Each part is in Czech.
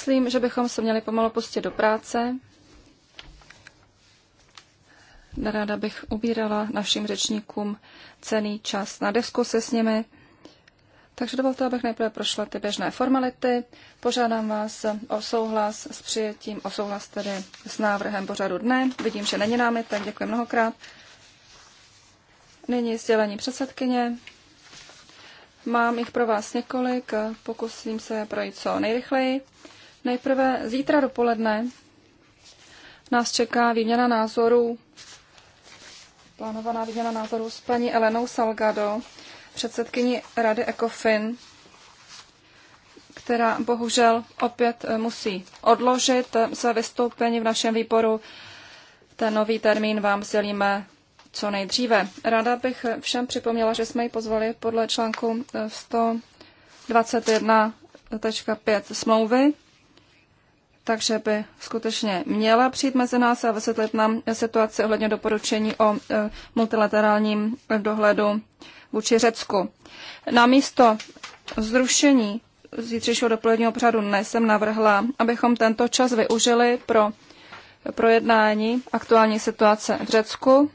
Myslím, že bychom se měli pomalu pustit do práce. Ráda bych ubírala našim řečníkům cený čas na diskusi s nimi. Takže dovolte, abych nejprve prošla ty běžné formality. Požádám vás o souhlas s přijetím, o souhlas tedy s návrhem pořadu dne. Vidím, že není námi, tak děkuji mnohokrát. Nyní sdělení předsedkyně. Mám jich pro vás několik, pokusím se projít co nejrychleji. Nejprve zítra dopoledne nás čeká výměna názorů, plánovaná výměna názorů s paní Elenou Salgado, předsedkyní Rady ECOFIN, která bohužel opět musí odložit své vystoupení v našem výboru. Ten nový termín vám sdělíme co nejdříve. Ráda bych všem připomněla, že jsme ji pozvali podle článku 121.5 smlouvy takže by skutečně měla přijít mezi nás a vysvětlit nám situaci ohledně doporučení o e, multilaterálním dohledu vůči Řecku. Namísto zrušení zítřejšího dopoledního pořadu dnes jsem navrhla, abychom tento čas využili pro projednání aktuální situace v Řecku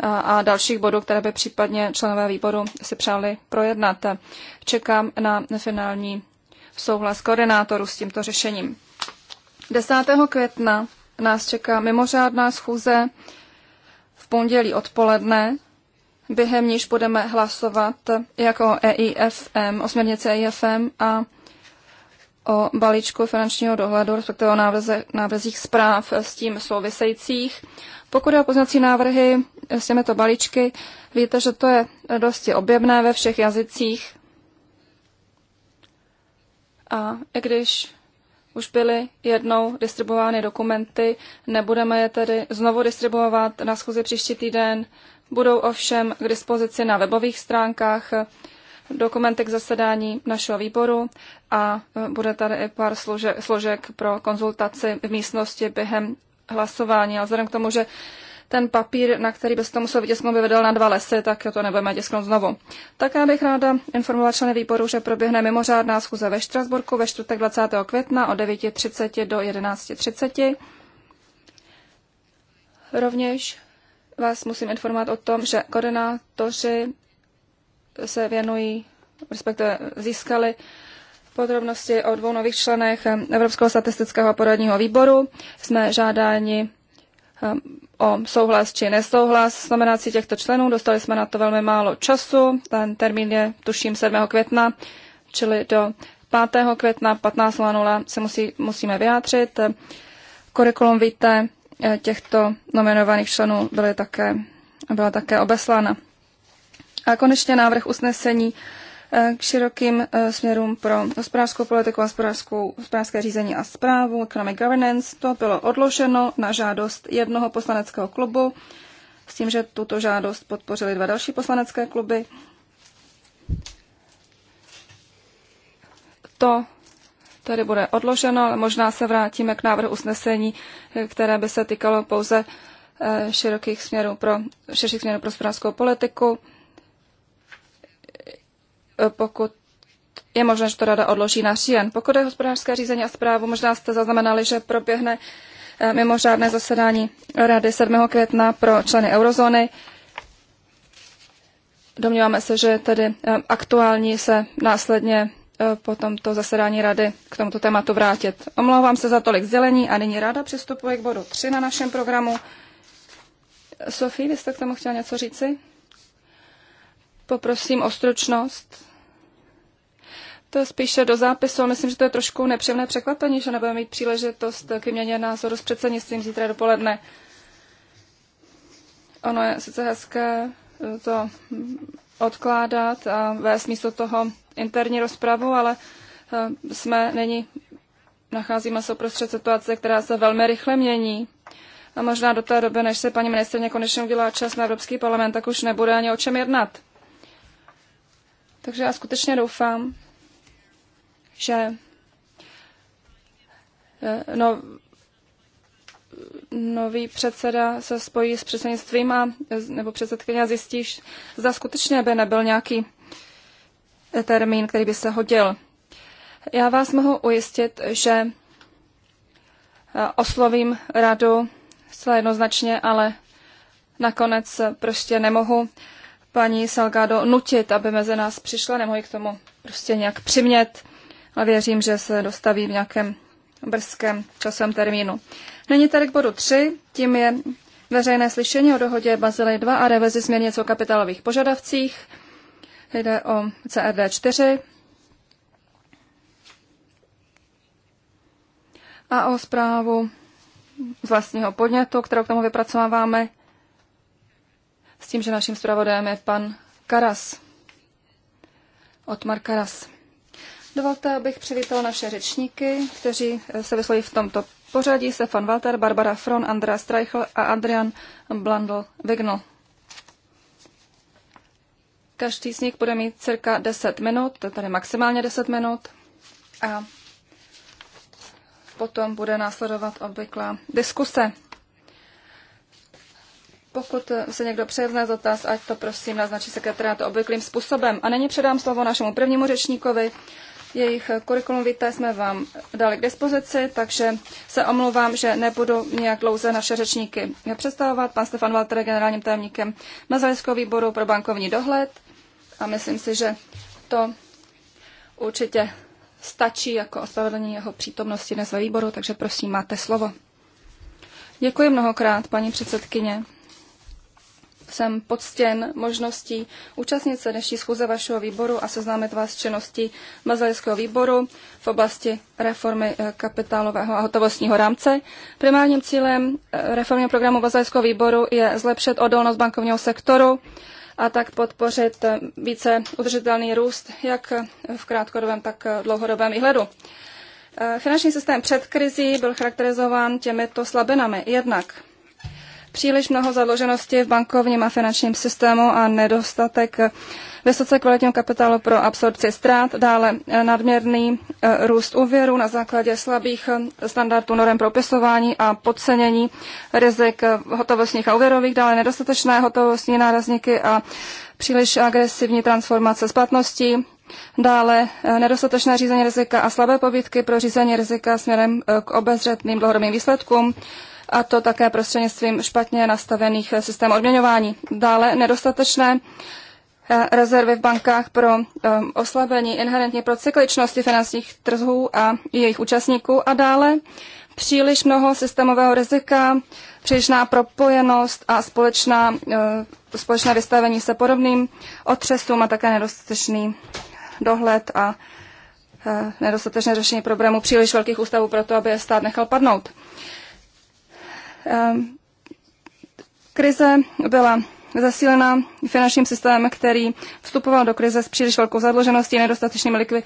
a, a dalších bodů, které by případně členové výboru si přáli projednat. Čekám na finální souhlas koordinátorů s tímto řešením. 10. května nás čeká mimořádná schůze v pondělí odpoledne, během níž budeme hlasovat jako o e EIFM, o směrnici EIFM a o balíčku finančního dohledu, respektive o návrze, návrzích zpráv s tím souvisejících. Pokud je o poznací návrhy s těmito balíčky, víte, že to je dosti objemné ve všech jazycích, a i když už byly jednou distribuovány dokumenty, nebudeme je tedy znovu distribuovat na schůzi příští týden. Budou ovšem k dispozici na webových stránkách dokumenty k zasedání našeho výboru a e, bude tady i pár složek, složek pro konzultaci v místnosti během hlasování. A vzhledem k tomu, že ten papír, na který byste to musel vytisknout, by vedl na dva lesy, tak to nebudeme tisknout znovu. Také bych ráda informovala členy výboru, že proběhne mimořádná schůze ve Štrasburku ve čtvrtek 20. května od 9.30 do 11.30. Rovněž vás musím informovat o tom, že koordinátoři se věnují, respektive získali podrobnosti o dvou nových členech Evropského statistického poradního výboru. Jsme žádáni o souhlas či nesouhlas s nominací těchto členů. Dostali jsme na to velmi málo času. Ten termín je, tuším, 7. května, čili do 5. května 15.00 se musí, musíme vyjádřit. Kurikulum víte, eh, těchto nominovaných členů byly také, byla také obeslána. A konečně návrh usnesení Eh, k širokým eh, směrům pro hospodářskou politiku, a hospodářské řízení a zprávu, economic governance. To bylo odloženo na žádost jednoho poslaneckého klubu, s tím, že tuto žádost podpořili dva další poslanecké kluby. To tady bude odloženo, ale možná se vrátíme k návrhu usnesení, eh, které by se týkalo pouze širokých směrů pro, širších směrů pro hospodářskou politiku. Eh, pokud je možné, že to rada odloží na říjen. Pokud je hospodářské řízení a zprávu, možná jste zaznamenali, že proběhne eh, mimořádné zasedání rady 7. května pro členy eurozóny. Domníváme se, že tedy eh, aktuální se následně po tomto zasedání rady k tomuto tématu vrátit. Omlouvám se za tolik sdělení a nyní ráda přistupuje k bodu 3 na našem programu. Sofie, vy jste k tomu chtěla něco říci? Poprosím o stručnost. To je spíše do zápisu. Myslím, že to je trošku nepříjemné překvapení, že nebudeme mít příležitost k vyměně názoru s předsednictvím zítra dopoledne. Ono je sice hezké eh, to odkládat a vést místo toho interní rozpravu, ale eh, jsme není, nacházíme se uprostřed situace, která se velmi rychle mění. A možná do té doby, než se paní ministerně konečně udělá čas na Evropský parlament, tak už nebude ani o čem jednat. Takže já skutečně doufám, že eh, no, nový předseda se spojí s předsednictvím a, nebo předsedkyně zjistíš, zda skutečně by nebyl nějaký eh, termín, který by se hodil. Já vás mohu ujistit, že eh, oslovím radu zcela jednoznačně, ale nakonec prostě nemohu paní Salgado nutit, aby mezi nás přišla, nemohu k tomu prostě nějak přimět a věřím, že se dostaví v nějakém brzkém časovém termínu. Není tady k bodu 3, tím je veřejné slyšení o dohodě Bazily 2 a revizi směrnice o kapitálových požadavcích. Jde o CRD e 4 a o zprávu z vlastního podnětu, kterou k tomu vypracováváme, s tím, že naším zpravodajem je pan Karas. Otmar Karas. Dovolte, abych přivítal naše řečníky, kteří se vysloví v tomto pořadí. Stefan Walter, Barbara Fron, Andrea Streichl a Adrian Blandl Vignal. Každý z nich bude mít cirka 10 minut, tady maximálně 10 minut. A potom bude následovat obvyklá diskuse. Pokud se někdo přeje vznést otáz, ať to prosím naznačí sekretariátu obvyklým způsobem. A nyní předám slovo našemu prvnímu řečníkovi, jejich kurikulum víte, jsme vám dali k dispozici, takže se omlouvám, že nebudu nějak dlouze naše řečníky představovat. Pan Stefan Walter je generálním tajemníkem Mazalického výboru pro bankovní dohled a myslím si, že to určitě stačí jako ospravedlnění jeho přítomnosti dnes ve výboru, takže prosím, máte slovo. Děkuji mnohokrát, paní předsedkyně jsem poctěn možností účastnit se dnešní schůze vašeho výboru a seznámit vás s činností Mazalického výboru v oblasti reformy eh, kapitálového a hotovostního rámce. Primárním cílem eh, reformního programu Mazalického výboru je zlepšit odolnost bankovního sektoru a tak podpořit eh, více udržitelný růst jak v krátkodobém, tak v dlouhodobém výhledu. Finanční systém před krizí byl charakterizován těmito slabinami. Jednak příliš mnoho zadluženosti v bankovním a finančním systému a nedostatek vysoce kvalitního kapitálu pro absorpci ztrát, dále nadměrný eh, růst úvěru na základě slabých eh, standardů norem propisování a podcenění rizik eh, hotovostních a úvěrových, dále nedostatečné hotovostní nárazníky a příliš agresivní transformace splatností, Dále nedostatečné řízení rizika a slabé pobytky pro řízení rizika směrem k obezřetným dlouhodobým výsledkům, a to také prostřednictvím špatně nastavených eh, systémů odměňování. Dále nedostatečné eh, rezervy v bankách pro eh, oslabení inherentně pro cykličnosti finančních trhů a jejich účastníků a dále příliš mnoho systémového rizika, přílišná propojenost a společná, společné vystavení se podobným otřesům a také nedostatečný dohled a nedostatečné řešení problému příliš velkých ústavů pro to, aby je stát nechal padnout. Eh, krize byla zasílena finančním systémem, který vstupoval do krize s příliš velkou zadlužeností, nedostatečnými likvy,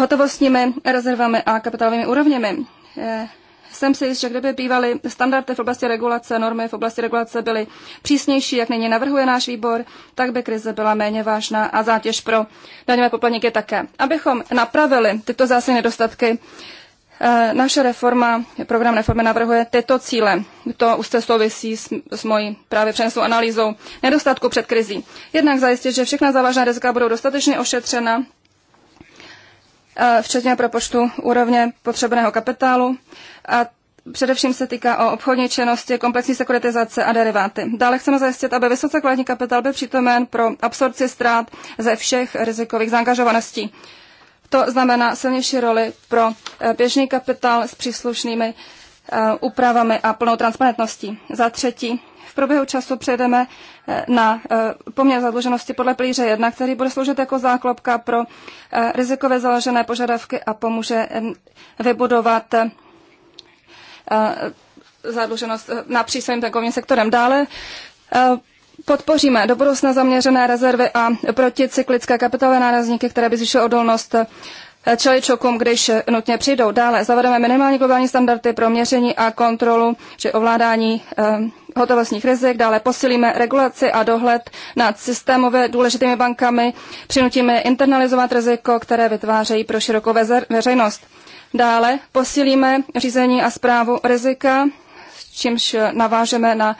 hotovostními rezervami a kapitálovými úrovněmi. Eh, jsem si jist, že kdyby bývaly standardy v oblasti regulace, normy v oblasti regulace byly přísnější, jak nyní navrhuje náš výbor, tak by krize byla méně vážná a zátěž pro daňové poplatníky také. Abychom napravili tyto zásadní nedostatky, Eh, naše reforma, program reformy navrhuje tyto cíle. To už se souvisí s, s mojí právě přenesou analýzou nedostatku před krizí. Jednak zajistit, že všechna závažná rizika budou dostatečně ošetřena, eh, včetně propočtu úrovně potřebného kapitálu. A Především se týká o obchodní činnosti, komplexní sekuritizace a deriváty. Dále chceme zajistit, aby vysoce kvalitní kapitál byl přítomen pro absorci ztrát ze všech rizikových zaangažovaností. To znamená silnější roli pro eh, běžný kapitál s příslušnými eh, úpravami a plnou transparentností. Za třetí, v průběhu času přejdeme eh, na poměr zadluženosti podle plíře 1, který bude sloužit jako záklopka pro rizikově založené požadavky a pomůže vybudovat zadluženost napříč svým takovým sektorem. Dále Podpoříme do budoucna zaměřené rezervy a proti cyklické kapitálové nárazníky, které by zvýšily odolnost eh, čelit když eh, nutně přijdou. Dále zavedeme minimální globální standardy pro měření a kontrolu či ovládání eh, hotovostních rizik. Dále posílíme regulaci a dohled nad systémově důležitými bankami. Přinutíme internalizovat riziko, které vytvářejí pro širokou veřejnost. Dále posílíme řízení a zprávu rizika, čímž navážeme na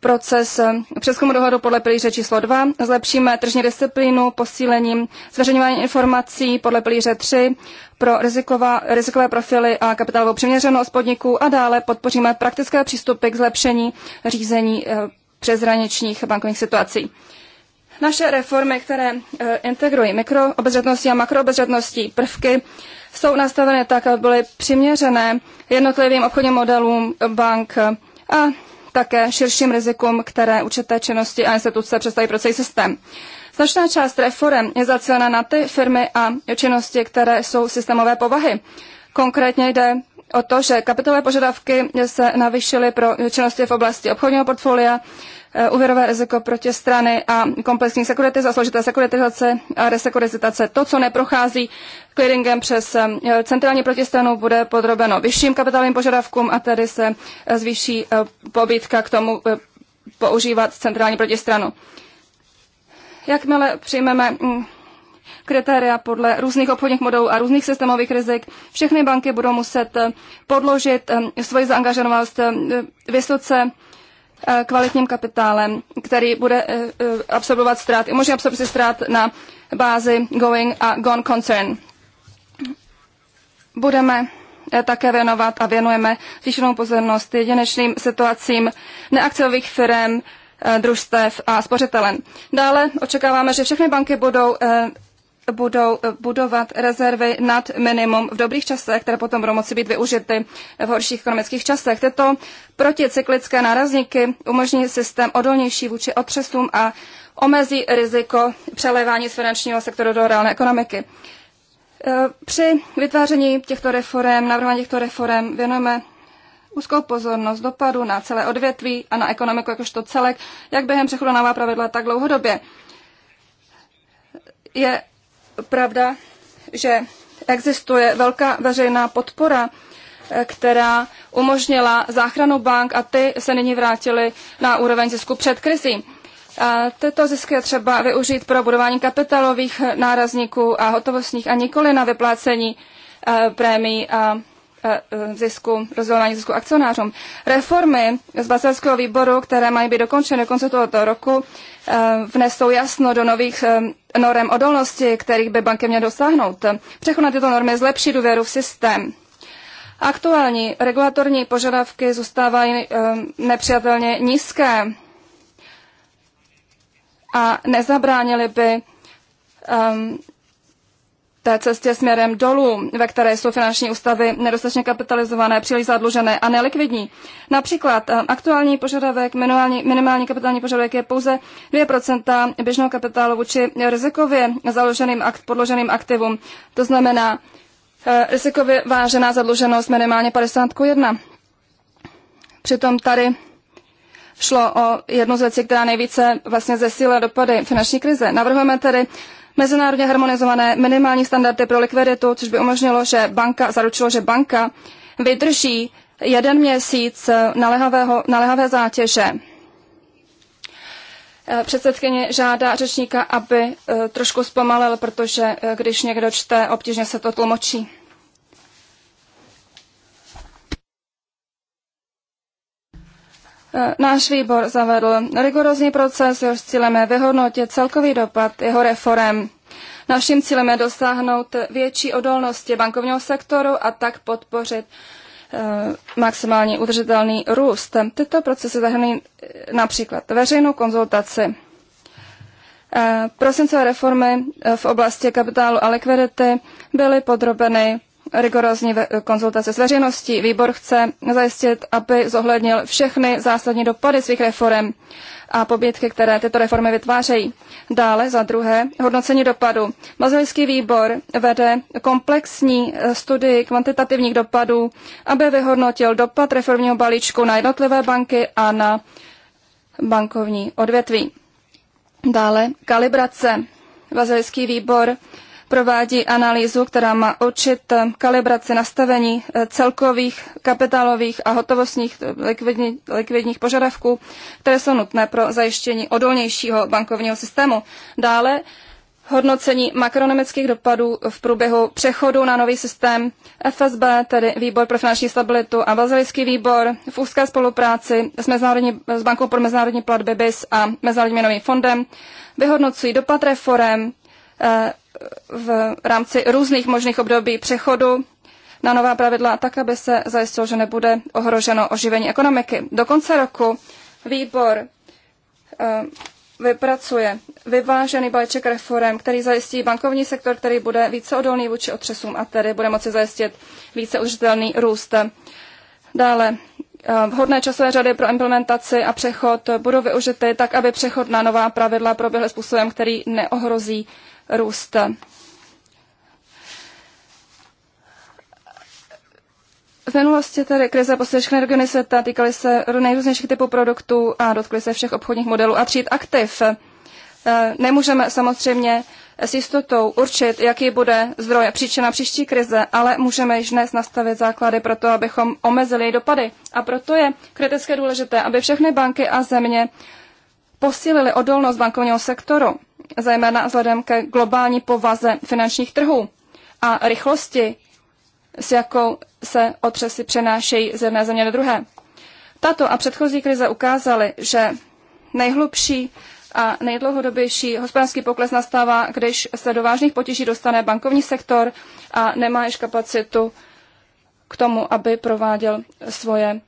proces eh, přeskumu dohodu podle pilíře číslo 2, zlepšíme tržní disciplínu posílením zveřejňování informací podle pilíře 3 pro riziková, rizikové profily a kapitálovou přiměřenost podniků a dále podpoříme praktické přístupy k zlepšení řízení eh, přeshraničních bankovních situací. Naše reformy, které eh, integrují mikroobezřetností a makroobezřetností prvky, jsou nastaveny tak, aby byly přiměřené jednotlivým obchodním modelům bank a také širším rizikům, které určité činnosti a instituce představí pro celý systém. Značná část reform je zacílena na ty firmy a činnosti, které jsou systémové povahy. Konkrétně jde o to, že kapitové požadavky se navýšily pro činnosti v oblasti obchodního portfolia, Eh, úvěrové riziko proti strany a komplexní sekuritizace, složité sekuritizace a resekuritizace. To, co neprochází clearingem přes eh, centrální protistranu, bude podrobeno vyšším kapitálovým požadavkům a tedy se eh, zvýší pobídka k tomu používat centrální protistranu. Jakmile přijmeme mm, kritéria podle různých obchodních modelů a různých systémových rizik. Všechny banky budou muset podložit svoji zaangažovanost vysoce Eh, kvalitním kapitálem, který bude eh, eh, absorbovat ztrát, umožní může absorpci ztrát na bázi going a gone concern. Budeme také věnovat a věnujeme zvýšenou pozornost jedinečným situacím neakciových firm, družstev a spořitelen. Dále očekáváme, že všechny banky budou budou eh, budovat rezervy nad minimum v dobrých časech, které potom budou moci být využity v horších ekonomických časech. Tyto proticyklické nárazníky umožní systém odolnější vůči otřesům a omezí riziko přelévání z finančního sektoru do reálné ekonomiky. Eh, při vytváření těchto reform, navrhování těchto reform věnujeme úzkou pozornost dopadu na celé odvětví a na ekonomiku jakožto celek, jak během přechodu na pravidla, tak dlouhodobě. Je pravda, že existuje velká veřejná podpora, eh, která umožnila záchranu bank a ty se nyní vrátily na úroveň zisku před krizí. A eh, tyto zisky je třeba využít pro budování kapitálových nárazníků a hotovostních a nikoli na vyplácení eh, prémií a Eh, zisku, rozdělování zisku akcionářům. Reformy z baselského výboru, které mají být dokončeny do konce tohoto roku, eh, vnesou jasno do nových eh, norem odolnosti, kterých by banky měly dosáhnout. Přechod na tyto normy zlepší důvěru v systém. Aktuální regulatorní požadavky zůstávají nepřijatelně nízké a nezabránili by ehm, té cestě směrem dolů, ve které jsou finanční ústavy nedostatečně kapitalizované, příliš zadlužené a nelikvidní. Například eh, aktuální požadavek, minimální, minimální kapitální požadavek je pouze 2% běžného kapitálu vůči rizikově založeným akt, podloženým aktivům. To znamená eh, rizikově vážená zadluženost minimálně 50 Přitom tady šlo o jednu z věcí, která nejvíce vlastně zesílila dopady finanční krize. Navrhujeme tedy mezinárodně harmonizované minimální standardy pro likviditu, což by umožnilo, že banka, zaručilo, že banka vydrží jeden měsíc eh, naléhavé zátěže. Eh, předsedkyně žádá řečníka, aby eh, trošku zpomalil, protože když někdo čte, obtížně se to tlumočí. Eh, náš výbor zavedl rigorózní proces, jehož cílem je vyhodnotit celkový dopad jeho reform. Naším cílem je dosáhnout větší odolnosti bankovního sektoru a tak podpořit eh, maximálně udržitelný růst. Tyto procesy zahrnují eh, například veřejnou konzultaci. Prosincové reformy v oblasti kapitálu a likvidity byly podrobeny rigorózní konzultace s veřejností. Výbor chce zajistit, aby zohlednil všechny zásadní dopady svých reform a pobytky, které tyto reformy vytvářejí. Dále za druhé hodnocení dopadu. Mazilský výbor vede komplexní studii kvantitativních dopadů, aby vyhodnotil dopad reformního balíčku na jednotlivé banky a na bankovní odvětví. Dále kalibrace. Vazilský výbor provádí analýzu, která má určit eh, kalibraci nastavení eh, celkových kapitálových a hotovostních eh, likvidní, likvidních požadavků, které jsou nutné pro zajištění odolnějšího bankovního systému. Dále hodnocení makronomických dopadů v průběhu přechodu na nový systém FSB, tedy Výbor pro finanční stabilitu a Bazilijský výbor v úzké spolupráci s, mezinárodní, s Bankou pro mezinárodní platby BIS a Mezinárodním měnovým fondem vyhodnocují dopad reform, v rámci různých možných období přechodu na nová pravidla, tak aby se zajistilo, že nebude ohroženo oživení ekonomiky. Do konce roku výbor eh, vypracuje vyvážený balíček reform, který zajistí bankovní sektor, který bude více odolný vůči otřesům a tedy bude moci zajistit více užitelný růst. Dále eh, vhodné časové řady pro implementaci a přechod budou využity tak, aby přechod na nová pravidla proběhl způsobem, který neohrozí růst. V minulosti tedy krize posledních všechny regiony světa, týkaly se nejrůznějších typů produktů a dotkly se všech obchodních modelů a tříd aktiv. E, nemůžeme samozřejmě s jistotou určit, jaký bude zdroj a příčina příští krize, ale můžeme již dnes nastavit základy pro to, abychom omezili dopady. A proto je kriticky důležité, aby všechny banky a země posílily odolnost bankovního sektoru zejména vzhledem ke globální povaze finančních trhů a rychlosti, s jakou se otřesy přenášejí z jedné země do druhé. Tato a předchozí krize ukázaly, že nejhlubší a nejdlouhodobější hospodářský pokles nastává, když se do vážných potíží dostane bankovní sektor a nemá již kapacitu k tomu, aby prováděl svoje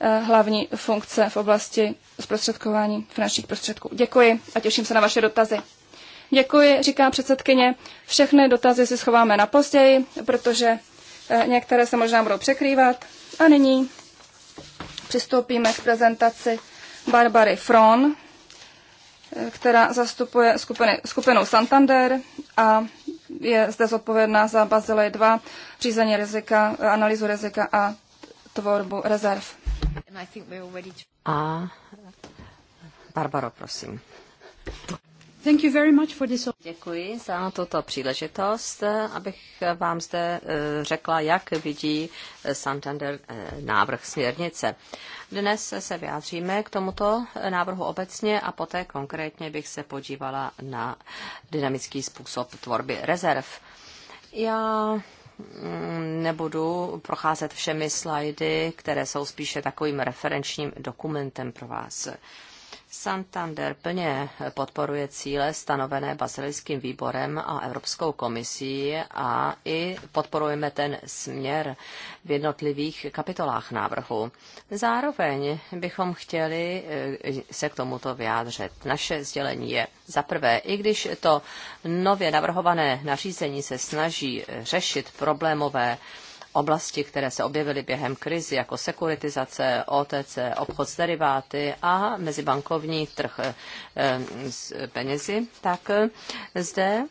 Eh, hlavní funkce v oblasti zprostředkování finančních prostředků. Děkuji a těším se na vaše dotazy. Děkuji, říká předsedkyně. Všechny dotazy si schováme na později, protože eh, některé se možná budou překrývat. A nyní přistoupíme k prezentaci Barbary Fron, eh, která zastupuje skupiny, skupinu Santander a je zde zodpovědná za Bazile 2, řízení rizika, analýzu rizika a tvorbu rezerv. A Barbaro, prosím. Thank you very much for this... Děkuji za tuto příležitost, abych vám zde eh, řekla, jak vidí eh, Santander eh, návrh směrnice. Dnes se vyjádříme k tomuto návrhu obecně a poté konkrétně bych se podívala na dynamický způsob tvorby rezerv. Já nebudu procházet všemi slajdy, které jsou spíše takovým referenčním dokumentem pro vás. Santander plně podporuje cíle stanovené Basilejským výborem a Evropskou komisí a i podporujeme ten směr v jednotlivých kapitolách návrhu. Zároveň bychom chtěli eh, se k tomuto vyjádřit. Naše sdělení je za prvé, i když to nově navrhované nařízení se snaží řešit problémové oblasti, které se objevily během krizi, jako sekuritizace, OTC, obchod s deriváty a mezibankovní trh eh, s penězi, tak eh, zde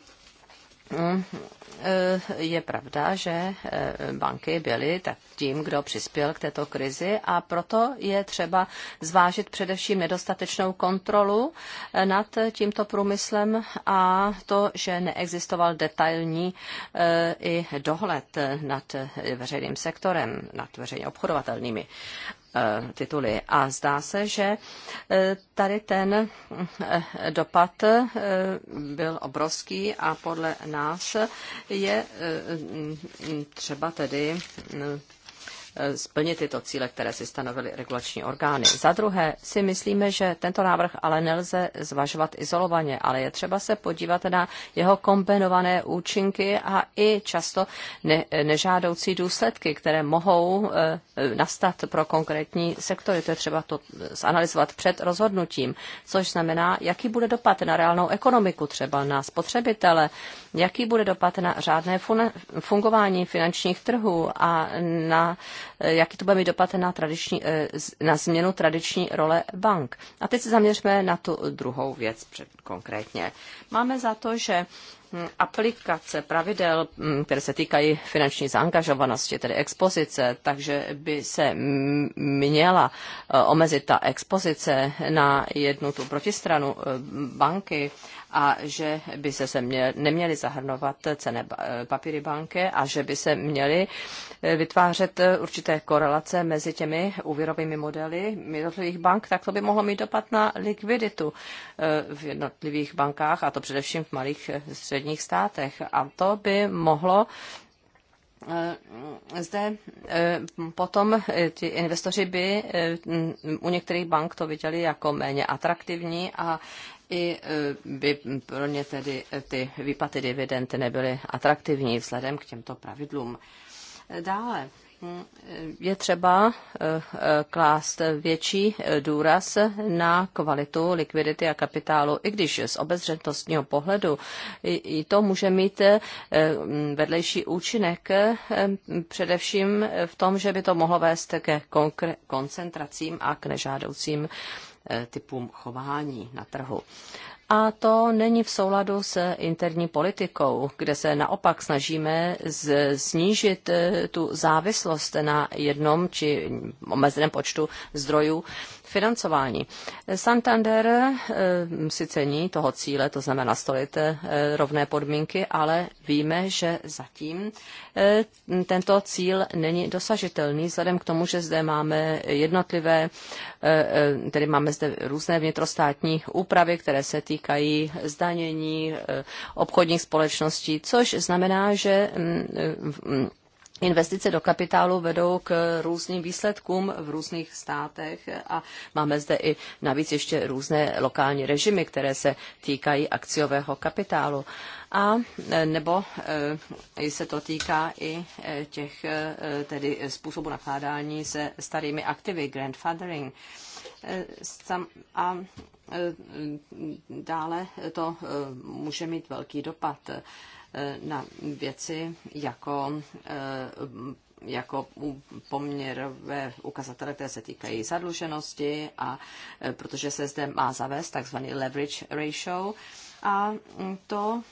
Mm, eh, je pravda, že eh, banky byly tak tím, kdo přispěl k této krizi a proto je třeba zvážit především nedostatečnou kontrolu eh, nad tímto průmyslem a to, že neexistoval detailní i dohled nad veřejným sektorem, nad veřejně obchodovatelnými. Eh, tituly. A zdá se, že eh, tady ten eh, dopad byl obrovský a podle nás je třeba tedy Eh, splnit tyto cíle, které si stanovily regulační orgány. Za druhé si myslíme, že tento návrh ale nelze zvažovat izolovaně, ale je třeba se podívat na jeho kombinované účinky a i často ne, nežádoucí důsledky, které mohou eh, nastat pro konkrétní sektory. To je třeba to zanalizovat před rozhodnutím, což znamená, jaký bude dopad na reálnou ekonomiku, třeba na spotřebitele, jaký bude dopad na řádné fun- fungování finančních trhů a na, eh, jaký to bude mít dopad na, tradiční, eh, na změnu tradiční role bank. A teď se zaměřme na tu druhou věc konkrétně. Máme za to, že aplikace pravidel, mm, které se týkají finanční zaangažovanosti, tedy expozice, takže by se měla e, omezit ta expozice na jednu tu protistranu e, banky a že by se, se mě, neměly zahrnovat cené e, papíry banky a že by se měly vytvářet určité korelace mezi těmi úvěrovými modely jednotlivých bank, tak to by mohlo mít dopad na likviditu v jednotlivých bankách, a to především v malých středních sousedních státech. A to by mohlo eh, zde eh, potom eh, ti investoři by u některých bank to viděli jako méně atraktivní a i by pro ně tedy ty výplaty dividend nebyly atraktivní vzhledem k těmto pravidlům. Dále je třeba eh, eh, klást větší eh, důraz na kvalitu likvidity a kapitálu, i když z obezřetnostního pohledu i to může mít mm, vedlejší účinek především v tom, že by to mohlo vést ke koncentracím a k nežádoucím typům chování na trhu. A to není v souladu s interní politikou, kde se naopak snažíme snížit eh, tu závislost na jednom či omezeném počtu zdrojů financování. Santander eh, si cení toho cíle, to znamená nastolit eh, rovné podmínky, ale víme, že zatím eh, tento cíl není dosažitelný, vzhledem k tomu, že zde máme jednotlivé, tedy máme zde různé vnitrostátní úpravy, které se týkají zdanění obchodních společností, což znamená, že mm, Investice do kapitálu vedou k různým výsledkům v různých státech a máme zde i navíc ještě různé lokální režimy, které se týkají akciového kapitálu. A e, nebo e, se to týká i e, těch tedy způsobů nakládání se starými aktivy, grandfathering. A dále to může mít velký dopad Eh, na věci jako eh, jako poměrové ukazatele, které se týkají zadluženosti a eh, protože se zde má zavést takzvaný leverage ratio a to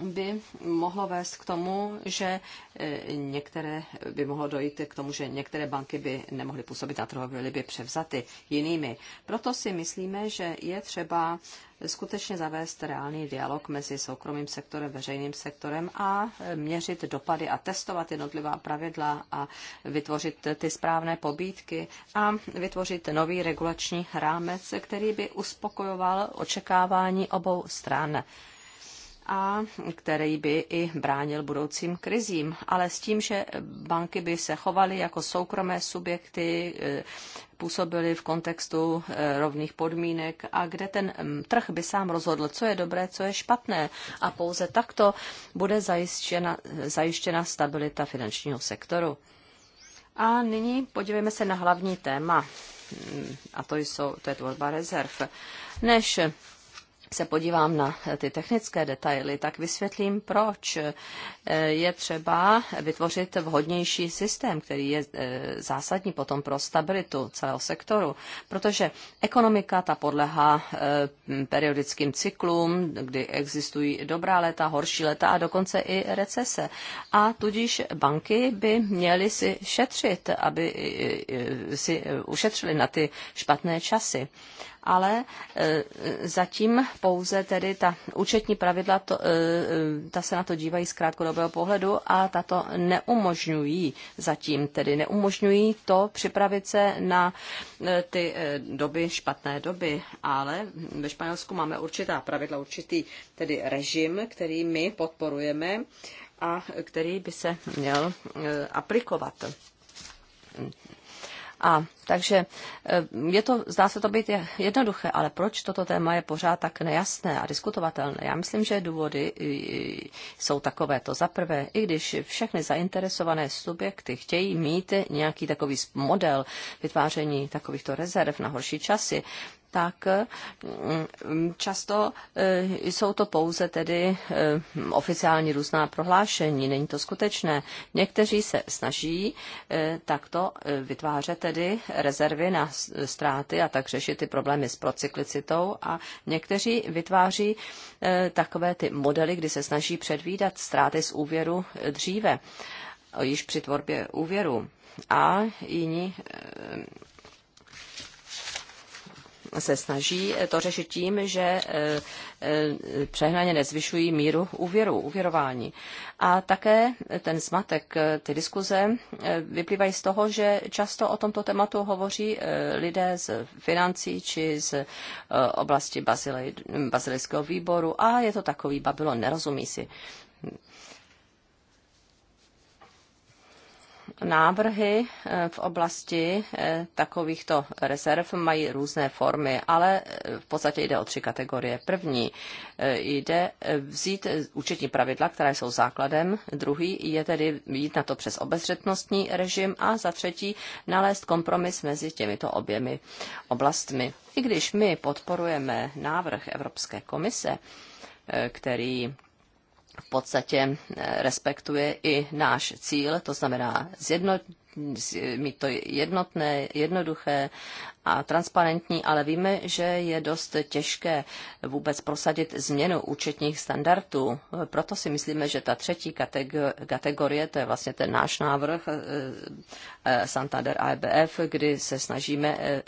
by mohlo vést k tomu, že některé by mohlo dojít k tomu, že některé banky by nemohly působit na trhu, byly by převzaty jinými. Proto si myslíme, že je třeba skutečně zavést reálný dialog mezi soukromým sektorem, veřejným sektorem a měřit dopady a testovat jednotlivá pravidla a vytvořit ty správné pobídky a vytvořit nový regulační rámec, který by uspokojoval očekávání obou stran a který by i bránil budoucím krizím, ale s tím, že banky by se chovaly jako soukromé subjekty, eh, působily v kontextu eh, rovných podmínek a kde ten mm, trh by sám rozhodl, co je dobré, co je špatné. A pouze takto bude zajištěna, zajištěna stabilita finančního sektoru. A nyní podívejme se na hlavní téma, mm, a to, jsou, to je tvorba rezerv. Než se podívám na eh, ty technické detaily, tak vysvětlím, proč eh, je třeba vytvořit vhodnější systém, který je eh, zásadní potom pro stabilitu celého sektoru, protože ekonomika ta podlehá periodickým cyklům, kdy existují dobrá léta, horší léta a dokonce i recese. A tudíž banky by měly si šetřit, aby si ušetřili na ty špatné časy ale e, zatím pouze tedy ta účetní pravidla, to, e, e, ta se na to dívají z krátkodobého pohledu a tato neumožňují zatím, tedy neumožňují to připravit se na ty doby, špatné doby, ale ve Španělsku máme určitá pravidla, určitý tedy režim, který my podporujeme a který by se měl aplikovat a takže eh, je to, zdá se to být jednoduché, ale proč toto téma je pořád tak nejasné a diskutovatelné? Já myslím, že důvody eh, eh, jsou takové. To za prvé, i když všechny zainteresované subjekty chtějí mít nějaký takový model vytváření takovýchto rezerv na horší časy, tak mm, často eh, jsou to pouze tedy eh, oficiální různá prohlášení, není to skutečné. Někteří se snaží eh, takto vytvářet tedy rezervy na ztráty a tak řešit ty problémy s procyklicitou a někteří vytváří takové ty modely, kdy se snaží předvídat ztráty z úvěru dříve, již při tvorbě úvěru. A jiní se snaží to řešit tím, že e, e, přehnaně nezvyšují míru úvěru, úvěrování. A také ten zmatek, e, ty diskuze vyplývají z toho, že často o tomto tématu hovoří lidé z financí či z oblasti bazilejského výboru a je to takový babylon, nerozumí si. návrhy eh, v oblasti eh, takovýchto rezerv mají různé formy, ale eh, v podstatě jde o tři kategorie. První jde vzít účetní pravidla, která jsou základem, druhý je tedy jít na to přes obezřetnostní režim a za třetí nalézt kompromis mezi těmito oběmi oblastmi. I když my podporujeme návrh Evropské komise, který v podstatě eh, respektuje i náš cíl, to znamená zjednotit mít to jednotné, jednoduché a transparentní, ale víme, že je dost těžké vůbec prosadit změnu účetních standardů. Proto si myslíme, že ta třetí kategorie, to je vlastně ten náš návrh eh, eh, Santander ABF, e kdy se snažíme eh,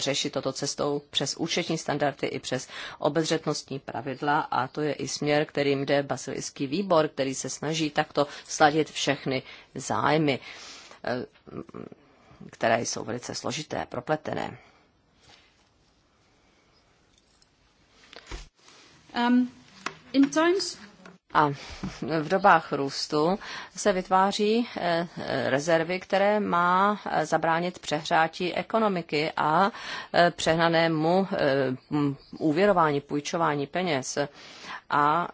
řešit toto cestou přes účetní standardy i přes obezřetnostní pravidla a to je i směr, kterým jde basilijský výbor, který se snaží takto sladit všechny zájmy. Eh, které jsou velice složité, propletené. Um, in times a v dobách růstu se vytváří eh, rezervy, které má eh, zabránit přehrátí ekonomiky a eh, přehnanému úvěrování, půjčování peněz. A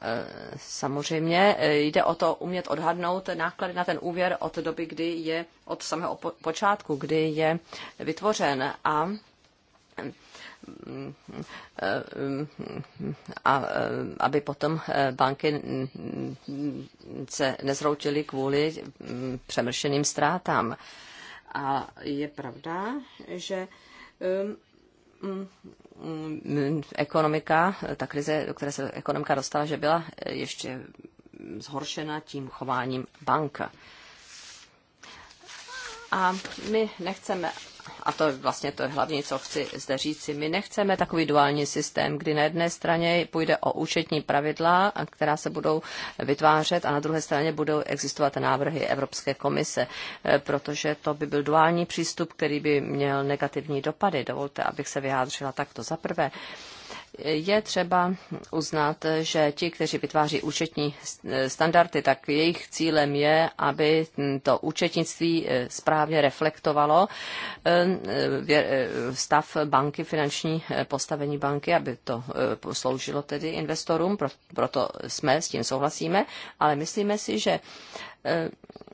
samozřejmě jde o to umět odhadnout náklady na ten úvěr od doby, kdy je od samého počátku, kdy je vytvořen. A a aby potom banky se nezroutily kvůli přemršeným ztrátám. A je pravda, že mm, ekonomika, ta krize, do které se ekonomika dostala, že byla ještě zhoršena tím chováním bank. A my nechceme, a to vlastně to je hlavní, co chci zde říct, My nechceme takový duální systém, kdy na jedné straně půjde o účetní pravidla, která se budou vytvářet a na druhé straně budou existovat návrhy Evropské komise, eh, protože to by byl duální přístup, který by měl negativní dopady. Dovolte, abych se vyjádřila takto. Za prvé, je třeba uznat, že ti, kteří vytváří účetní standardy, tak jejich cílem je, aby to účetnictví eh, správně reflektovalo eh, eh, stav banky, finanční postavení banky, aby to sloužilo tedy investorům, proto jsme s tím souhlasíme, ale myslíme si, že Eh,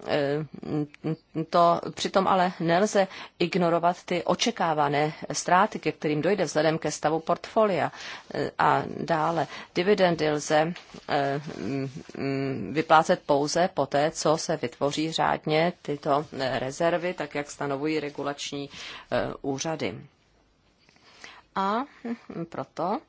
eh, to přitom ale nelze ignorovat ty očekávané ztráty, ke kterým dojde vzhledem ke stavu portfolia. Eh, a dále dividendy lze mm, vyplácet pouze po té, co se vytvoří řádně tyto rezervy, tak jak stanovují regulační úřady. A hm, proto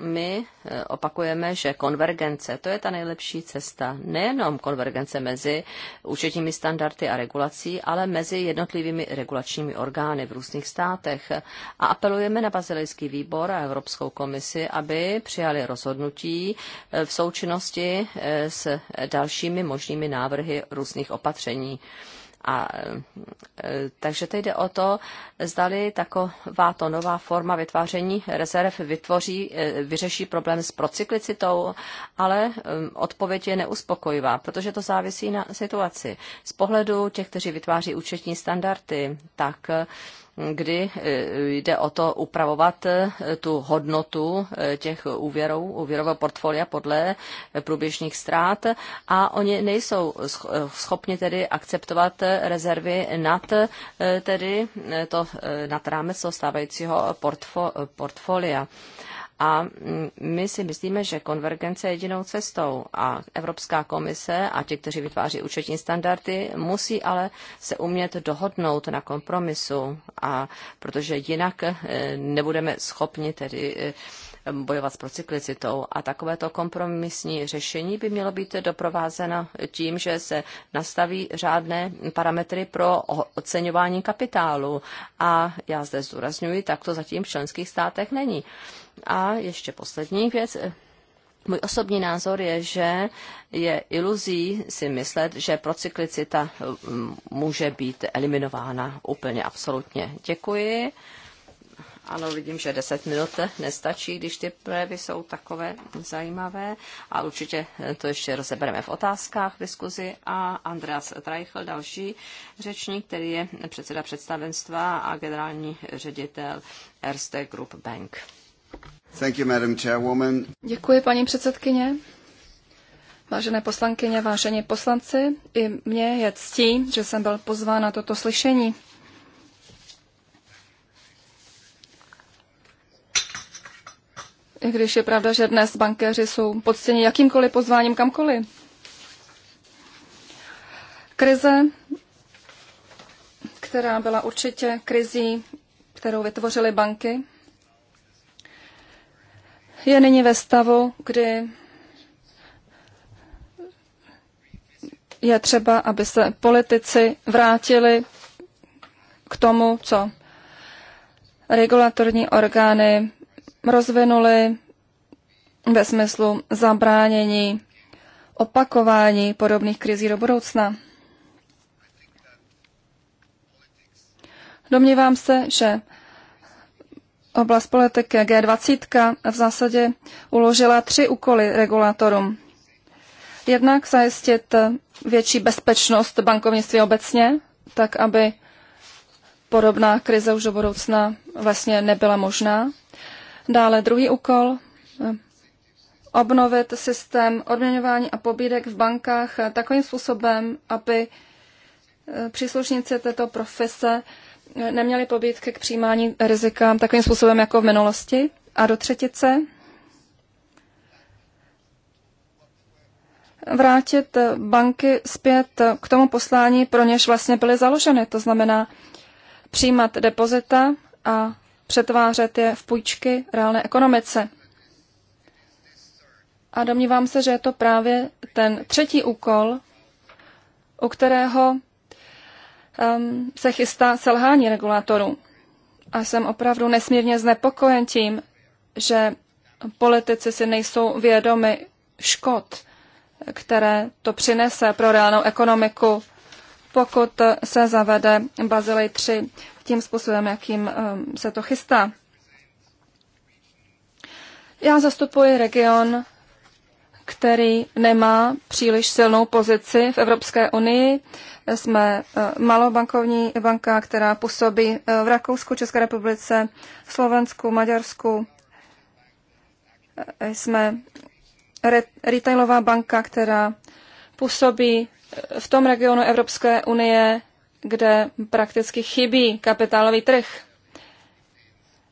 my eh, opakujeme, že konvergence, to je ta nejlepší cesta. Nejenom konvergence mezi účetními standardy a regulací, ale mezi jednotlivými regulačními orgány v různých státech. A apelujeme na Bazilejský výbor a Evropskou komisi, aby přijali rozhodnutí eh, v součinnosti eh, s dalšími možnými návrhy různých opatření. A, e, takže teď jde o to, zdali taková to nová forma vytváření rezerv vytvoří, e, vyřeší problém s procyklicitou, ale e, odpověď je neuspokojivá, protože to závisí na situaci. Z pohledu těch, kteří vytváří účetní standardy, tak kdy eh, jde o to upravovat eh, tu hodnotu eh, těch úvěrů, úvěrového portfolia podle průběžných ztrát a oni nejsou schopni tedy akceptovat rezervy nad tedy to nad rámec toho stávajícího portfo, portfolia. A mm, my si myslíme, že konvergence je jedinou cestou a Evropská komise a ti, kteří vytváří účetní standardy, musí ale se umět dohodnout na kompromisu, a protože jinak eh, nebudeme schopni tedy eh, bojovat s procyklicitou. A takovéto kompromisní řešení by mělo být doprovázeno tím, že se nastaví řádné parametry pro oceňování kapitálu. A já zde zdůraznuju, tak to zatím v členských státech není. A ještě poslední věc. Můj osobní názor je, že je iluzí si myslet, že procyklicita může být eliminována úplně absolutně. Děkuji. Ano, vidím, že 10 minut nestačí, když ty projevy jsou takové zajímavé a určitě to ještě rozebereme v otázkách v diskuzi a Andreas Treichel, další řečník, který je předseda představenstva a generální ředitel Erste Group Bank. Thank you, Madam Chairwoman. Děkuji, paní předsedkyně. Vážené poslankyně, vážení poslanci, i mně je ctí, že jsem byl pozván na toto slyšení i když je pravda, že dnes bankéři jsou podstěni jakýmkoliv pozváním kamkoliv. Krize, která byla určitě krizí, kterou vytvořily banky, je nyní ve stavu, kdy je třeba, aby se politici vrátili k tomu, co regulatorní orgány rozvinuli ve smyslu zabránění opakování podobných krizí do budoucna. Domnívám se, že oblast politiky G20 v zásadě uložila tři úkoly regulatorům. Jednak zajistit větší bezpečnost bankovnictví obecně, tak aby podobná krize už do budoucna vlastně nebyla možná. Dále druhý úkol eh, obnovit systém odměňování a pobídek v bankách eh, takovým způsobem, aby eh, příslušníci této profese neměli pobídky k přijímání rizika takovým způsobem jako v minulosti. A do třetice vrátit banky zpět k tomu poslání, pro něž vlastně byly založeny. To znamená přijímat depozita a přetvářet je v půjčky reálné ekonomice. A domnívám se, že je to právě ten třetí úkol, u kterého um, se chystá selhání regulatorů. A jsem opravdu nesmírně znepokojen tím, že politici si nejsou vědomi škod, které to přinese pro reálnou ekonomiku pokud se zavede Bazilej 3 tím způsobem, jakým eh, se to chystá. Já zastupuji region, který nemá příliš silnou pozici v Evropské unii. Jsme eh, malobankovní banka, která působí eh, v Rakousku, České republice, Slovensku, Maďarsku. Jsme retailová banka, která působí v tom regionu Evropské unie, kde prakticky chybí kapitálový trh.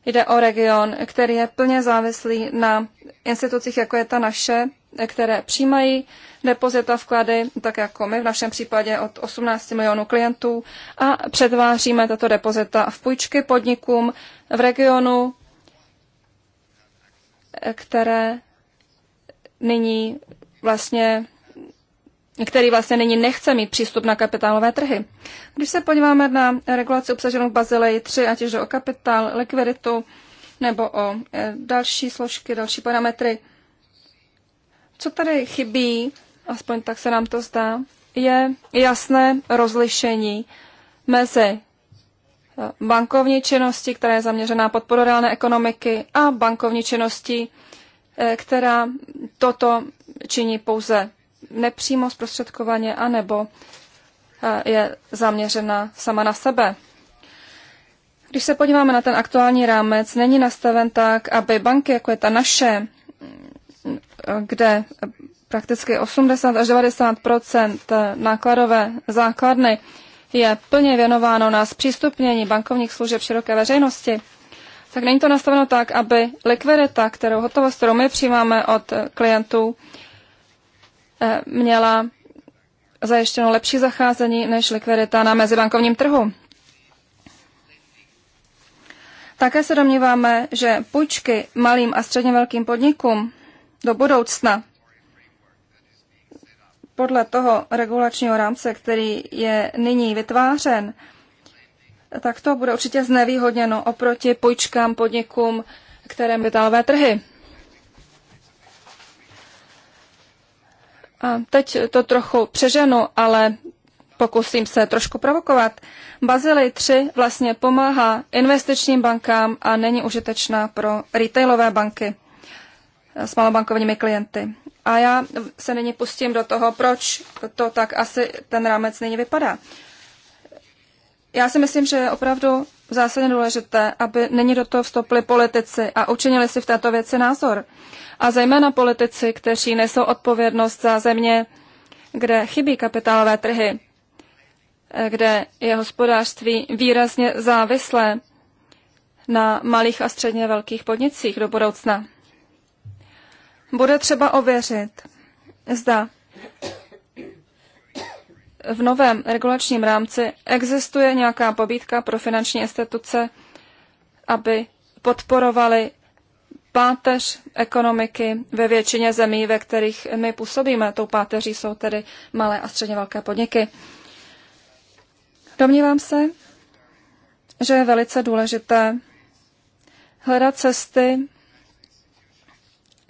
Jde o region, který je plně závislý na institucích, jako je ta naše, které přijímají depozita vklady, tak jako my v našem případě od 18 milionů klientů a předváříme tato depozita v půjčky podnikům v regionu, které nyní vlastně který vlastně nyní nechce mít přístup na kapitálové trhy. Když se podíváme na regulaci obsaženou v Bazileji 3, ať už o kapitál, likviditu nebo o eh, další složky, další parametry, co tady chybí, aspoň tak se nám to zdá, je jasné rozlišení mezi eh, bankovní činnosti, která je zaměřená podporu reálné ekonomiky a bankovní činnosti, eh, která toto činí pouze nepřímo zprostředkovaně, anebo eh, je zaměřena sama na sebe. Když se podíváme na ten aktuální rámec, není nastaven tak, aby banky, jako je ta naše, mm, kde prakticky 80 až 90 eh, nákladové základny je plně věnováno na zpřístupnění bankovních služeb široké veřejnosti, tak není to nastaveno tak, aby likvidita, kterou hotovost, kterou my přijímáme od eh, klientů, Eh, měla zajištěno lepší zacházení než likvidita na mezibankovním trhu. Také se domníváme, že půjčky malým a středně velkým podnikům do budoucna podle toho regulačního rámce, který je nyní vytvářen, tak to bude určitě znevýhodněno oproti půjčkám podnikům, které bytálové trhy. A teď to trochu přeženu, ale pokusím se trošku provokovat. Bazilej 3 vlastně pomáhá investičním bankám a není užitečná pro retailové banky s malobankovními klienty. A já se nyní pustím do toho, proč to tak asi ten rámec nyní vypadá. Já si myslím, že opravdu zásadně důležité, aby není do toho vstoupili politici a učinili si v této věci názor. A zejména politici, kteří nesou odpovědnost za země, kde chybí kapitálové trhy, kde je hospodářství výrazně závislé na malých a středně velkých podnicích do budoucna. Bude třeba ověřit, zda v novém regulačním rámci existuje nějaká pobídka pro finanční instituce, aby podporovali páteř ekonomiky ve většině zemí, ve kterých my působíme. Tou páteří jsou tedy malé a středně velké podniky. Domnívám se, že je velice důležité hledat cesty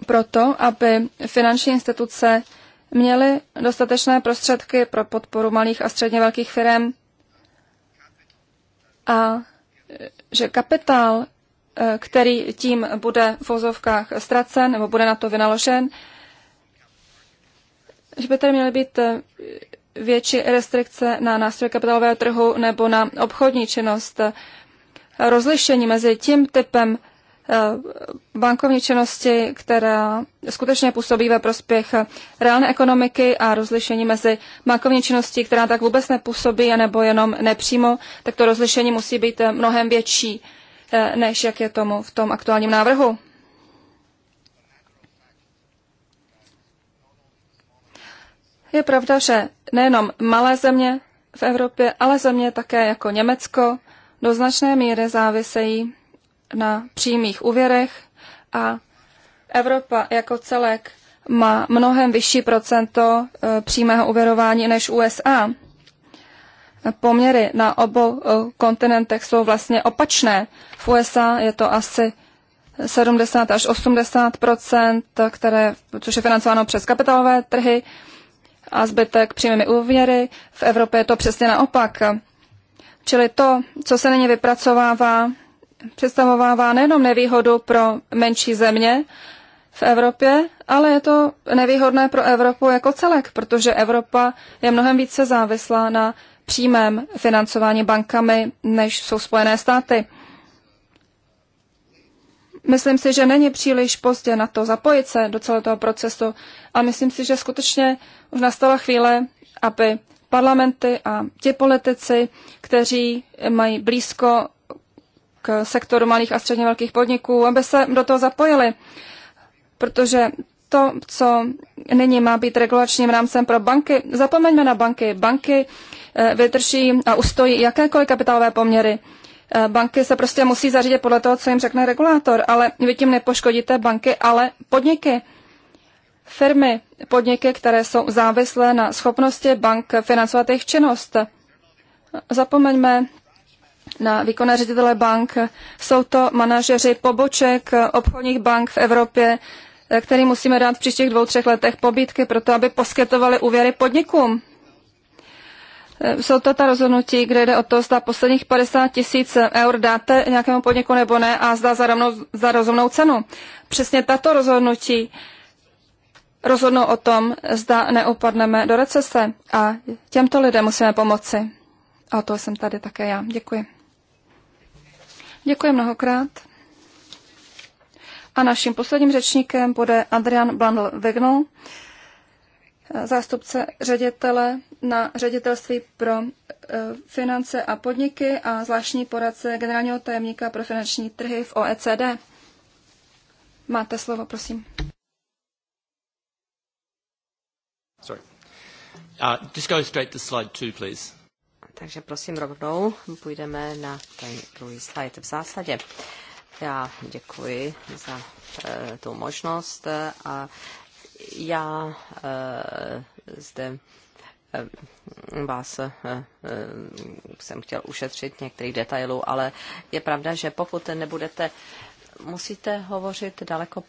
pro to, aby finanční instituce měli dostatečné prostředky pro podporu malých a středně velkých firm a že kapitál, eh, který tím bude v vozovkách ztracen nebo bude na to vynaložen, že by tady měly být eh, větší restrikce na nástroje kapitálového trhu nebo na obchodní činnost. Rozlišení mezi tím typem Eh, bankovní činnosti, která skutečně působí ve prospěch reálné ekonomiky a rozlišení mezi bankovní činností, která tak vůbec nepůsobí, anebo jenom nepřímo, tak to rozlišení musí být mnohem větší, eh, než jak je tomu v tom aktuálním návrhu. Je pravda, že nejenom malé země v Evropě, ale země také jako Německo do značné míry závisejí na přímých úvěrech a Evropa jako celek má mnohem vyšší procento e, přímého uvěrování než USA. Poměry na obou e, kontinentech jsou vlastně opačné. V USA je to asi 70 až 80 které, což je financováno přes kapitalové trhy a zbytek přímými úvěry. V Evropě je to přesně naopak. Čili to, co se nyní vypracovává, představovává nejenom nevýhodu pro menší země v Evropě, ale je to nevýhodné pro Evropu jako celek, protože Evropa je mnohem více závislá na přímém financování bankami, než jsou Spojené státy. Myslím si, že není příliš pozdě na to zapojit se do celého toho procesu a myslím si, že skutečně už nastala chvíle, aby parlamenty a ti politici, kteří mají blízko k sektoru malých a středně velkých podniků, aby se do toho zapojili. Protože to, co nyní má být regulačním rámcem pro banky, zapomeňme na banky. Banky eh, vytrší a ustojí jakékoliv kapitálové poměry. Eh, banky se prostě musí zařídit podle toho, co jim řekne regulátor, ale vy tím nepoškodíte banky, ale podniky. Firmy, podniky, které jsou závislé na schopnosti bank financovat jejich činnost. Zapomeňme na výkonné ředitele bank. Jsou to manažeři poboček obchodních bank v Evropě, eh, který musíme dát v příštích dvou, třech letech pobídky pro to, aby poskytovali úvěry podnikům. Eh, jsou to ta rozhodnutí, kde jde o to, zda posledních 50 tisíc eur dáte nějakému podniku nebo ne a zda za, rovnou, za rozumnou cenu. Přesně tato rozhodnutí rozhodnou o tom, zda neupadneme do recese a těmto lidem musíme pomoci. A to jsem tady také já. Děkuji. Děkuji mnohokrát. A naším posledním řečníkem bude Adrian Blandl Vignon, zástupce ředitele na ředitelství pro e, finance a podniky a zvláštní poradce generálního tajemníka pro finanční trhy v OECD. Máte slovo, prosím. Sorry. Uh, just go straight to slide two, please. Takže prosím rovnou půjdeme na ten druhý slide v zásadě. Já děkuji za e, tu možnost a já e, zde eh, vás jsem chtěl ušetřit některých detailů, ale je pravda, že pokud nebudete, musíte hovořit daleko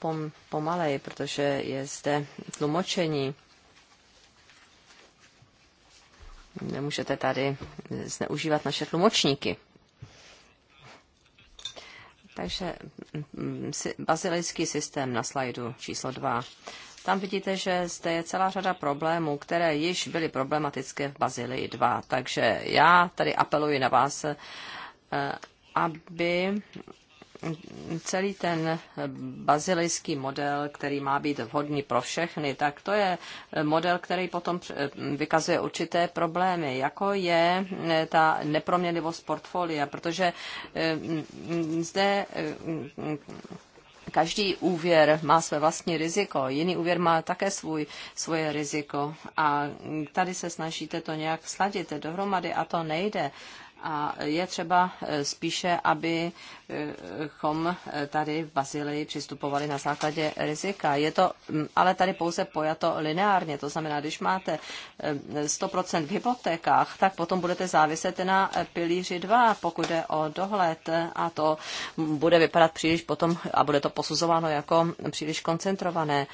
pomaleji, protože je zde tlumočení Nemůžete tady zneužívat naše tlumočníky. Takže mm, bazilický systém na slajdu číslo 2. Tam vidíte, že zde je celá řada problémů, které již byly problematické v Bazilii 2. Takže já tady apeluji na vás, eh, aby celý ten bazilejský model, který má být vhodný pro všechny, tak to je model, který potom vykazuje určité problémy, jako je eh, ta neproměnlivost portfolia, protože eh, zde eh, každý úvěr má své vlastní riziko, jiný úvěr má také svůj, svoje riziko a tady se snažíte to nějak sladit dohromady a to nejde. A je třeba eh, spíše, abychom eh, tady v Bazileji přistupovali na základě rizika. Je to mm, ale tady pouze pojato lineárně, to znamená, když máte 100% eh, v hypotékách, tak potom budete záviset na pilíři 2, pokud jde o dohled a to bude vypadat příliš potom a bude to posuzováno jako příliš koncentrované.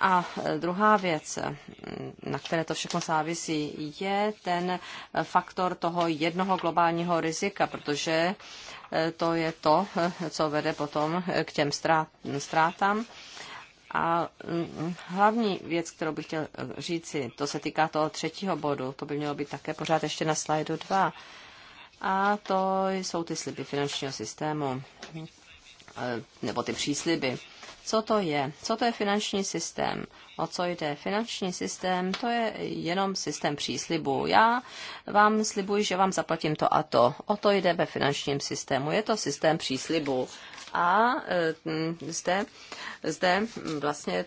A e, druhá věc, mm, na které to všechno závisí, je ten e, faktor toho jednoho globálního rizika, protože e, to je to, co vede potom k těm ztrátám. A mm, hlavní věc, kterou bych chtěl říci, to se týká toho třetího bodu, to by mělo být také pořád ještě na slajdu dva, A to jsou ty sliby finančního systému nebo ty přísliby. Co to je? Co to je finanční systém? O co jde? Finanční systém, to je jenom systém příslibu. Já vám slibuji, že vám zaplatím to a to. O to jde ve finančním systému. Je to systém příslibu. A e, zde, zde vlastně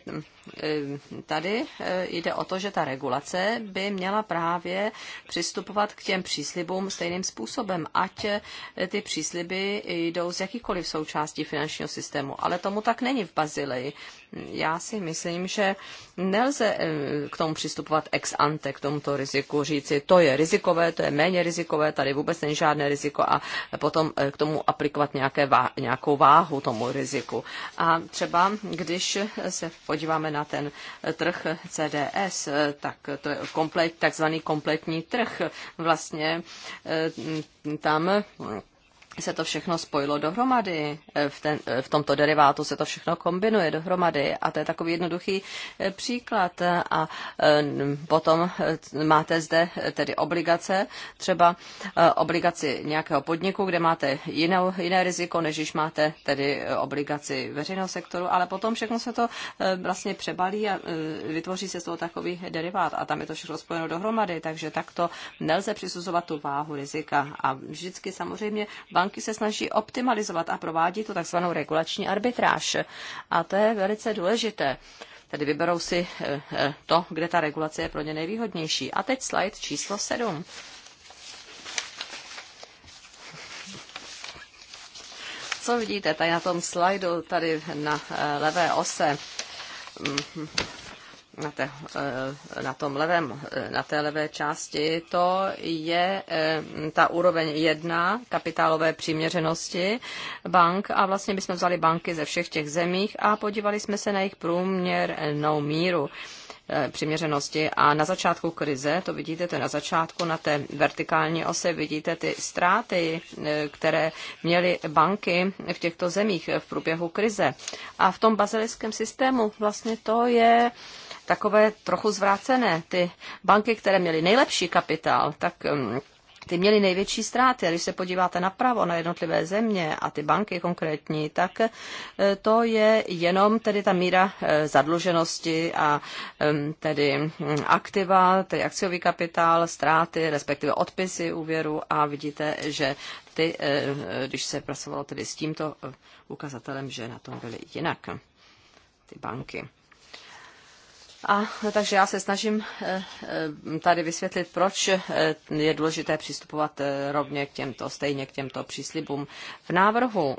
Ehm, tady eh, jde o to, že ta regulace by měla právě přistupovat k těm příslibům stejným způsobem, ať eh, ty přísliby jdou z jakýkoliv součástí finančního systému. Ale tomu tak není v Bazileji. Já si myslím, že nelze eh, k tomu přistupovat ex ante, k tomuto riziku, říci, to je rizikové, to je méně rizikové, tady vůbec není žádné riziko a potom k tomu aplikovat nějaké, nějakou váhu tomu riziku. A třeba, když se podíváme na na ten eh, trh CDS, eh, tak to je komplet, takzvaný kompletní trh. Vlastně eh, tam se to všechno spojilo dohromady, e, v, ten, e, v tomto derivátu se to všechno kombinuje dohromady a to je takový jednoduchý e, příklad. A potom máte zde tedy obligace, třeba obligaci nějakého podniku, kde máte jinou, jiné riziko, než když máte tedy obligaci veřejného sektoru, ale potom všechno se to vlastně přebalí a vytvoří se z toho takový derivát a tam je to všechno spojeno dohromady, takže takto nelze přisuzovat tu váhu rizika. A vždycky samozřejmě bank banky se snaží optimalizovat a provádí tu takzvanou regulační arbitráž. A to je velice důležité. Tedy vyberou si eh, eh, to, kde ta regulace je pro ně nejvýhodnější. A teď slide číslo 7. Co vidíte tady na tom slajdu, tady na eh, levé ose? Mm-hmm na, té, eh, na tom levém, eh, na té levé části, to je eh, ta úroveň jedna kapitálové přiměřenosti bank a vlastně bychom vzali banky ze všech těch zemích a podívali jsme se na jejich průměrnou míru přiměřenosti. A na začátku krize, to vidíte, to je na začátku, na té vertikální ose vidíte ty ztráty, které měly banky v těchto zemích v průběhu krize. A v tom bazilickém systému vlastně to je takové trochu zvrácené. Ty banky, které měly nejlepší kapitál, tak um, ty měly největší ztráty. A když se podíváte napravo na jednotlivé země a ty banky konkrétní, tak eh, to je jenom tedy ta míra eh, zadluženosti a um, tedy hm, aktiva, tedy akciový kapitál, ztráty, respektive odpisy úvěru a vidíte, že ty, eh, když se pracovalo tedy s tímto ukazatelem, že na tom byly jinak ty banky. A takže já se snažím eh, eh, tady vysvětlit, proč eh, je důležité přistupovat rovně k těmto, stejně k těmto příslibům. V návrhu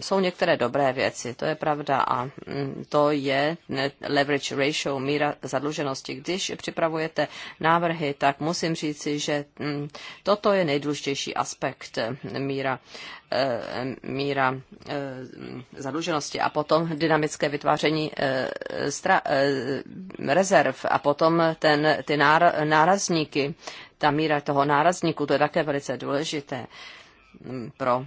jsou některé dobré věci, to je pravda, a mm, to je leverage ratio, míra zadluženosti. Když připravujete návrhy, tak musím říci, že mm, toto je nejdůležitější aspekt míra míra zadluženosti a potom dynamické vytváření Eh, rezerv a potom ten, ty nárazníky, ta míra toho nárazníku, to je také velice důležité mm, pro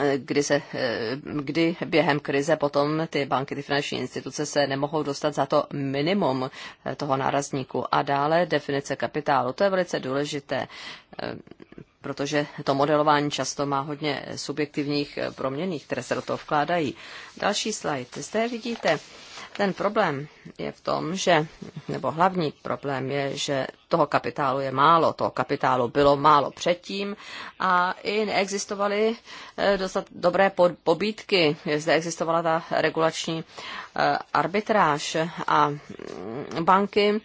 eh, kdy, se, eh, kdy během krize potom ty banky, ty finanční instituce se nemohou dostat za to minimum toho nárazníku. A dále definice kapitálu. To je velice důležité, protože to modelování často má hodně subjektivních proměných, které se do toho vkládají. Další slide. Zde vidíte ten problém je v tom, že, nebo hlavní problém je, že toho kapitálu je málo, toho kapitálu bylo málo předtím a i neexistovaly eh, dostat dobré pobídky. Zde existovala ta regulační eh, arbitráž a mm, banky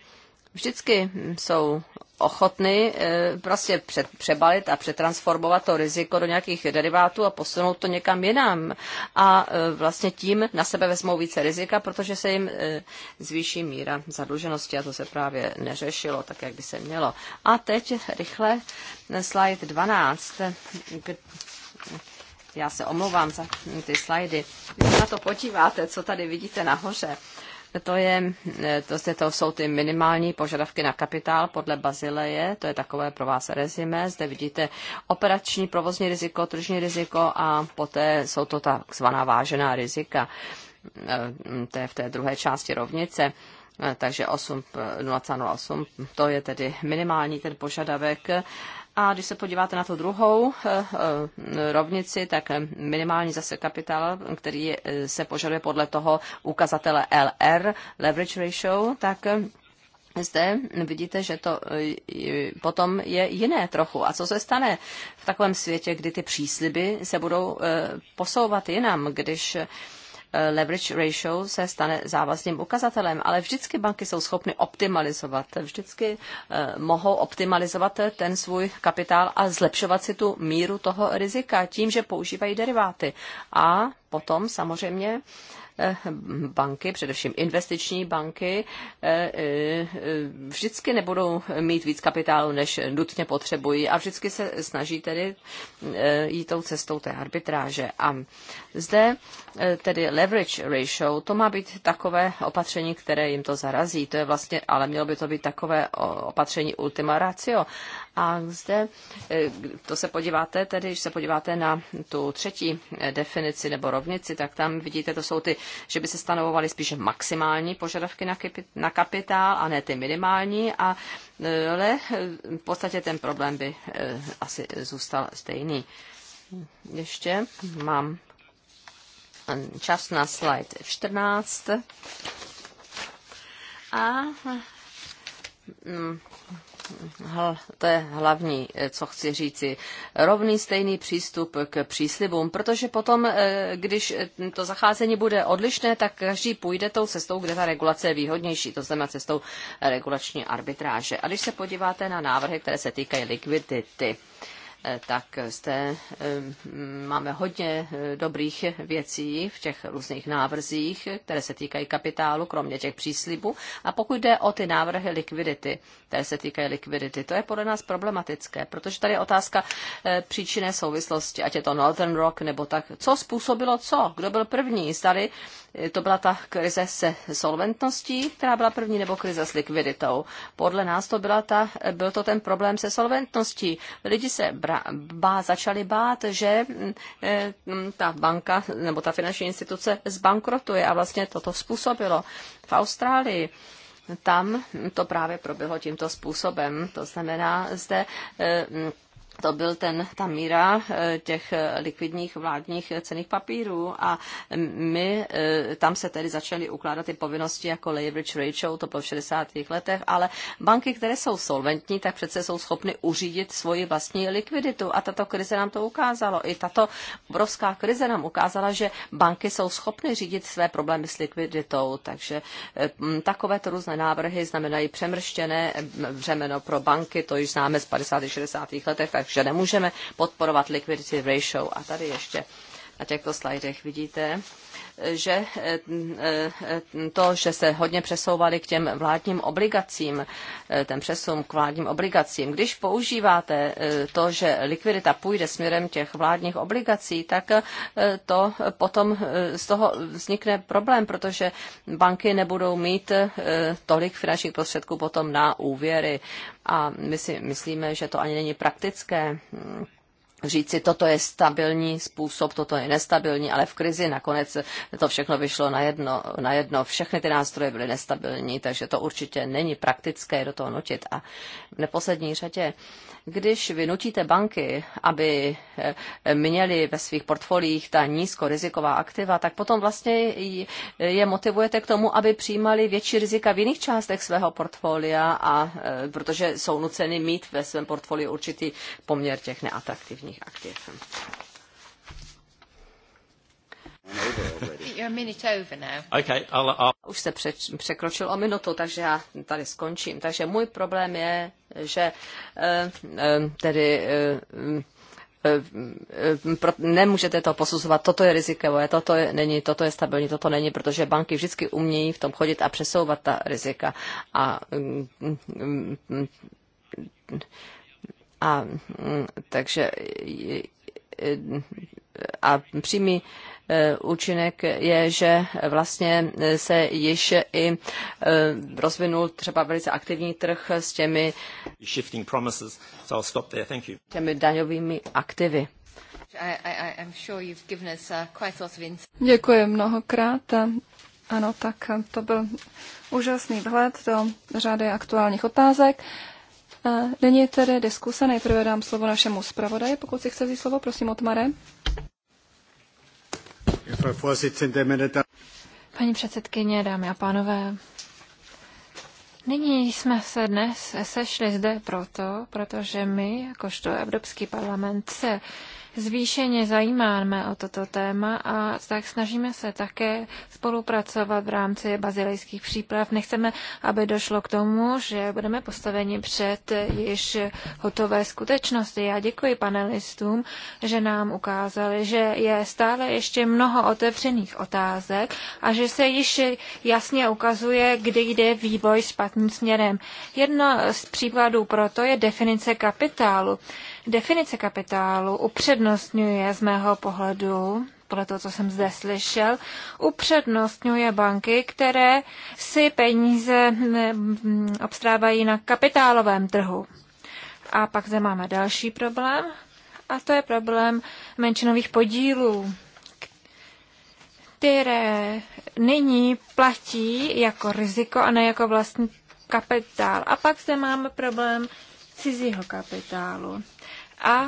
vždycky jsou ochotny eh, prostě přebalit a přetransformovat to riziko do nějakých derivátů a posunout to někam jinam. A eh, vlastně tím na sebe vezmou více rizika, protože se jim eh, zvýší míra zadluženosti a to se právě neřešilo tak, jak by se mělo. A teď rychle slide 12. Já se omlouvám za ty slajdy. Když se na to podíváte, co tady vidíte nahoře, to, je, e, to, to jsou ty minimální požadavky na kapitál podle Bazileje, to je takové pro vás rezime. Zde vidíte operační provozní riziko, tržní riziko a poté jsou to takzvaná vážená rizika. E, to je v té druhé části rovnice e, takže 0,08 to je tedy minimální ten požadavek a když se podíváte na tu druhou eh, eh, rovnici, tak minimální zase kapitál, který eh, se požaduje podle toho ukazatele LR, leverage ratio, tak zde vidíte, že to potom je jiné trochu. A co se stane v takovém světě, kdy ty přísliby se budou posouvat jinam, když leverage ratio se stane závazným ukazatelem, ale vždycky banky jsou schopny optimalizovat, vždycky eh, mohou optimalizovat ten svůj kapitál a zlepšovat si tu míru toho rizika tím, že používají deriváty. A potom samozřejmě Eh, banky, především investiční banky, eh, eh, vždycky nebudou mít víc kapitálu, než nutně potřebují a vždycky se snaží tedy jít tou cestou té arbitráže. A zde tedy leverage ratio, to má být takové opatření, které jim to zarazí. To je vlastně, ale mělo by to být takové opatření ultima ratio. A zde, eh, to se podíváte tedy, když se podíváte na tu třetí eh, definici nebo rovnici, tak tam vidíte, to jsou ty, že by se stanovovaly spíše maximální požadavky na kapitál a ne ty minimální, a, eh, ale v podstatě ten problém by asi zůstal stejný. Ještě mám čas na slide 14. A hm, to je hlavní, eh, co chci říci, rovný stejný přístup k příslibům, protože potom, eh, když eh, to zacházení bude odlišné, tak každý půjde tou cestou, kde ta regulace je výhodnější, to znamená cestou regulační arbitráže. A když se podíváte na návrhy, které se týkají likvidity, Eh, tak zde eh, máme hodně eh, dobrých věcí v těch různých návrzích, které se týkají kapitálu, kromě těch příslibů. A pokud jde o ty návrhy likvidity, které se týkají likvidity, to je podle nás problematické, protože tady je otázka příčinné souvislosti, ať je to Northern Rock nebo tak. Co způsobilo co? Kdo byl první? Zdali to byla ta krize se solventností, která byla první, nebo krize s likviditou. Podle nás to byla ta, byl to ten problém se solventností. Lidi se bra, bá, začali bát, že mm, e, mm, ta banka nebo ta finanční instituce zbankrotuje a vlastně toto způsobilo. V Austrálii tam to právě proběhlo tímto způsobem. To znamená, zde e, mm, to byl ten, ta míra eh, těch eh, likvidních vládních cených papírů a my eh, tam se tedy začaly ukládat ty povinnosti jako leverage ratio, to po 60. letech, ale banky, které jsou solventní, tak přece jsou schopny uřídit svoji vlastní likviditu a tato krize nám to ukázalo. I tato obrovská krize nám ukázala, že banky jsou schopny řídit své problémy s likviditou, takže takovéto různé návrhy znamenají přemrštěné břemeno pro banky, to již známe z 50. a 60. letech, takže nemůžeme podporovat liquidity ratio. A tady ještě na těchto slajdech vidíte, že eh, to, že se hodně přesouvali k těm vládním obligacím, eh, ten přesun k vládním obligacím, když používáte eh, to, že likvidita půjde směrem těch vládních obligací, tak to potom z toho vznikne problém, protože banky nebudou mít tolik finančních prostředků potom na úvěry. A my si myslíme, že to ani není praktické říci, toto je stabilní způsob, toto je nestabilní, ale v krizi nakonec to všechno vyšlo na jedno, na jedno. Všechny ty nástroje byly nestabilní, takže to určitě není praktické do toho nutit. A v neposlední řadě, když vynutíte banky, aby eh, měli ve svých portfoliích ta nízkoriziková aktiva, tak potom vlastně je motivujete k tomu, aby přijímali větší rizika v jiných částech svého portfolia, a, eh, protože jsou nuceny mít ve svém portfoliu určitý poměr těch neatraktivních veřejných aktiv. Už jste překročil o minutu, takže já tady skončím. Takže můj problém je, že eh, eh, tedy eh, nemůžete to posuzovat, toto je rizikové, toto je, není, toto je stabilní, toto není, protože banky vždycky umějí v tom chodit a přesouvat ta rizika. A mm, mm, mm, a mm, takže a přímý e, účinek je, že vlastně se již i e, rozvinul třeba velice aktivní trh s těmi, shifting promises. So I'll stop there. Thank you. těmi daňovými aktivy. Uh, Děkuji mnohokrát. Ano, tak to byl úžasný vhled do řady aktuálních otázek. Nyní je tedy diskuse. Nejprve dám slovo našemu zpravodaji. Pokud si chce vzít slovo, prosím, Otmare. Paní předsedkyně, dámy a pánové, nyní jsme se dnes sešli zde proto, protože my, jakožto Evropský parlament, se zvýšeně zajímáme o toto téma a tak snažíme se také spolupracovat v rámci bazilejských příprav. Nechceme, aby došlo k tomu, že budeme postaveni před již hotové skutečnosti. Já děkuji panelistům, že nám ukázali, že je stále ještě mnoho otevřených otázek a že se již jasně ukazuje, kdy jde vývoj špatným směrem. Jedno z příkladů proto je definice kapitálu. Definice kapitálu upřednostňuje z mého pohledu, podle toho, co jsem zde slyšel, upřednostňuje banky, které si peníze mm, mm, obstrávají na kapitálovém trhu. A pak zde máme další problém, a to je problém menšinových podílů, které nyní platí jako riziko a ne jako vlastní kapitál. A pak zde máme problém cizího kapitálu a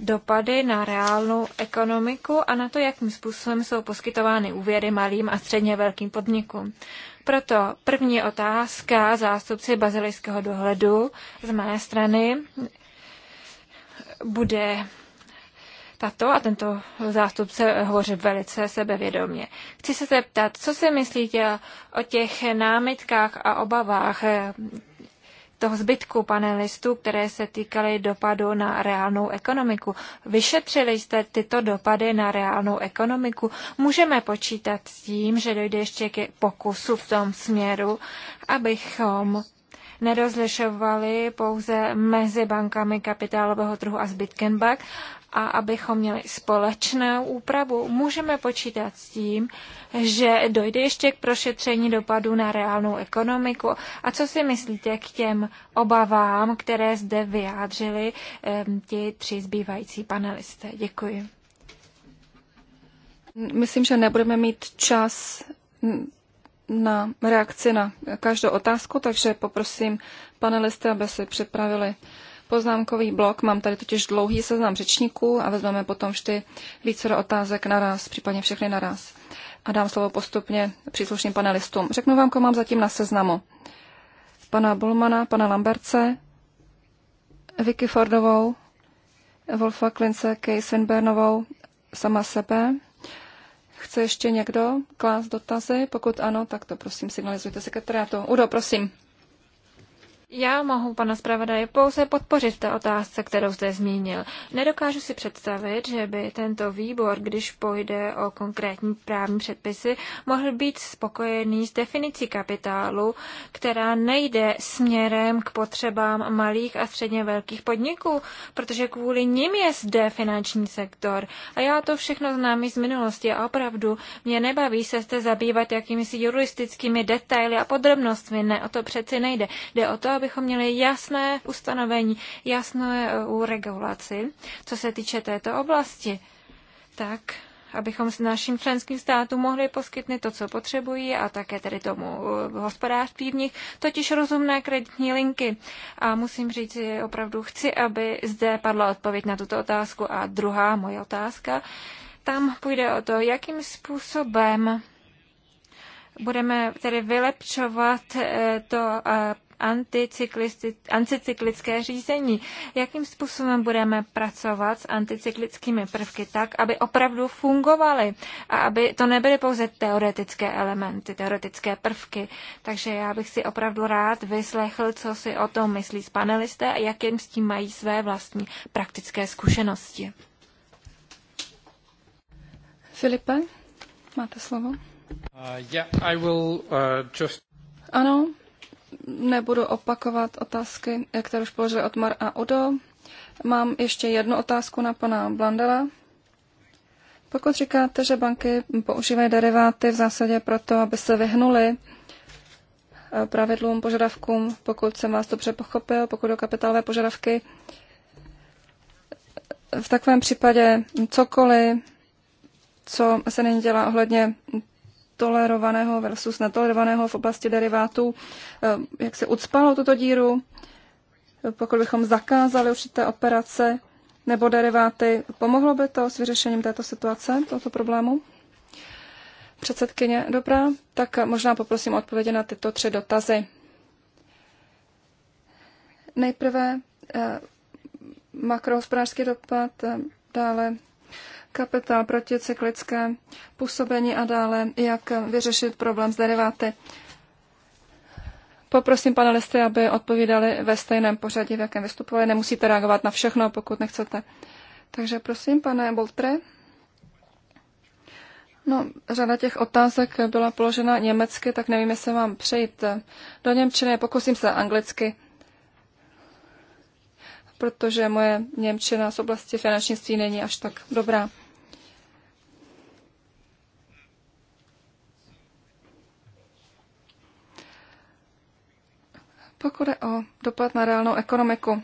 dopady na reálnou ekonomiku a na to, jakým způsobem jsou poskytovány úvěry malým a středně velkým podnikům. Proto první otázka zástupci bazilického dohledu z mé strany bude tato a tento zástupce hovoří velice sebevědomě. Chci se zeptat, co si myslíte o těch námitkách a obavách toho zbytku panelistů, které se týkaly dopadu na reálnou ekonomiku. Vyšetřili jste tyto dopady na reálnou ekonomiku. Můžeme počítat s tím, že dojde ještě k pokusu v tom směru, abychom nerozlišovali pouze mezi bankami kapitálového trhu a zbytkem bank, a abychom měli společnou úpravu, můžeme počítat s tím, že dojde ještě k prošetření dopadu na reálnou ekonomiku. A co si myslíte k těm obavám, které zde vyjádřili um, ti tři zbývající panelisté? Děkuji. Myslím, že nebudeme mít čas na reakci na každou otázku, takže poprosím panelisty, aby si připravili poznámkový blok. Mám tady totiž dlouhý seznam řečníků a vezmeme potom vždy více otázek naraz, případně všechny naraz. A dám slovo postupně příslušným panelistům. Řeknu vám, koho mám zatím na seznamu. Pana Bulmana, pana Lamberce, Vicky Fordovou, Wolfa Klince, Kay Svinbernovou, sama sebe. Chce ještě někdo klást dotazy? Pokud ano, tak to prosím signalizujte sekretariátu. Udo, prosím. Já mohu pana zpravodaje pouze podpořit v té otázce, kterou zde zmínil. Nedokážu si představit, že by tento výbor, když pojde o konkrétní právní předpisy, mohl být spokojený s definicí kapitálu, která nejde směrem k potřebám malých a středně velkých podniků, protože kvůli nim je zde finanční sektor. A já to všechno znám z minulosti a opravdu mě nebaví se zde zabývat jakýmisi juristickými detaily a podrobnostmi. Ne, o to přeci nejde. Jde o to, abychom měli jasné ustanovení, jasné eh, regulaci, co se týče této oblasti. Tak, abychom s naším členským státům mohli poskytnout to, co potřebují a také tedy tomu eh, hospodářství v nich, totiž rozumné kreditní linky. A musím říct, že opravdu chci, aby zde padla odpověď na tuto otázku. A druhá moje otázka, tam půjde o to, jakým způsobem budeme tedy vylepšovat eh, to anticyklické řízení. Jakým způsobem budeme pracovat s anticyklickými prvky tak, aby opravdu fungovaly a aby to nebyly pouze teoretické elementy, teoretické prvky. Takže já bych si opravdu rád vyslechl, co si o tom myslí z panelisté a jakým s tím mají své vlastní praktické zkušenosti. Filipe, máte slovo. Uh, yeah, I will, uh, just... Ano, nebudu opakovat otázky, které už položili Otmar a Udo. Mám ještě jednu otázku na pana Blandela. Pokud říkáte, že banky používají deriváty v zásadě proto, aby se vyhnuli eh, pravidlům, požadavkům, pokud jsem vás dobře pochopil, pokud o kapitálové požadavky, eh, v takovém případě cokoliv, co se nyní dělá ohledně tolerovaného versus netolerovaného v oblasti derivátů, eh, jak se ucpalo tuto díru, pokud bychom zakázali určité operace nebo deriváty, pomohlo by to s vyřešením této situace, tohoto problému? Předsedkyně, dobrá, tak možná poprosím odpovědi na tyto tři dotazy. Nejprve eh, makrohospodářský dopad, eh, dále kapitál, proticyklické působení a dále, jak vyřešit problém s deriváty. Poprosím panelisty, aby odpovídali ve stejném pořadí, v jakém vystupovali. Nemusíte reagovat na všechno, pokud nechcete. Takže prosím, pane Boltre. No, řada těch otázek byla položena německy, tak nevím, jestli vám přejít do Němčiny. Pokusím se anglicky protože moje Němčina z oblasti finančnictví není až tak dobrá. Pokud je o dopad na reálnou ekonomiku,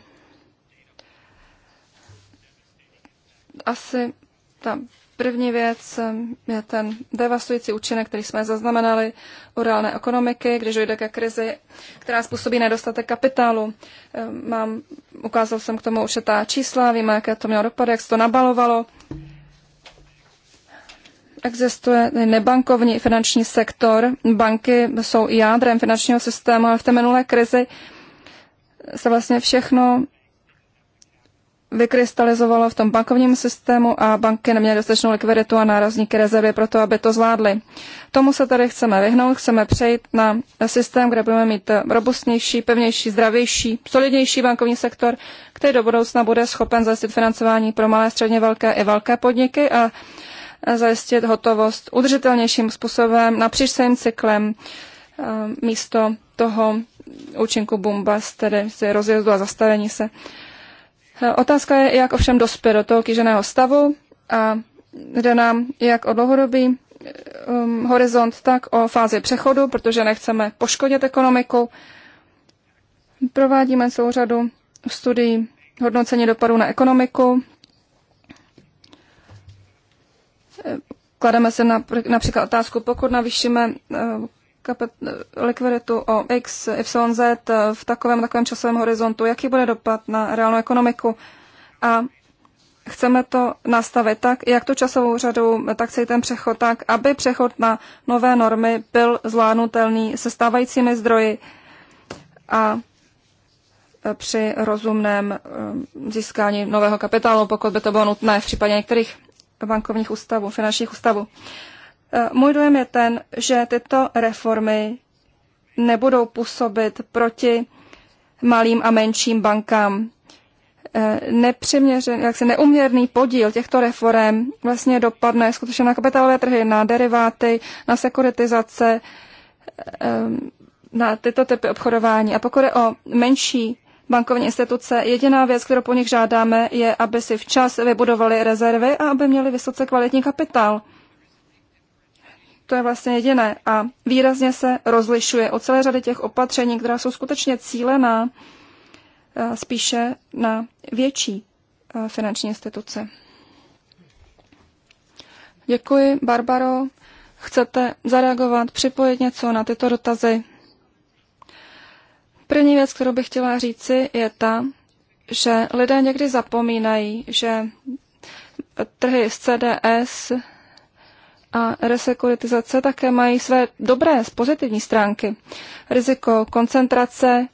asi ta První věc ehm, je ten devastující účinek, který jsme zaznamenali u reálné ekonomiky, když dojde ke krizi, která způsobí nedostatek kapitálu. Ehm, mám, ukázal jsem k tomu určitá čísla, víme, jaké to mělo dopady, jak se to nabalovalo. Existuje nebankovní finanční sektor. Banky jsou jádrem finančního systému, ale v té minulé krizi se vlastně všechno vykrystalizovalo v tom bankovním systému a banky neměly dostatečnou likviditu a nárazníky rezervy pro to, aby to zvládly. Tomu se tady chceme vyhnout, chceme přejít na systém, kde budeme mít robustnější, pevnější, zdravější, solidnější bankovní sektor, který do budoucna bude schopen zajistit financování pro malé, středně velké i velké podniky a zajistit hotovost udržitelnějším způsobem napříč svým cyklem eh, místo toho účinku bombast, tedy rozjezdu a zastavení se Eh, otázka je, jak ovšem dospět do toho kýženého stavu a jde nám jak o dlouhodobý eh, um, horizont, tak o fázi přechodu, protože nechceme poškodit ekonomiku. Provádíme celou řadu studií hodnocení dopadů na ekonomiku. Eh, klademe se na, například otázku, pokud navýšíme likviditu o X, YZ eh, v takovém takovém časovém horizontu, jaký bude dopad na reálnou ekonomiku. A chceme to nastavit tak, jak tu časovou řadu, tak celý ten přechod tak, aby přechod na nové normy byl zvládnutelný se stávajícími zdroji a eh, při rozumném eh, získání nového kapitálu, pokud by to bylo nutné v případě některých bankovních ústavů, finančních ústavů. Eh, můj dojem je ten, že tyto reformy nebudou působit proti malým a menším bankám. Eh, Nepřiměřený, jak se neuměrný podíl těchto reform vlastně dopadne skutečně na kapitálové trhy, na deriváty, na sekuritizace, eh, na tyto typy obchodování. A pokud je o menší bankovní instituce, jediná věc, kterou po nich žádáme, je, aby si včas vybudovali rezervy a aby měli vysoce kvalitní kapitál. To je vlastně jediné a výrazně se rozlišuje od celé řady těch opatření, která jsou skutečně cílená eh, spíše na větší eh, finanční instituce. Děkuji, Barbaro. Chcete zareagovat, připojit něco na tyto dotazy? První věc, kterou bych chtěla říci, je ta, že lidé někdy zapomínají, že trhy z CDS a resekuritizace také mají své dobré, pozitivní stránky. Riziko koncentrace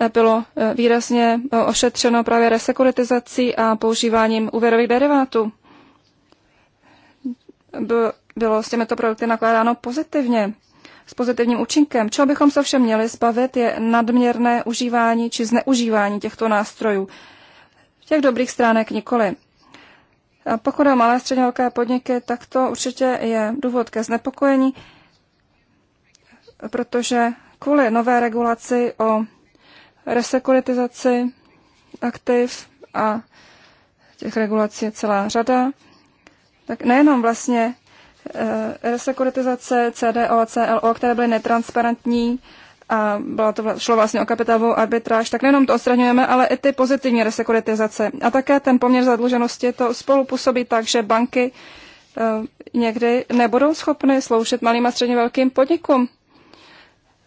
eh, bylo eh, výrazně eh, ošetřeno právě resekuritizací a používáním úvěrových derivátů. Bylo s těmito produkty nakládáno pozitivně, s pozitivním účinkem. Čeho bychom se všem měli zbavit, je nadměrné užívání či zneužívání těchto nástrojů. Těch dobrých stránek nikoli. Pokud o malé středně velké podniky, tak to určitě je důvod ke znepokojení, protože kvůli nové regulaci o resekuritizaci aktiv a těch regulací je celá řada, tak nejenom vlastně eh, resekuritizace CDO a CLO, které byly netransparentní, a bylo to, šlo vlastně o kapitálovou arbitráž, tak nejenom to odstraňujeme, ale i ty pozitivní resekuritizace. A také ten poměr zadluženosti to spolu působí tak, že banky e, někdy nebudou schopny sloužit malým a středně velkým podnikům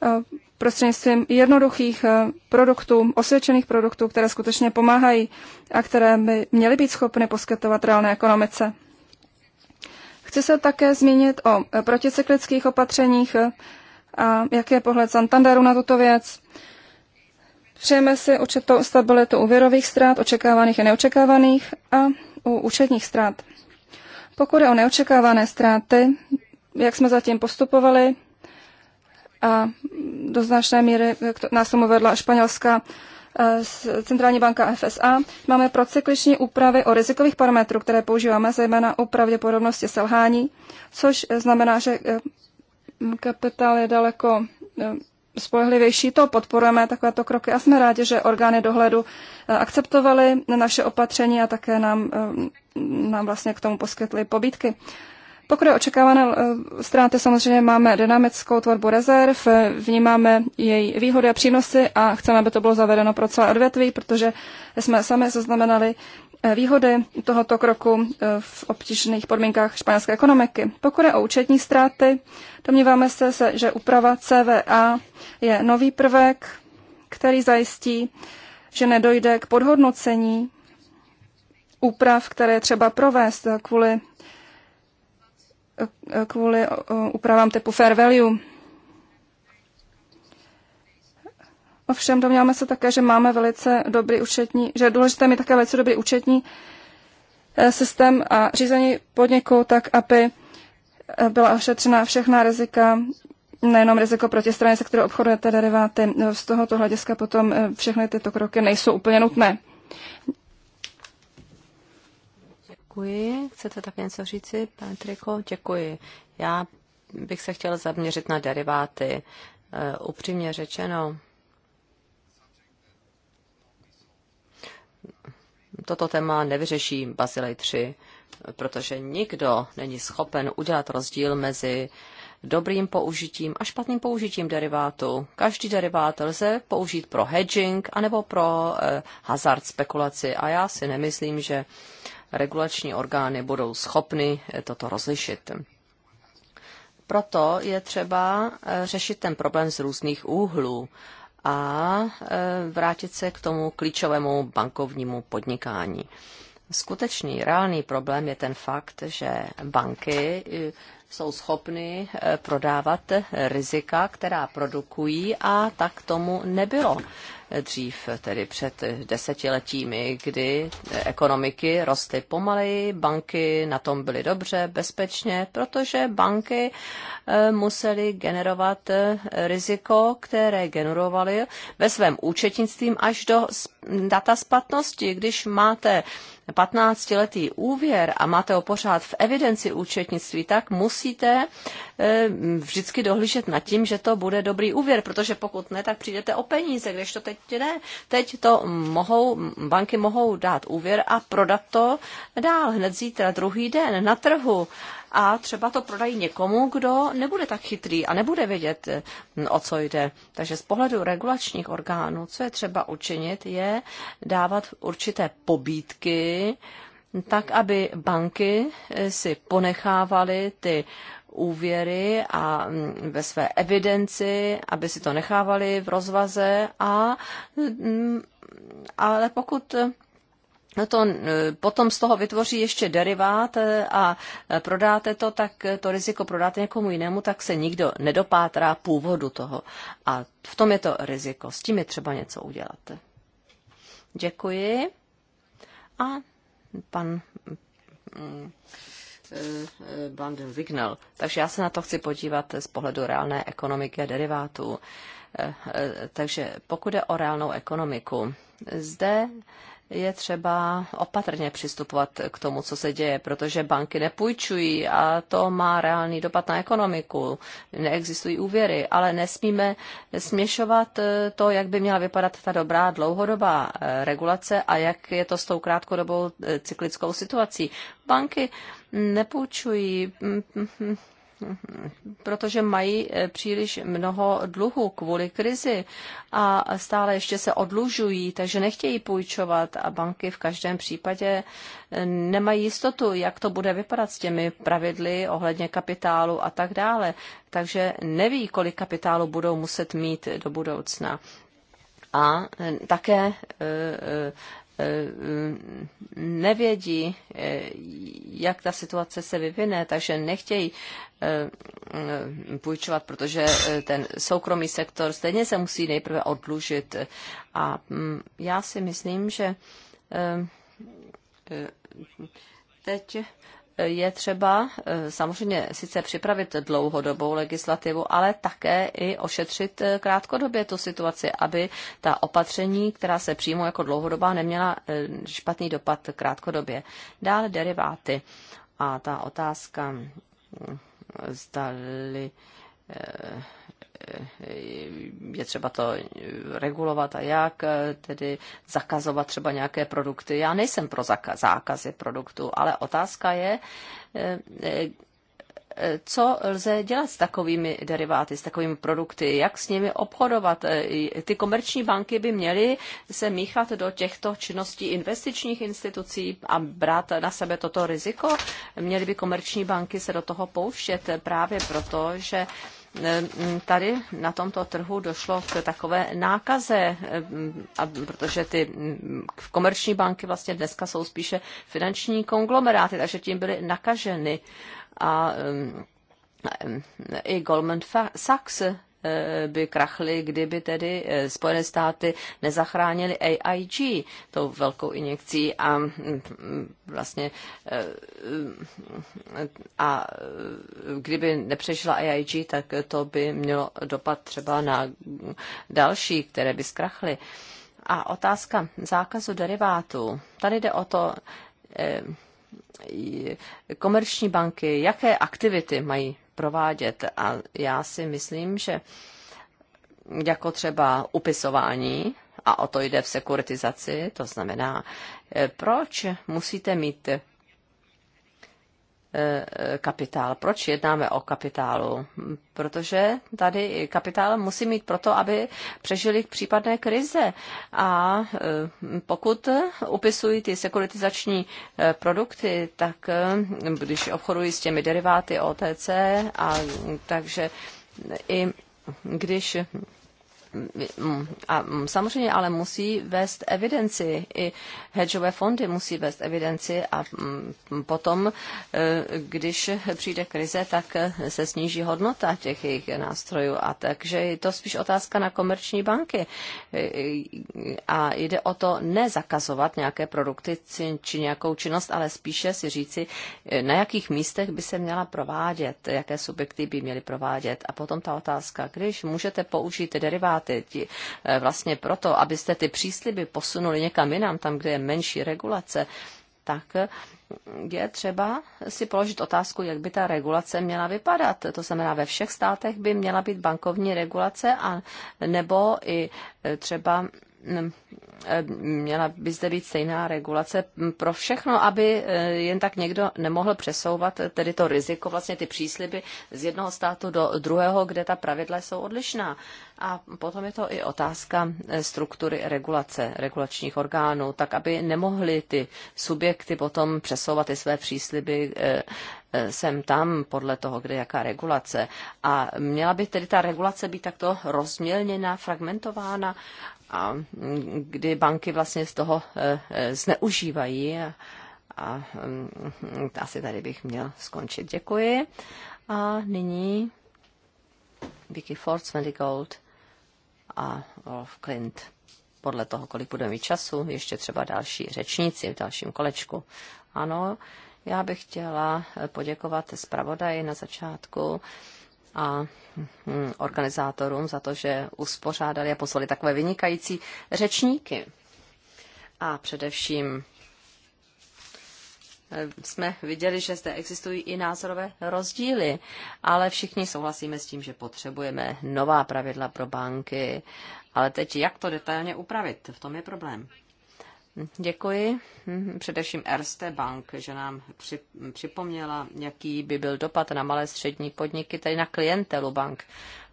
e, prostřednictvím jednoduchých e, produktů, osvědčených produktů, které skutečně pomáhají a které by měly být schopny poskytovat reálné ekonomice. Chci se také zmínit o proticyklických opatřeních, a jaký je pohled Santanderu na tuto věc. Přejeme si určitou stabilitu úvěrových ztrát, očekávaných i neočekávaných, a u účetních ztrát. Pokud je o neočekávané ztráty, jak jsme zatím postupovali, a do značné míry nás tomu vedla španělská eh, centrální banka FSA. Máme procykliční úpravy o rizikových parametrů, které používáme zejména u pravděpodobnosti selhání, což znamená, že eh, kapitál je daleko eh, spolehlivější, to podporujeme takovéto kroky a jsme rádi, že orgány dohledu eh, akceptovaly naše opatření a také nám, eh, nám vlastně k tomu poskytly pobídky. Pokud je očekávané ztráty, samozřejmě máme dynamickou tvorbu rezerv, vnímáme její výhody a přínosy a chceme, aby to bylo zavedeno pro celé odvětví, protože jsme sami zaznamenali Eh, výhody tohoto kroku eh, v obtížných podmínkách španělské ekonomiky. Pokud je o účetní ztráty, domníváme se, že úprava CVA je nový prvek, který zajistí, že nedojde k podhodnocení úprav, které třeba provést eh, kvůli, kvůli úpravám typu fair value. Ovšem domníváme se také, že máme velice dobrý účetní, že je důležité mít také velice dobrý účetní eh, systém a řízení podniku tak, aby eh, byla ošetřena všechna rizika, nejenom riziko proti straně, se kterou obchodujete deriváty. Z tohoto hlediska potom eh, všechny tyto kroky nejsou úplně nutné. Děkuji. Chcete také něco říci, pane Triko? Děkuji. Já bych se chtěl zaměřit na deriváty. Upřímně řečeno, toto téma nevyřeší Basilej 3, protože nikdo není schopen udělat rozdíl mezi dobrým použitím a špatným použitím derivátu. Každý derivát lze použít pro hedging anebo pro eh, hazard spekulaci a já si nemyslím, že regulační orgány budou schopny eh, toto rozlišit. Proto je třeba eh, řešit ten problém z různých úhlů. Eh, a e, vrátit se k tomu klíčovému bankovnímu podnikání. Skutečný, reálný problém je ten fakt, že banky e, jsou schopny e, prodávat rizika, která produkují a tak tomu nebylo dřív, tedy před desetiletími, kdy ekonomiky rostly pomaleji, banky na tom byly dobře, bezpečně, protože banky eh, museli generovat eh, riziko, které generovaly ve svém účetnictvím až do data splatnosti. Když máte 15-letý úvěr a máte ho pořád v evidenci účetnictví, tak musíte eh, vždycky dohlížet nad tím, že to bude dobrý úvěr, protože pokud ne, tak přijdete o peníze, když to teď ne. Teď to mohou, banky mohou dát úvěr a prodat to dál hned zítra, druhý den na trhu a třeba to prodají někomu, kdo nebude tak chytrý a nebude vědět, mm, o co jde. Takže z pohledu regulačních orgánů, co je třeba učinit, je dávat určité pobídky, tak aby banky eh, si ponechávaly ty úvěry a mm, ve své evidenci, aby si to nechávali v rozvaze a mm, ale pokud No, to e, potom z toho vytvoří ještě derivát e, a e, prodáte to, tak to riziko prodáte někomu jinému, tak se nikdo nedopátrá původu toho. A v tom je to riziko. S tím je třeba něco udělat. Děkuji. A pan Blandon mm, Vignal. Takže já se na to chci podívat z pohledu reálné ekonomiky a derivátů. Takže pokud je o reálnou ekonomiku, zde je třeba opatrně přistupovat k tomu, co se děje, protože banky nepůjčují a to má reálný dopad na ekonomiku. Neexistují úvěry, ale nesmíme směšovat eh, to, jak by měla vypadat ta dobrá dlouhodobá eh, regulace a jak je to s tou krátkodobou eh, cyklickou situací. Banky nepůjčují mm, mm, mm, protože mají eh, příliš mnoho dluhu kvůli krizi a stále ještě se odlužují, takže nechtějí půjčovat a banky v každém případě eh, nemají jistotu, jak to bude vypadat s těmi pravidly ohledně kapitálu a tak dále. Takže neví, kolik kapitálu budou muset mít do budoucna a eh, také nevědí, eh, jak ta situace se vyvine, takže nechtějí eh, půjčovat, protože eh, ten soukromý sektor stejně se musí nejprve odlužit. A mm, já si myslím, že teď je třeba eh, samozřejmě sice připravit dlouhodobou legislativu, ale také i ošetřit eh, krátkodobě tu situaci, aby ta opatření, která se přijmou jako dlouhodobá, neměla eh, špatný dopad krátkodobě. Dále deriváty. A ta otázka, hm, zdali Eh, je třeba to regulovat a jak eh, tedy zakazovat třeba nějaké produkty. Já nejsem pro zákazy produktů, ale otázka je, eh, co lze dělat s takovými deriváty, s takovými produkty, jak s nimi obchodovat. Ty komerční banky by měly se míchat do těchto činností investičních institucí a brát na sebe toto riziko. Měly by komerční banky se do toho pouštět právě proto, že Ehm, tady na tomto trhu došlo k takové nákaze, ehm, protože ty mm, komerční banky vlastně dneska jsou spíše finanční konglomeráty, takže tím byly nakaženy. A ehm, i Goldman Sachs Eh, by krachly, kdyby tedy eh, Spojené státy nezachránili AIG tou velkou injekcí a mm, mm, vlastně eh, mm, a kdyby nepřešla AIG, tak to by mělo dopad třeba na další, které by zkrachly. A otázka zákazu derivátů. Tady jde o to, komerční banky, jaké aktivity mají provádět. A já si myslím, že jako třeba upisování, a o to jde v sekuritizaci, to znamená, eh, proč musíte mít kapitál. Proč jednáme o kapitálu? Protože tady kapitál musí mít proto, aby přežili případné krize. A e, pokud upisují ty sekuritizační e, produkty, tak e, když obchodují s těmi deriváty OTC, a takže i když a samozřejmě ale musí vést evidenci. I hedžové fondy musí vést evidenci a mm, potom, eh, když přijde krize, tak se sníží hodnota těch jejich nástrojů. A takže je to spíš otázka na komerční banky. A jde o to nezakazovat nějaké produkty či nějakou činnost, ale spíše si říci, eh, na jakých místech by se měla provádět, jaké subjekty by měly provádět. A potom ta otázka, když můžete použít derivát státy eh, vlastně proto, abyste ty přísliby posunuli někam jinam, tam, kde je menší regulace, tak mm, je třeba si položit otázku, jak by ta regulace měla vypadat. To znamená, ve všech státech by měla být bankovní regulace a nebo i eh, třeba E, měla by zde být stejná regulace pro všechno, aby e, jen tak někdo nemohl přesouvat e, tedy to riziko, vlastně ty přísliby z jednoho státu do druhého, kde ta pravidla jsou odlišná. A potom je to i otázka struktury regulace, regulačních orgánů, tak aby nemohly ty subjekty potom přesouvat i své přísliby sem tam podle toho, kde jaká regulace. A měla by tedy ta regulace být takto rozmělněná, fragmentována a kdy banky vlastně z toho eh, eh, zneužívají. A, a mm, asi tady bych měl skončit. Děkuji. A nyní Vicky Ford, Svendy Gold a Wolf Clint. Podle toho, kolik budeme mít času, ještě třeba další řečníci v dalším kolečku. Ano, já bych chtěla poděkovat zpravodaji na začátku a hm, organizátorům za to, že uspořádali a poslali takové vynikající řečníky. A především eh, jsme viděli, že zde existují i názorové rozdíly, ale všichni souhlasíme s tím, že potřebujeme nová pravidla pro banky. Ale teď jak to detailně upravit, v tom je problém. Děkuji mhm, především Erste Bank, že nám připomněla, jaký by byl dopad na malé střední podniky, tedy na klientelu bank.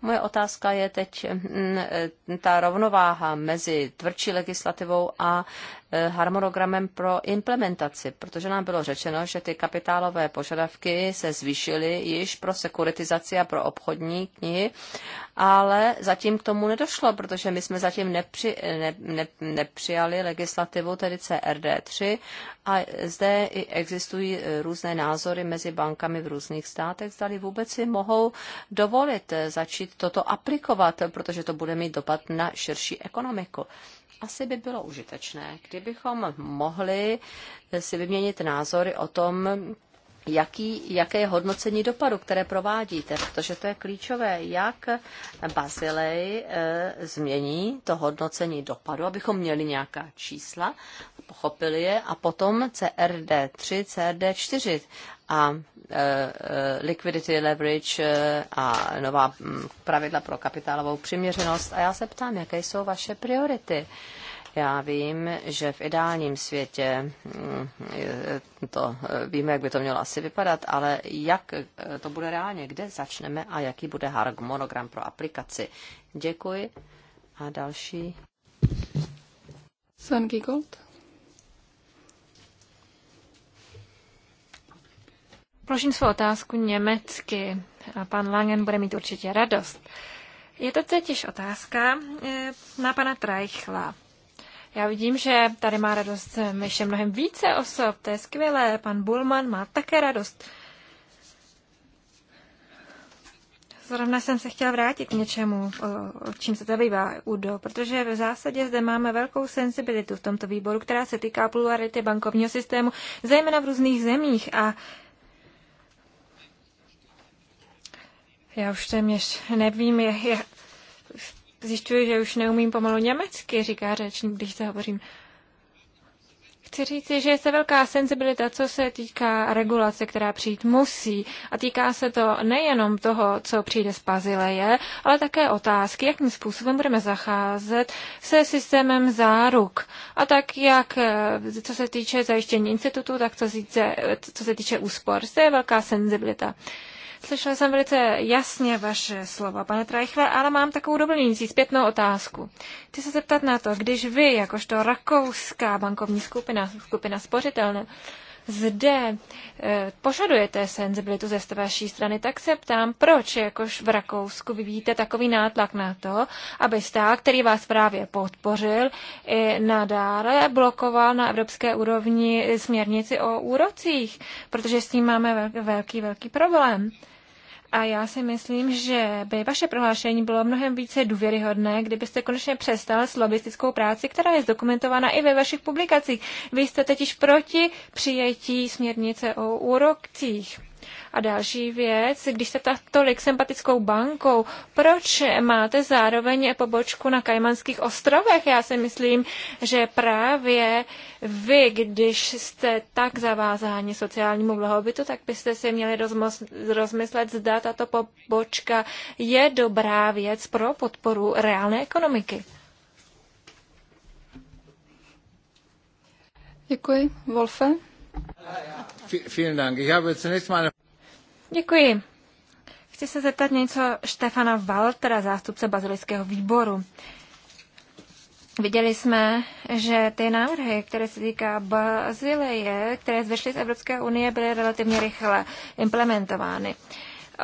Moje otázka je teď mm, eh, ta rovnováha mezi tvrdší legislativou a eh, harmonogramem pro implementaci, protože nám bylo řečeno, že ty kapitálové požadavky se zvýšily již pro sekuritizaci a pro obchodní knihy, ale zatím k tomu nedošlo, protože my jsme zatím nepři, ne, ne, nepřijali legislativu, tedy CRD3, a zde i existují eh, různé názory mezi bankami v různých státech, zda vůbec si mohou dovolit začít začít toto aplikovat, protože to bude mít dopad na širší ekonomiku. Asi by bylo užitečné, kdybychom mohli si vyměnit názory o tom, jaký, jaké je hodnocení dopadu, které provádíte, protože to je klíčové, jak Bazilej e, eh, změní to hodnocení dopadu, abychom měli nějaká čísla, pochopili je a potom CRD3, CRD4, a e, e, liquidity leverage e, a nová pravidla pro kapitálovou přiměřenost. A já se ptám, jaké jsou vaše priority? Já vím, že v ideálním světě to víme, jak by to mělo asi vypadat, ale jak to bude reálně, kde začneme a jaký bude harmonogram pro aplikaci. Děkuji. A další. Sanky Gold. Položím svou otázku německy a pan Langen bude mít určitě radost. Je to totiž otázka eh, na pana Trajchla. Já vidím, že tady má radost eh, ještě mnohem více osob, to je skvělé. Pan Bulman má také radost. Zrovna jsem se chtěla vrátit k něčemu, o čím se zabývá UDO, protože v zásadě zde máme velkou sensibilitu v tomto výboru, která se týká plurality bankovního systému, zejména v různých zemích. A Já už téměř nevím, já jak zjišťuji, že už neumím pomalu německy, říká řečník, když se hovořím. Chci říct, že je to velká senzibilita, co se týká regulace, která přijít musí. A týká se to nejenom toho, co přijde z Pazileje, ale také otázky, jakým způsobem budeme zacházet se systémem záruk. A tak jak, eh, co se týče zajištění institutu, tak co se, co se týče úspor. to je velká senzibilita. Uh, Slyšela jsem velice jasně vaše slova, pane Trajchle, ale mám takovou doplňující zpětnou otázku. Chci se zeptat na to, když vy, jakožto rakouská bankovní skupina, skupina spořitelné, zde eh, požadujete senzibilitu ze vaší strany, tak se ptám, proč jakož v Rakousku vyvíjíte takový nátlak na to, aby stát, který vás právě podpořil, i nadále blokoval na evropské úrovni směrnici o úrocích, protože s tím máme velký, velký problém. A já si myslím, že by vaše prohlášení bylo mnohem více důvěryhodné, kdybyste konečně přestal s lobistickou práci, která je zdokumentována i ve vašich publikacích. Vy jste totiž proti přijetí směrnice o úrokcích. A další věc, když jste tak tolik sympatickou bankou, proč máte zároveň pobočku na Kajmanských ostrovech? Já si myslím, že právě vy, když jste tak zavázáni sociálnímu blahobytu, tak byste si měli rozmyslet, zda tato pobočka je dobrá věc pro podporu reálné ekonomiky. Děkuji. Wolfe? Vielen Dank. Ich habe zunächst mal Děkuji. Chci se zeptat něco Štefana Waltera, zástupce bazilického výboru. Viděli jsme, že ty návrhy, které se týká Bazileje, které zvyšly z Evropské unie, byly relativně rychle implementovány.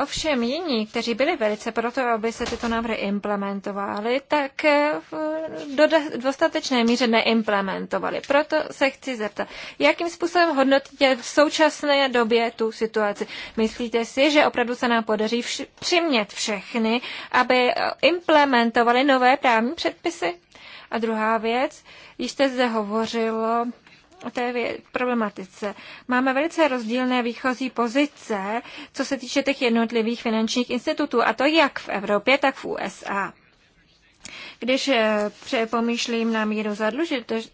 Ovšem jiní, kteří byli velice proto, aby se tyto návrhy implementovaly, tak eh, v dostatečné míře neimplementovali. Proto se chci zeptat, jakým způsobem hodnotíte v současné době tu situaci? Myslíte si, že opravdu se nám podaří vš- přimět všechny, aby eh, implementovali nové právní předpisy? A druhá věc, již jste zde hovořilo o té problematice. Máme velice rozdílné výchozí pozice, co se týče těch jednotlivých finančních institutů, a to jak v Evropě, tak v USA. Když eh, přepomýšlím na míru zadluženosti,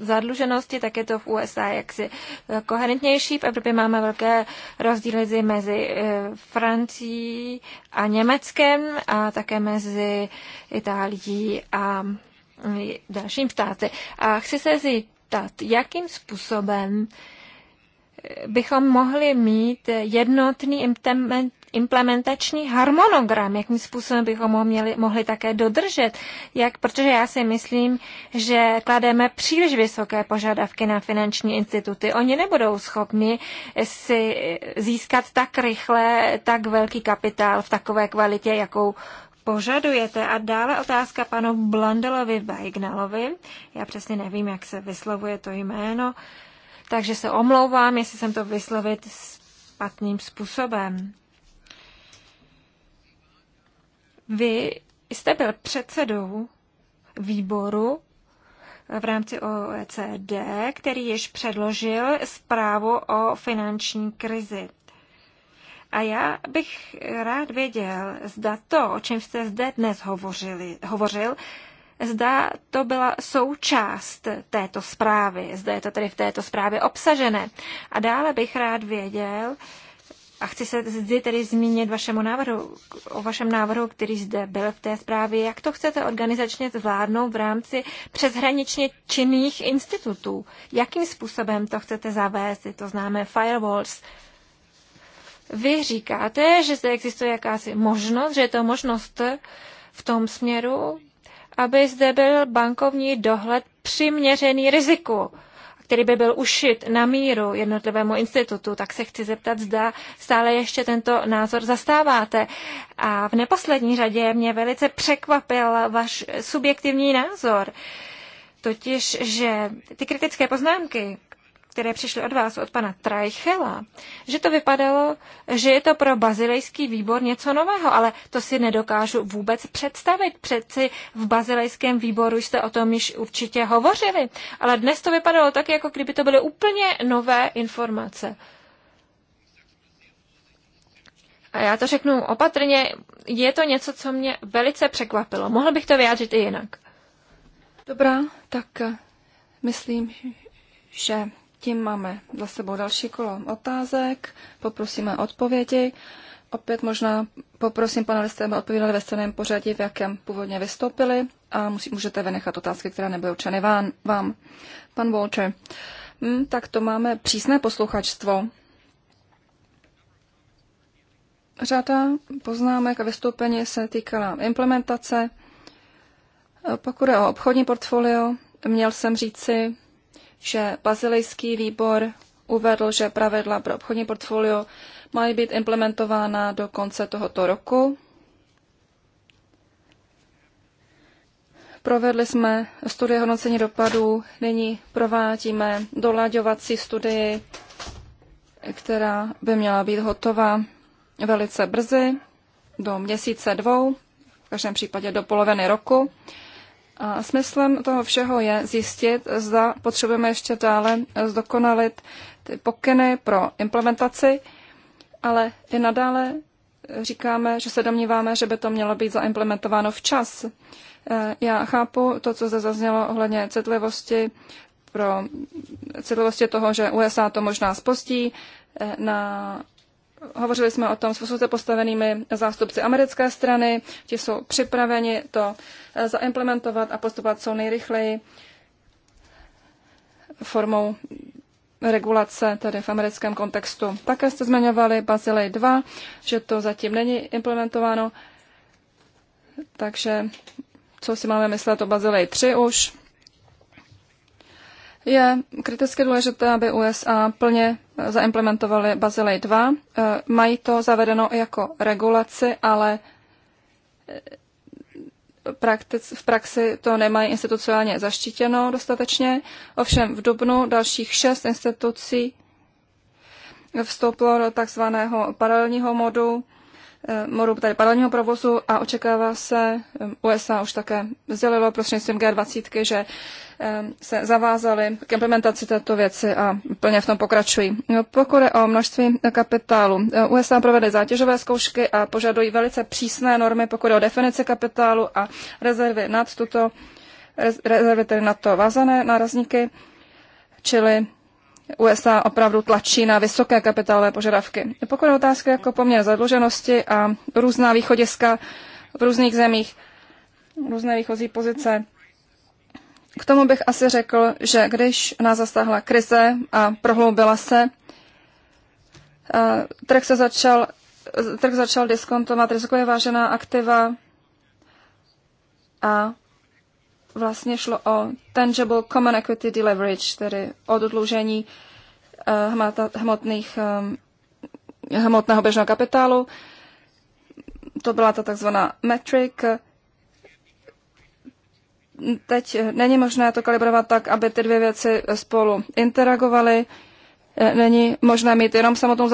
zadluženosti, tak je to v USA jaksi eh, koherentnější. V Evropě máme velké rozdíly mezi eh, Francií a Německem a také mezi Itálií a mm, dalším státy. A chci se zjít zeptat, jakým způsobem bychom mohli mít jednotný implementační harmonogram, jakým způsobem bychom ho měli, mohli také dodržet, jak, protože já si myslím, že klademe příliš vysoké požadavky na finanční instituty. Oni nebudou schopni si získat tak rychle tak velký kapitál v takové kvalitě, jakou požadujete. A dále otázka panu Blandelovi Weignalovi. Já přesně nevím, jak se vyslovuje to jméno, takže se omlouvám, jestli jsem to vyslovit špatným způsobem. Vy jste byl předsedou výboru v rámci OECD, který již předložil zprávu o finanční krizi. A já bych rád věděl, zda to, o čem jste zde dnes hovořili, hovořil, zda to byla součást této zprávy, zda je to tedy v této zprávě obsažené. A dále bych rád věděl, a chci se zde tedy zmínit vašemu návrhu, o vašem návrhu, který zde byl v té zprávě, jak to chcete organizačně zvládnout v rámci přeshraničně činných institutů. Jakým způsobem to chcete zavést, to známe firewalls, vy říkáte, že zde existuje jakási možnost, že je to možnost v tom směru, aby zde byl bankovní dohled přiměřený riziku, který by byl ušit na míru jednotlivému institutu, tak se chci zeptat, zda stále ještě tento názor zastáváte. A v neposlední řadě mě velice překvapil váš subjektivní názor, totiž, že ty kritické poznámky, které přišly od vás, od pana Trajchela, že to vypadalo, že je to pro bazilejský výbor něco nového, ale to si nedokážu vůbec představit. Přeci v bazilejském výboru jste o tom již určitě hovořili, ale dnes to vypadalo tak, jako kdyby to byly úplně nové informace. A já to řeknu opatrně, je to něco, co mě velice překvapilo. Mohl bych to vyjádřit i jinak. Dobrá, tak eh, myslím, že tím máme za sebou další kolo otázek, poprosíme odpovědi. Opět možná poprosím panelisty, aby odpovídali ve stejném pořadí, v jakém původně vystoupili a musí, můžete vynechat otázky, které nebyly určeny vám. vám. Pan Walter, hm, tak to máme přísné posluchačstvo. Řada poznámek a vystoupení se týkala implementace. Pokud je o obchodní portfolio, měl jsem říci, že bazilejský výbor uvedl, že pravidla pro obchodní portfolio mají být implementována do konce tohoto roku. Provedli jsme studie hodnocení dopadů, nyní provádíme dolaďovací studii, která by měla být hotová velice brzy, do měsíce dvou, v každém případě do poloviny roku. A smyslem toho všeho je zjistit, zda potřebujeme ještě dále zdokonalit ty pokyny pro implementaci, ale i nadále říkáme, že se domníváme, že by to mělo být zaimplementováno včas. E, já chápu to, co zde zaznělo ohledně citlivosti, pro citlivosti toho, že USA to možná spostí e, na Hovořili jsme o tom s vysoce postavenými zástupci americké strany. Ti jsou připraveni to eh, zaimplementovat a postupovat co nejrychleji formou regulace tedy v americkém kontextu. Také jste zmiňovali Bazilej 2, že to zatím není implementováno, takže co si máme myslet o Bazilej 3 už? Je kriticky důležité, aby USA plně zaimplementovali Bazilej 2. Eh, mají to zavedeno jako regulaci, ale eh, v praxi to nemají institucionálně zaštítěno dostatečně. Ovšem v Dubnu dalších šest institucí vstoupilo do takzvaného paralelního modu Eh, moru, tady paralelního provozu a očekává se, eh, USA už také sdělilo prostřednictvím G20, že eh, se zavázali k implementaci této věci a plně v tom pokračují. No, pokud je o množství kapitálu, USA provede zátěžové zkoušky a požadují velice přísné normy, pokud je o definici kapitálu a rezervy nad tuto, rezervy tedy na to vázané nárazníky, čili USA opravdu tlačí na vysoké kapitálové požadavky. Pokud je otázka jako poměr zadluženosti a různá východiska v různých zemích, různé výchozí pozice, k tomu bych asi řekl, že když nás zasáhla krize a prohloubila se, trh, se začal, trh začal diskontovat rizikově vážená aktiva a vlastně šlo o tangible common equity deleverage, tedy odlužení eh, hmotných, eh, hmotného běžného kapitálu. To byla ta takzvaná metric. Teď není možné to kalibrovat tak, aby ty dvě věci spolu interagovaly. Eh, není možné mít jenom samotnou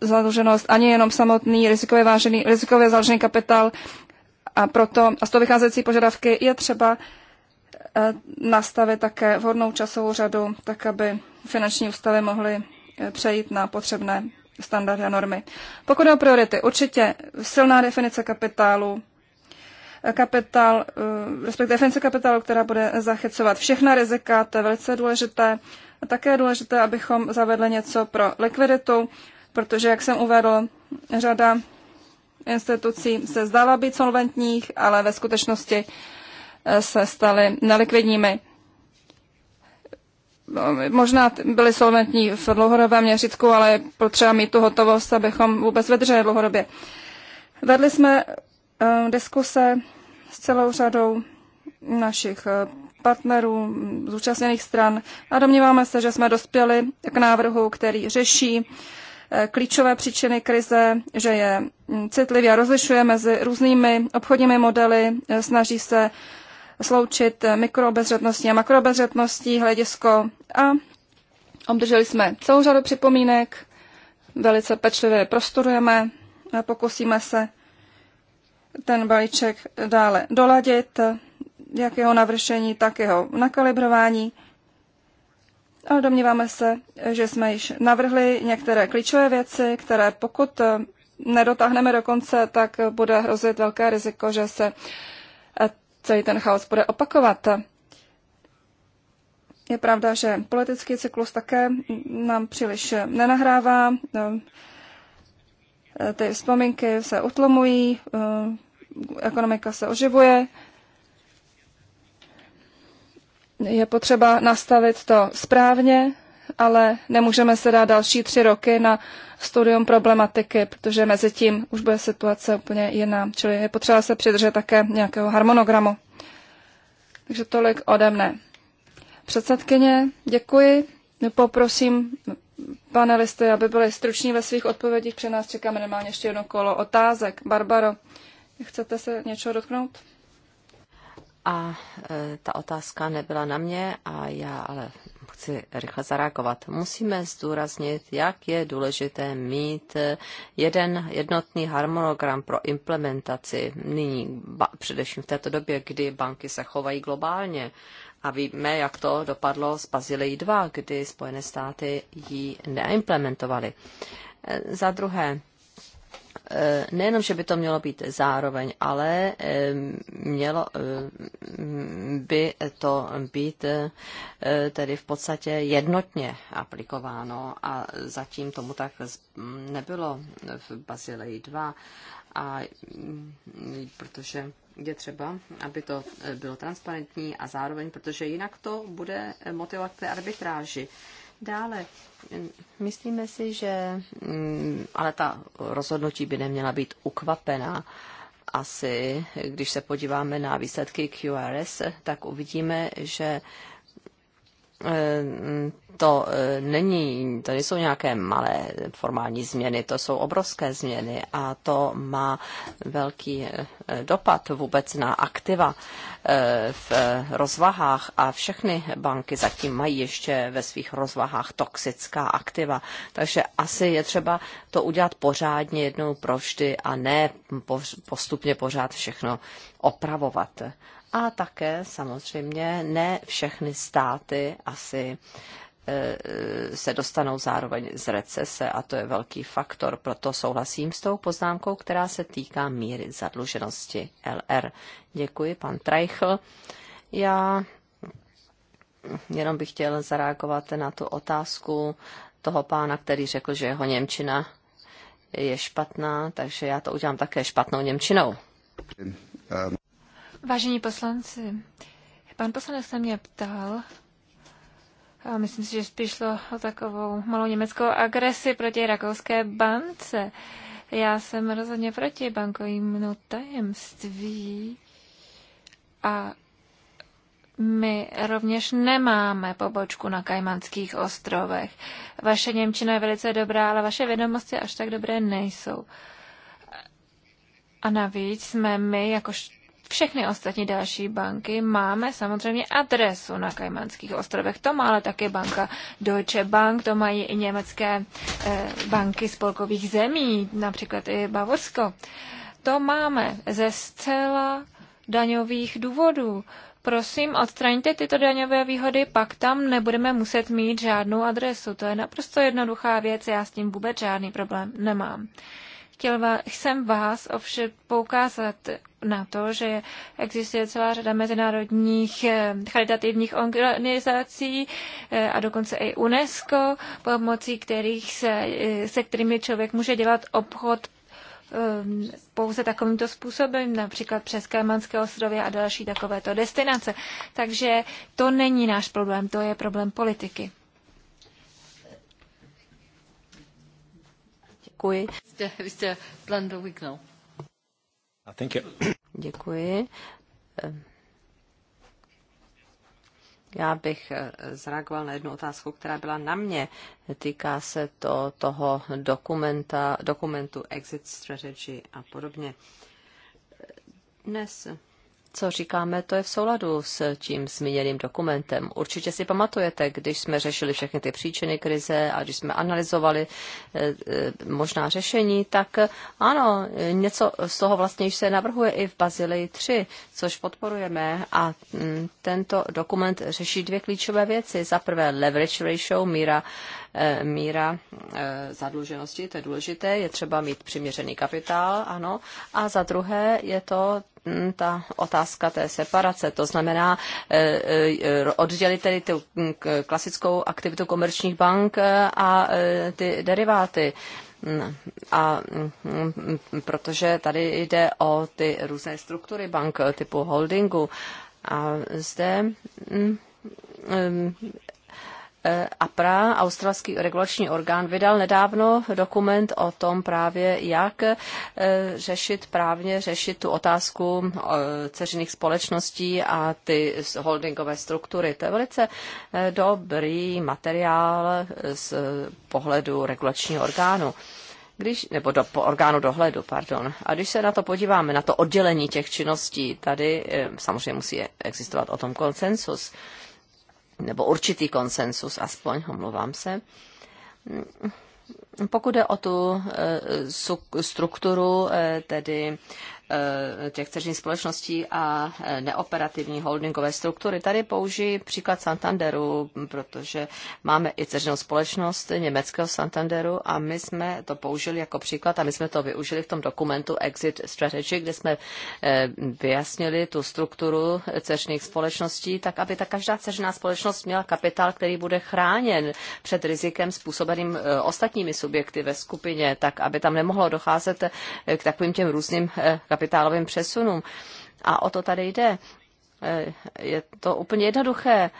zadluženost, ani jenom samotný rizikově, vážený, rizikově založený kapitál. A proto a z toho vycházející požadavky je třeba Eh, nastavit také vhodnou časovou řadu, tak aby finanční ústavy mohly eh, přejít na potřebné standardy a normy. Pokud je o priority, určitě silná definice kapitálu, eh, kapitál, respektive definice kapitálu, která bude zachycovat všechna rizika, to je velice důležité. A také je důležité, abychom zavedli něco pro likviditu, protože, jak jsem uvedl, řada institucí se zdala být solventních, ale ve skutečnosti Eh, se staly nelikvidními. Možná byly solventní v dlouhodobém měřitku, ale potřeba mít tu hotovost, abychom vůbec vydrželi dlouhodobě. Vedli jsme eh, diskuse s celou řadou našich eh, partnerů, zúčastněných stran a domníváme se, že jsme dospěli k návrhu, který řeší klíčové příčiny krize, že je citlivě rozlišuje mezi různými obchodními modely, snaží se sloučit mikroobezřetnosti a makroobezřetnosti hledisko a obdrželi jsme celou řadu připomínek, velice pečlivě prostorujeme a pokusíme se ten balíček dále doladit, jak jeho navršení, tak jeho nakalibrování. Ale domníváme se, že jsme již navrhli některé klíčové věci, které pokud nedotáhneme do konce, tak bude hrozit velké riziko, že se celý ten chaos bude opakovat. Je pravda, že politický cyklus také nám příliš nenahrává. Ty vzpomínky se utlumují, ekonomika se oživuje. Je potřeba nastavit to správně, ale nemůžeme se dát další tři roky na studium problematiky, protože mezi tím už bude situace úplně jiná, čili je potřeba se přidržet také nějakého harmonogramu. Takže tolik ode mne. Předsedkyně, děkuji. Poprosím panelisty, aby byli struční ve svých odpovědích, Při nás čeká minimálně ještě jedno kolo otázek. Barbaro, chcete se něčeho dotknout? A e, ta otázka nebyla na mě, a já ale chci rychle zareagovat. Musíme zdůraznit, jak je důležité mít jeden jednotný harmonogram pro implementaci nyní, ba, především v této době, kdy banky se chovají globálně. A víme, jak to dopadlo s Bazilejí 2, kdy Spojené státy ji neimplementovaly. Za druhé, Eh, nejenom, že by to mělo být zároveň, ale mělo by to být eh, tedy v podstatě jednotně aplikováno a zatím tomu tak nebylo v Bazileji 2, a, mm, protože je třeba, aby to eh, bylo transparentní a zároveň, protože jinak to bude motivovat k té arbitráži Dále, myslíme si, že mm, ale ta rozhodnutí by neměla být ukvapená. Asi, když se podíváme na výsledky QRS, tak uvidíme, že Eh, to eh, není, to nejsou nějaké malé formální změny, to jsou obrovské změny a to má velký eh, dopad vůbec na aktiva v rozvahách a všechny banky zatím mají ještě ve svých rozvahách toxická aktiva. Takže asi je třeba to udělat pořádně jednou vždy a ne postupně pořád všechno opravovat. A také samozřejmě ne všechny státy asi e, se dostanou zároveň z recese a to je velký faktor. Proto souhlasím s tou poznámkou, která se týká míry zadluženosti LR. Děkuji, pan Treichl. Já jenom bych chtěl zareagovat na tu otázku toho pána, který řekl, že jeho Němčina je špatná, takže já to udělám také špatnou Němčinou. Um. Vážení poslanci, pan poslanec se mě ptal, a myslím si, že spíš šlo o takovou malou německou agresi proti rakouské bance. Já jsem rozhodně proti bankovnímu tajemství a my rovněž nemáme pobočku na Kajmanských ostrovech. Vaše Němčina je velice dobrá, ale vaše vědomosti až tak dobré nejsou. A navíc jsme my, jakož všechny ostatní další banky máme samozřejmě adresu na Kajmanských ostrovech. To má ale také banka Deutsche Bank, to mají i německé eh, banky spolkových zemí, například i Bavorsko. To máme ze zcela daňových důvodů. Prosím, odstraňte tyto daňové výhody, pak tam nebudeme muset mít žádnou adresu. To je naprosto jednoduchá věc, já s tím vůbec žádný problém nemám. Chtěl vás, jsem vás ovšem poukázat na to, že existuje celá řada mezinárodních eh, charitativních organizací eh, a dokonce i UNESCO, pomocí kterých se, eh, se kterými člověk může dělat obchod ehm, pouze takovýmto způsobem, například přes Kalmanské ostrovy a další takovéto destinace. Takže to není náš problém, to je problém politiky. Děkuji. Děkuji. Ehm. Já bych eh, zareagoval na jednu otázku, která byla na mě. Týká se to toho dokumenta, dokumentu Exit Strategy a podobně. Dnes co říkáme, to je v souladu s tím zmíněným dokumentem. Určitě si pamatujete, když jsme řešili všechny ty příčiny krize a když jsme analyzovali eh, eh, možná řešení, tak eh, ano, něco z toho vlastně se navrhuje i v Bazilii 3, což podporujeme a mm, tento dokument řeší dvě klíčové věci. Za prvé leverage ratio, míra Eh, míra eh, zadluženosti, to je důležité, je třeba mít přiměřený kapitál, ano. A za druhé je to mm, ta otázka té separace, to znamená eh, oddělit tedy tu mm, klasickou aktivitu komerčních bank a ty deriváty. Mm, a protože tady jde o ty různé struktury bank typu holdingu a zde E, APRA, australský regulační orgán, vydal nedávno dokument o tom právě, jak e, řešit právně, řešit tu otázku e, ceřiných společností a ty holdingové struktury. To je velice dobrý materiál z pohledu regulačního orgánu když, nebo do po orgánu dohledu, pardon. A když se na to podíváme, na to oddělení těch činností, tady samozřejmě musí existovat o tom konsensus nebo určitý konsensus, aspoň, omlouvám se. Pokud jde o tu eh, strukturu, eh, tedy Eh, těch tržních společností a eh, neoperativní holdingové struktury. Tady použiji příklad Santanderu, protože máme i tržnou společnost německého Santanderu a my jsme to použili jako příklad a my jsme to využili v tom dokumentu Exit Strategy, kde jsme eh, vyjasnili tu strukturu tržních společností, tak aby ta každá tržná společnost měla kapitál, který bude chráněn před rizikem způsobeným ostatními subjekty ve skupině, tak aby tam nemohlo docházet k takovým těm různým kapitálům kapitálovým přesunům. A o to tady jde. Eh, je to úplně jednoduché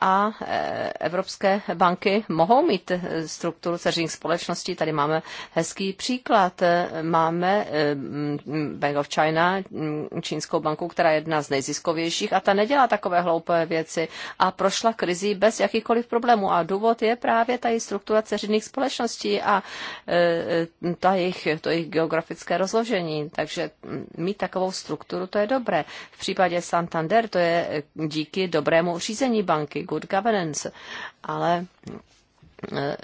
a e, evropské banky mohou mít strukturu ceřinných společností. Tady máme hezký příklad. Máme e, Bank of China, čínskou banku, která je jedna z nejziskovějších a ta nedělá takové hloupé věci a prošla krizí bez jakýchkoliv problémů. A důvod je právě ta struktura ceřinných společností a e, ta jejich, to jejich geografické rozložení. Takže mít takovou strukturu, to je dobré. V případě Santander to je díky dobrému řízení bank články good governance, ale e,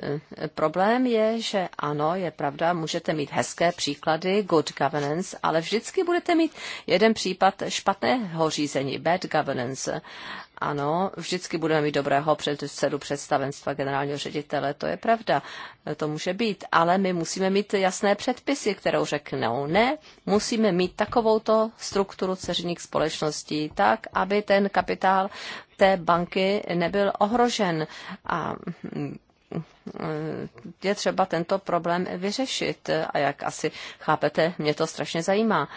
e, problém je, že ano, je pravda, můžete mít hezké příklady good governance, ale vždycky budete mít jeden případ špatného řízení, bad governance. Ano, vždycky budeme mít dobrého předsedu představenstva generálního ředitele, to je pravda, to může být, ale my musíme mít jasné předpisy, kterou řeknou ne, musíme mít takovouto strukturu ceřinných společností tak, aby ten kapitál té banky nebyl ohrožen. A Eh, je třeba tento problém vyřešit. A jak asi chápete, mě to strašně zajímá.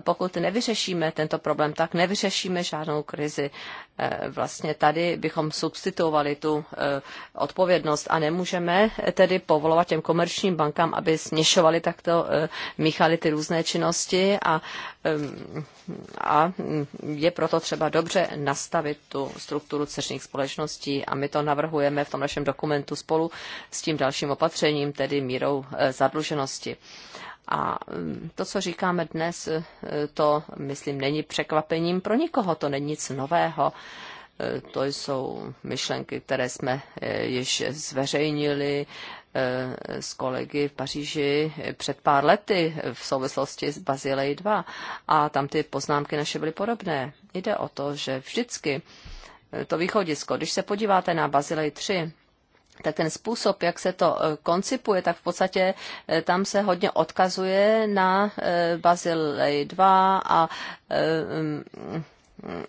Pokud nevyřešíme tento problém, tak nevyřešíme žádnou krizi. Eh, vlastně tady bychom substituovali tu eh, odpovědnost a nemůžeme tedy povolovat těm komerčním bankám, aby směšovali takto, míchali ty různé činnosti a, a je proto třeba dobře nastavit tu strukturu ceřních společností a my to navrhujeme v tom našem dokumentu spolu s tím dalším opatřením, tedy mírou eh, zadluženosti. A mm, to, co říkáme dnes, eh, to, myslím, není překvapením pro nikoho, to není nic nového. Eh, to jsou myšlenky, které jsme již zveřejnili s kolegy v Paříži před pár lety v souvislosti s Bazilej 2. A tam ty poznámky naše byly podobné. Jde o to, že vždycky to východisko, když se podíváte na Bazilej 3, tak ten způsob, jak se to eh, koncipuje, tak v podstatě eh, tam se hodně odkazuje na eh, Basil 2 a mm, mm,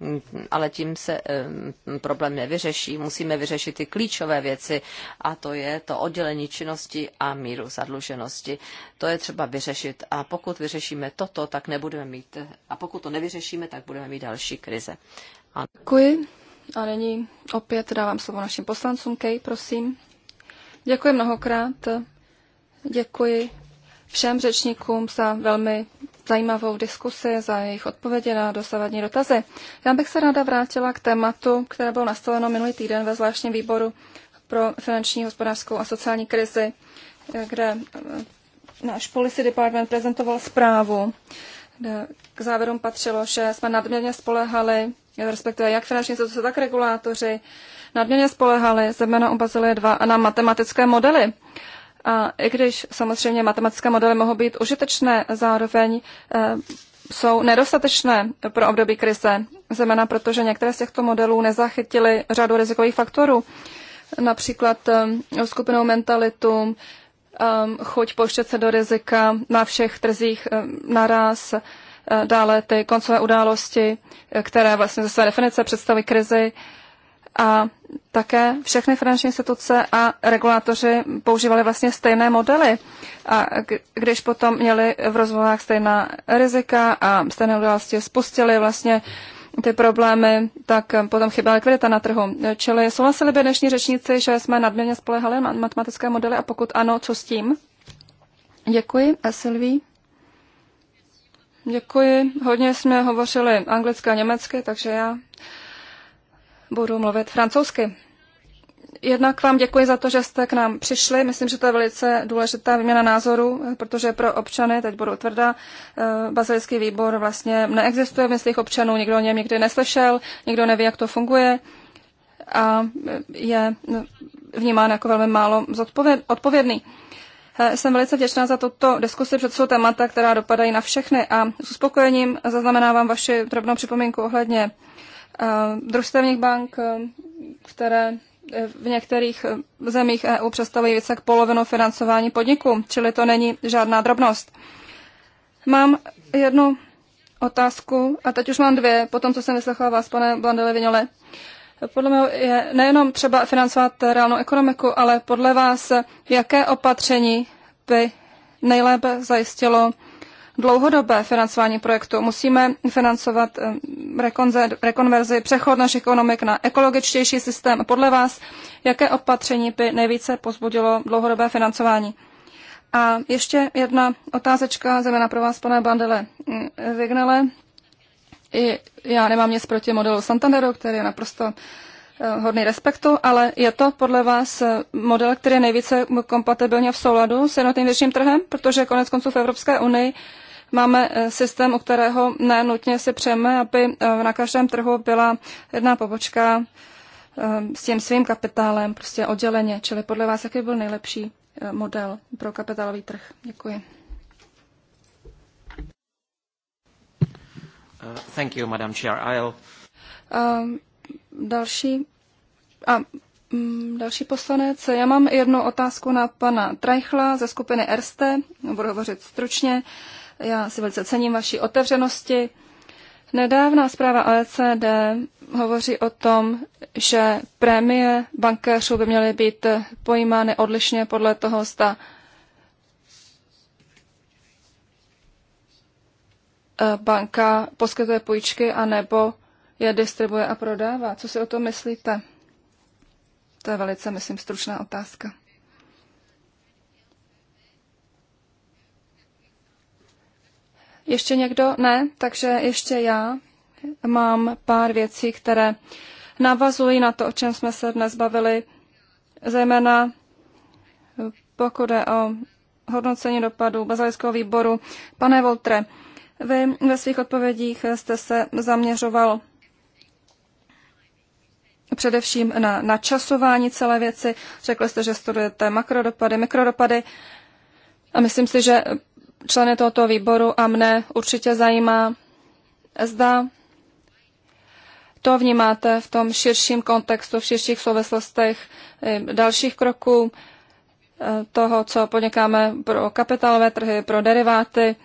mm, ale tím se problém nevyřeší. Musíme vyřešit ty klíčové věci a to je to oddělení činnosti a míru zadluženosti. To je třeba vyřešit a pokud vyřešíme toto, tak nebudeme mít, a pokud to nevyřešíme, tak budeme mít další krize. Děkuji. A nyní opět dávám slovo našim poslancům. Kej, prosím. Děkuji mnohokrát. Děkuji všem řečníkům za velmi zajímavou diskusi, za jejich odpovědi na dosavadní dotazy. Já bych se ráda vrátila k tématu, které bylo nastaveno minulý týden ve zvláštním výboru pro finanční, hospodářskou a sociální krizi, kde náš policy department prezentoval zprávu. K závěrům patřilo, že jsme nadměrně spolehali respektive jak finanční instituce, tak regulátoři nadměrně spolehali zejména u Bazilie 2 a na matematické modely. A i když samozřejmě matematické modely mohou být užitečné, zároveň e, jsou nedostatečné pro období krize, zejména protože některé z těchto modelů nezachytily řadu rizikových faktorů, například e, skupinou mentalitu, e, chuť pouštět se do rizika na všech trzích e, naraz, Eh, dále ty koncové události, které vlastně ze své definice představí krizi a také všechny finanční instituce a regulátoři používali vlastně stejné modely. A když potom měli v rozvojách stejná rizika a stejné události spustili vlastně ty problémy, tak eh, potom chyběla likvidita na trhu. Čili souhlasili by dnešní řečníci, že jsme nadměrně spolehali na matematické modely a pokud ano, co s tím? Děkuji. A Sylvie? Děkuji. Hodně jsme hovořili anglicky a německy, takže já budu mluvit francouzsky. Jednak vám děkuji za to, že jste k nám přišli. Myslím, že to je velice důležitá výměna názorů, protože pro občany, teď budu tvrdá, eh, bazilický výbor vlastně neexistuje v myslích občanů, nikdo o něm nikdy neslyšel, nikdo neví, jak to funguje a je vnímán jako velmi málo odpovědný. Eh, jsem velice vděčná za toto diskusi, protože jsou témata, která dopadají na všechny a s uspokojením zaznamenávám vaši drobnou připomínku ohledně eh, družstevních bank, eh, které v některých zemích EU představují více k polovinu financování podniků, čili to není žádná drobnost. Mám jednu otázku, a teď už mám dvě, potom co jsem vyslechla vás, pane Blandele Vinole. Podle mě je nejenom třeba financovat reálnou ekonomiku, ale podle vás, jaké opatření by nejlépe zajistilo dlouhodobé financování projektu. Musíme financovat rekonverzi, přechod našich ekonomik na ekologičtější systém. Podle vás, jaké opatření by nejvíce pozbudilo dlouhodobé financování? A ještě jedna otázečka, zejména pro vás, pane Bandele mm, Vignele. I já nemám nic proti modelu Santanderu, který je naprosto eh, hodný respektu, ale je to podle vás eh, model, který je nejvíce kompatibilně v souladu s jednotným vnitřním trhem, protože konec konců v Evropské unii máme eh, systém, u kterého nenutně si přejeme, aby na každém trhu byla jedna pobočka s tím svým kapitálem, prostě odděleně. Čili podle vás, jaký byl nejlepší model pro kapitálový trh? Děkuji. Uh, thank you, Madam Chair. I'll... Um, další. A, mm, další poslanec. Já mám jednu otázku na pana Trajchla ze skupiny RST. Budu hovořit stručně. Já si velice cením vaší otevřenosti. Nedávná zpráva OECD hovoří o tom, že prémie bankéřů by měly být pojímány odlišně podle toho, zda Eh, banka poskytuje půjčky anebo je distribuje a prodává. Co si o to myslíte? To je velice, myslím, stručná otázka. Ještě někdo? Ne, takže ještě já mám pár věcí, které navazují na to, o čem jsme se dnes bavili, zejména pokud je o hodnocení dopadů bazalického výboru. Pane Voltre, vy ve svých odpovědích jste se zaměřoval především na načasování celé věci. Řekli jste, že studujete makrodopady, mikrodopady a myslím si, že členy tohoto výboru a mne určitě zajímá, zda to vnímáte v tom širším kontextu, v širších souvislostech dalších kroků eh, toho, co podnikáme pro kapitálové trhy, pro deriváty,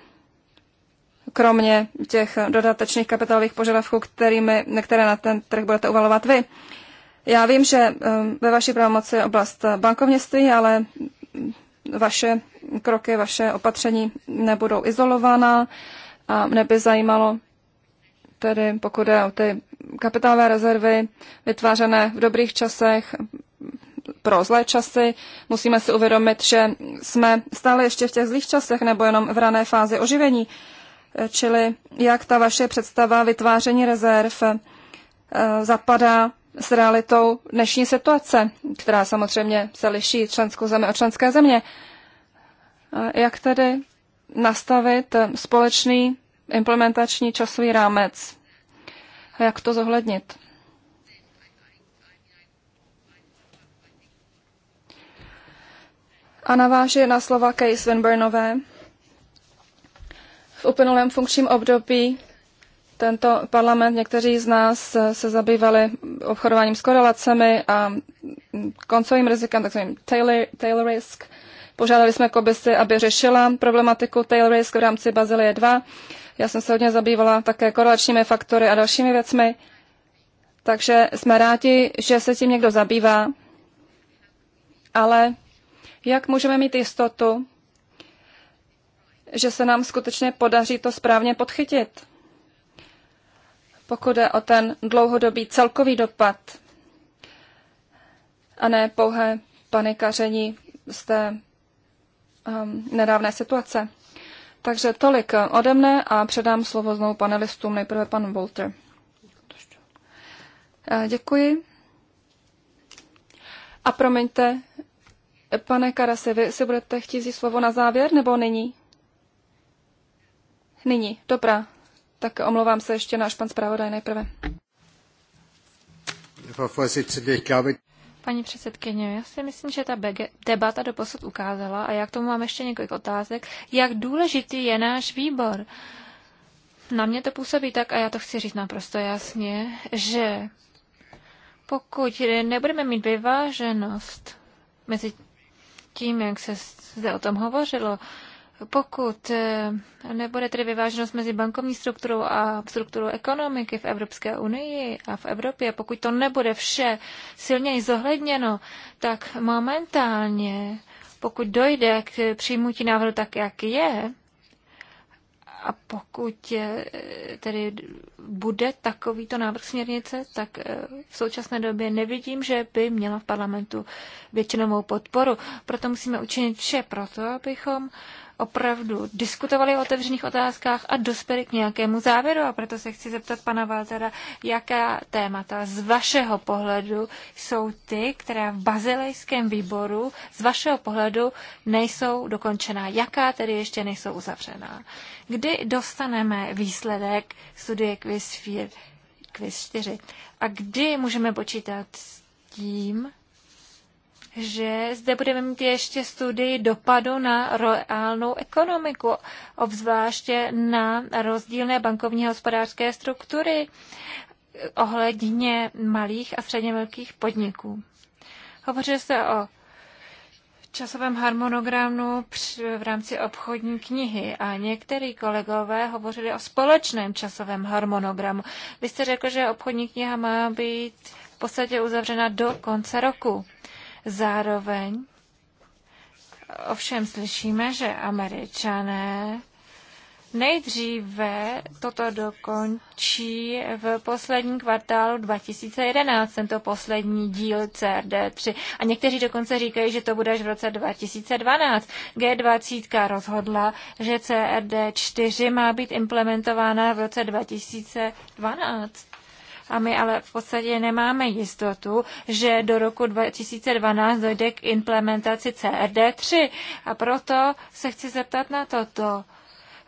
kromě těch dodatečných kapitálových požadavků, kterými, které na ten trh budete uvalovat vy. Já vím, že eh, ve vaší pravomoci je oblast bankovnictví, ale vaše kroky, vaše opatření nebudou izolovaná a mě by zajímalo, tedy pokud je o ty kapitálové rezervy vytvářené v dobrých časech, pro zlé časy. Musíme si uvědomit, že jsme stále ještě v těch zlých časech nebo jenom v rané fázi oživení. Čili jak ta vaše představa vytváření rezerv eh, zapadá s realitou dnešní situace, která samozřejmě se liší členskou zemi od členské země. Eh, jak tedy nastavit eh, společný implementační časový rámec? Jak to zohlednit? A naváži na slova Kay Swinburnové, v uplynulém funkčním období tento parlament, někteří z nás eh, se zabývali obchodováním s korelacemi a koncovým rizikem, takzvaným tail, tail risk. Požádali jsme komisi, aby řešila problematiku tail risk v rámci Bazilie 2. Já jsem se hodně zabývala také korelačními faktory a dalšími věcmi, takže jsme rádi, že se tím někdo zabývá. Ale jak můžeme mít jistotu, že se nám skutečně podaří to správně podchytit. Pokud jde o ten dlouhodobý celkový dopad a ne pouhé panikaření z té um, nedávné situace. Takže tolik ode mne a předám slovo znovu panelistům, nejprve pan Walter. Eh, děkuji. A promiňte, pane Karasi, vy si budete chtít slovo na závěr, nebo není? Nyní, dobrá, tak omlouvám se ještě náš pan zpravodaj nejprve. Paní předsedkyně, já si myslím, že ta debata do posud ukázala, a já k tomu mám ještě několik otázek, jak důležitý je náš výbor. Na mě to působí tak, a já to chci říct naprosto jasně, že pokud nebudeme mít vyváženost mezi tím, jak se zde o tom hovořilo, pokud eh, nebude tedy vyváženost mezi bankovní strukturou a strukturou ekonomiky v Evropské unii a v Evropě, pokud to nebude vše silněji zohledněno, tak momentálně, pokud dojde k přijmutí návrhu tak, jak je, a pokud eh, tedy bude takovýto návrh směrnice, tak eh, v současné době nevidím, že by měla v parlamentu většinovou podporu. Proto musíme učinit vše proto, abychom opravdu diskutovali o otevřených otázkách a dospěli k nějakému závěru. A proto se chci zeptat pana Valtera, jaká témata z vašeho pohledu jsou ty, která v bazilejském výboru z vašeho pohledu nejsou dokončená. Jaká tedy ještě nejsou uzavřená? Kdy dostaneme výsledek studie Quiz 4? Quiz 4? A kdy můžeme počítat s tím, že zde budeme mít ještě studii dopadu na reálnou ekonomiku, obzvláště na rozdílné bankovní hospodářské struktury ohledně malých a středně velkých podniků. Hovoří se o časovém harmonogramu v rámci obchodní knihy a některý kolegové hovořili o společném časovém harmonogramu. Vy jste řekl, že obchodní kniha má být v podstatě uzavřena do konce roku. Zároveň ovšem slyšíme, že američané Nejdříve toto dokončí v poslední kvartálu 2011, tento poslední díl CRD3. A někteří dokonce říkají, že to bude až v roce 2012. G20 rozhodla, že CRD4 má být implementována v roce 2012 a my ale v podstatě nemáme jistotu, že do roku 2012 dojde k implementaci CRD3 a proto se chci zeptat na toto.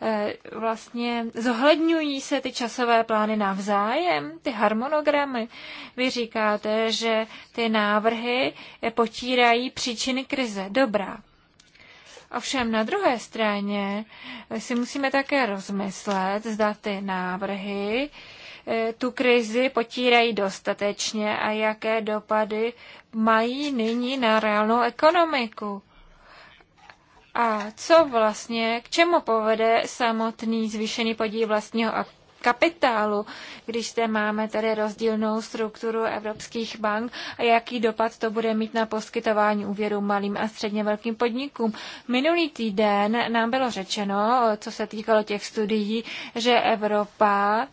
Eh, vlastně zohledňují se ty časové plány navzájem, ty harmonogramy. Vy říkáte, že ty návrhy eh, potírají příčiny krize. Dobrá, Ovšem na druhé straně eh, si musíme také rozmyslet, zda ty návrhy E, tu krizi potírají dostatečně a jaké dopady mají nyní na reálnou ekonomiku. A co vlastně, k čemu povede samotný zvýšený podíl vlastního kapitálu, když zde máme tedy rozdílnou strukturu evropských bank a jaký dopad to bude mít na poskytování úvěru malým a středně velkým podnikům. Minulý týden nám bylo řečeno, co se týkalo těch studií, že Evropa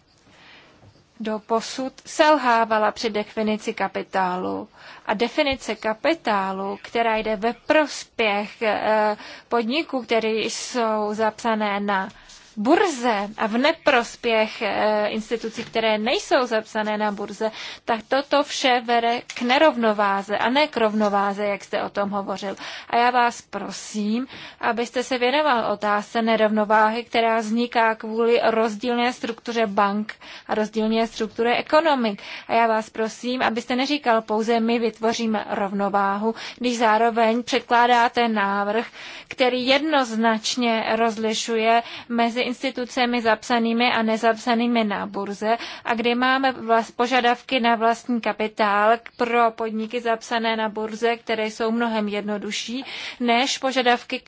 do posud selhávala při definici kapitálu. A definice kapitálu, která jde ve prospěch eh, podniků, které jsou zapsané na burze a v neprospěch eh, institucí, které nejsou zapsané na burze, tak toto vše vede k nerovnováze a ne k rovnováze, jak jste o tom hovořil. A já vás prosím, abyste se věnoval otázce nerovnováhy, která vzniká kvůli rozdílné struktuře bank a rozdílné struktuře ekonomik. A já vás prosím, abyste neříkal pouze my vytvoříme rovnováhu, když zároveň předkládáte návrh, který jednoznačně rozlišuje mezi institucemi zapsanými a nezapsanými na burze a kde máme vlast, požadavky na vlastní kapitál pro podniky zapsané na burze, které jsou mnohem jednodušší než požadavky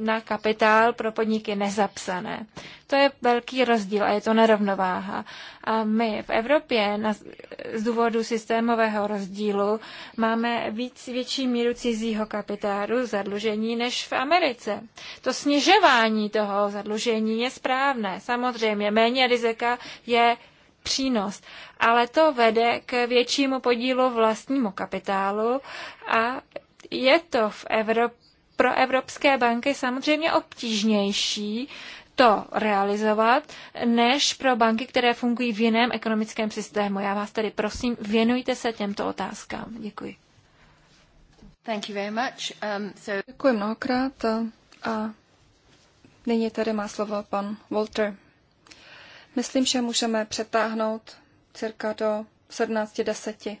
na kapitál pro podniky nezapsané. To je velký rozdíl a je to nerovnováha. A my v Evropě na, z důvodu systémového rozdílu máme víc, větší míru cizího kapitálu zadlužení než v Americe. To snižování toho zadlužení je správné. Samozřejmě méně rizika je přínos, ale to vede k většímu podílu vlastnímu kapitálu a je to v Evropě pro evropské banky samozřejmě obtížnější to realizovat, než pro banky, které fungují v jiném ekonomickém systému. Já vás tedy prosím, věnujte se těmto otázkám. Děkuji. Thank you very much. Um, so... Děkuji mnohokrát. A Nyní tedy má slovo pan Walter. Myslím, že můžeme přetáhnout cirka do 17.10,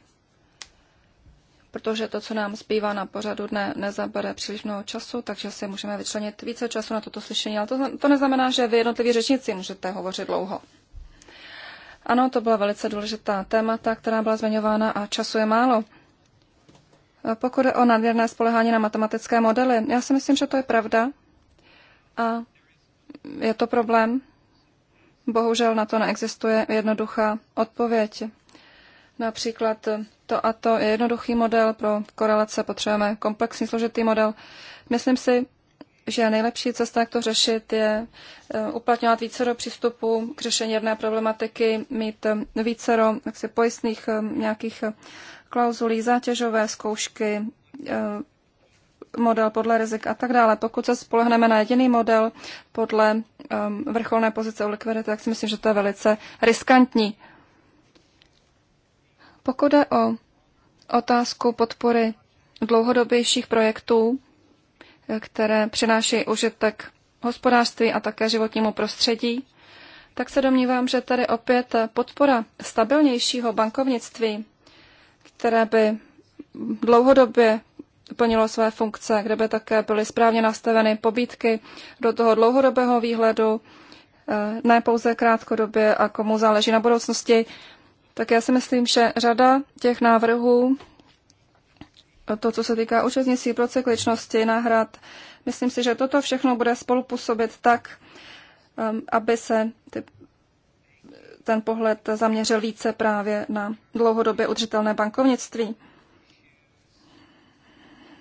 protože to, co nám zbývá na pořadu dne, nezabere příliš mnoho času, takže si můžeme vyčlenit více času na toto slyšení, ale to, to neznamená, že vy jednotliví řečníci můžete hovořit dlouho. Ano, to byla velice důležitá témata, která byla zmiňována a času je málo. Pokud je o nadměrné spolehání na matematické modely, já si myslím, že to je pravda. A je to problém? Bohužel na to neexistuje jednoduchá odpověď. Například to a to je jednoduchý model, pro korelace potřebujeme komplexní složitý model. Myslím si, že nejlepší cesta, jak to řešit, je eh, uplatňovat do přístupu k řešení jedné problematiky, mít eh, více do pojistných eh, nějakých klauzulí, zátěžové zkoušky, model podle rizik a tak dále. Pokud se spolehneme na jediný model podle um, vrcholné pozice u likvidity, tak si myslím, že to je velice riskantní. Pokud jde o otázku podpory dlouhodobějších projektů, které přináší užitek hospodářství a také životnímu prostředí, tak se domnívám, že tady opět podpora stabilnějšího bankovnictví, které by dlouhodobě plnilo své funkce, kde by také byly správně nastaveny pobídky do toho dlouhodobého výhledu, eh, ne pouze krátkodobě a komu záleží na budoucnosti. Tak já si myslím, že řada těch návrhů, to, co se týká účastnictví pro cykličnosti, náhrad, myslím si, že toto všechno bude spolupůsobit tak, ehm, aby se ty, ten pohled zaměřil více právě na dlouhodobě udržitelné bankovnictví.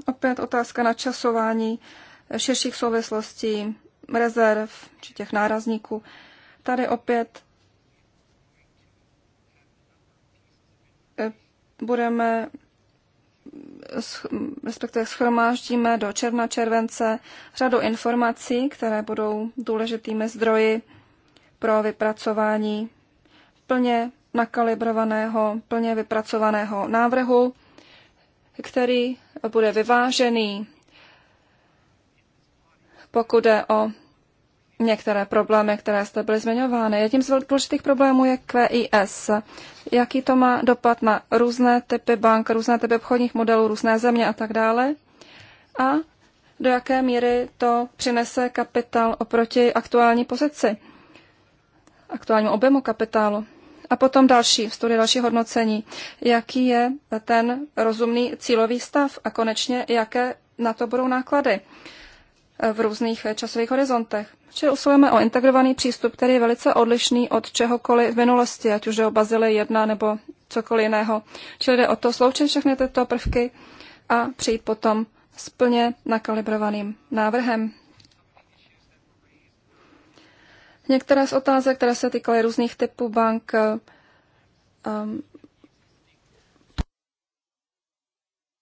Opět otázka na časování širších souvislostí, rezerv či těch nárazníků. Tady opět eh, budeme, respektive schromáždíme do června, července řadu informací, které budou důležitými zdroji pro vypracování plně nakalibrovaného, plně vypracovaného návrhu který bude vyvážený, pokud je o některé problémy, které jste byly zmiňovány. Jedním z důležitých problémů je QIS. Jaký to má dopad na různé typy bank, různé typy obchodních modelů, různé země a tak dále? A do jaké míry to přinese kapitál oproti aktuální pozici, aktuálnímu objemu kapitálu? A potom další studie, další hodnocení. Jaký je ten rozumný cílový stav a konečně, jaké na to budou náklady v různých časových horizontech. Čili usilujeme o integrovaný přístup, který je velice odlišný od čehokoliv v minulosti, ať už je o Bazily jedna nebo cokoliv jiného. Čili jde o to sloučit všechny tyto prvky a přijít potom s plně nakalibrovaným návrhem. Některé z otázek, které se týkaly různých typů bank, um,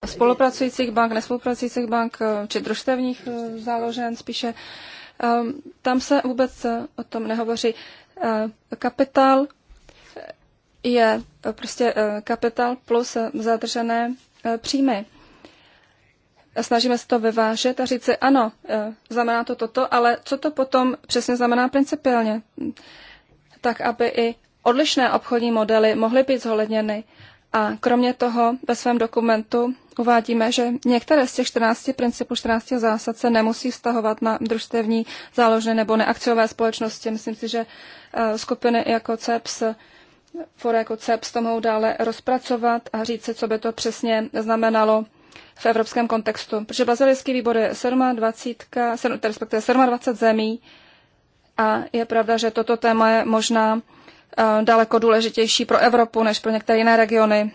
spolupracujících bank, nespolupracujících bank eh, či družstevních eh, záložen spíše, um, tam se vůbec eh, o tom nehovoří. Kapitál je prostě kapitál plus zadržené příjmy snažíme se to vyvážet a říct si, ano, e, znamená to toto, ale co to potom přesně znamená principiálně? Tak, aby i odlišné obchodní modely mohly být zohledněny. A kromě toho ve svém dokumentu uvádíme, že některé z těch 14 principů, 14 zásad se nemusí vztahovat na družstevní záložny nebo neakciové společnosti. Myslím si, že e, skupiny jako CEPS, fora jako CEPS to mohou dále rozpracovat a říct si, co by to přesně znamenalo v evropském kontextu, protože bazilijský výbor je 27, respektive 27 zemí a je pravda, že toto téma je možná eh, daleko důležitější pro Evropu než pro některé jiné regiony.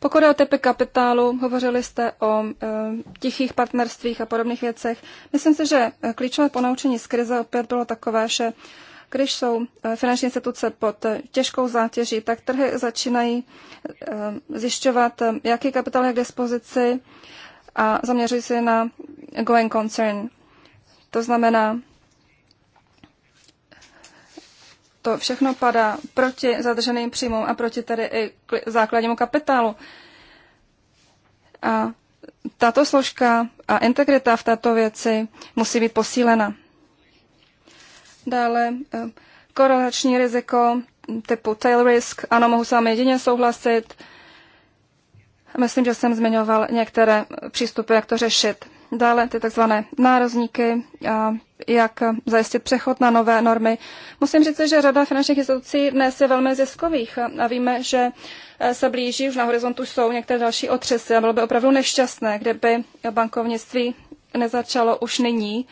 Pokud je o typy kapitálu, hovořili jste o e, tichých partnerstvích a podobných věcech. Myslím si, že eh, klíčové ponaučení z krize opět bylo takové, že když jsou eh, finanční instituce pod eh, těžkou zátěží, tak trhy začínají eh, zjišťovat, jaký kapitál je k dispozici a zaměřují se na going concern. To znamená, to všechno padá proti zadrženým příjmům a proti tedy i základnímu kapitálu. A tato složka a integrita v této věci musí být posílena. Dále eh, korelační riziko typu tail risk. Ano, mohu s vámi jedině souhlasit. Myslím, že jsem zmiňoval některé přístupy, jak to řešit. Dále ty tzv. nározníky, a jak zajistit přechod na nové normy. Musím říct, že řada finančních institucí dnes je velmi ziskových a víme, že eh, se blíží, už na horizontu jsou některé další otřesy a bylo by opravdu nešťastné, kdyby bankovnictví nezačalo už nyní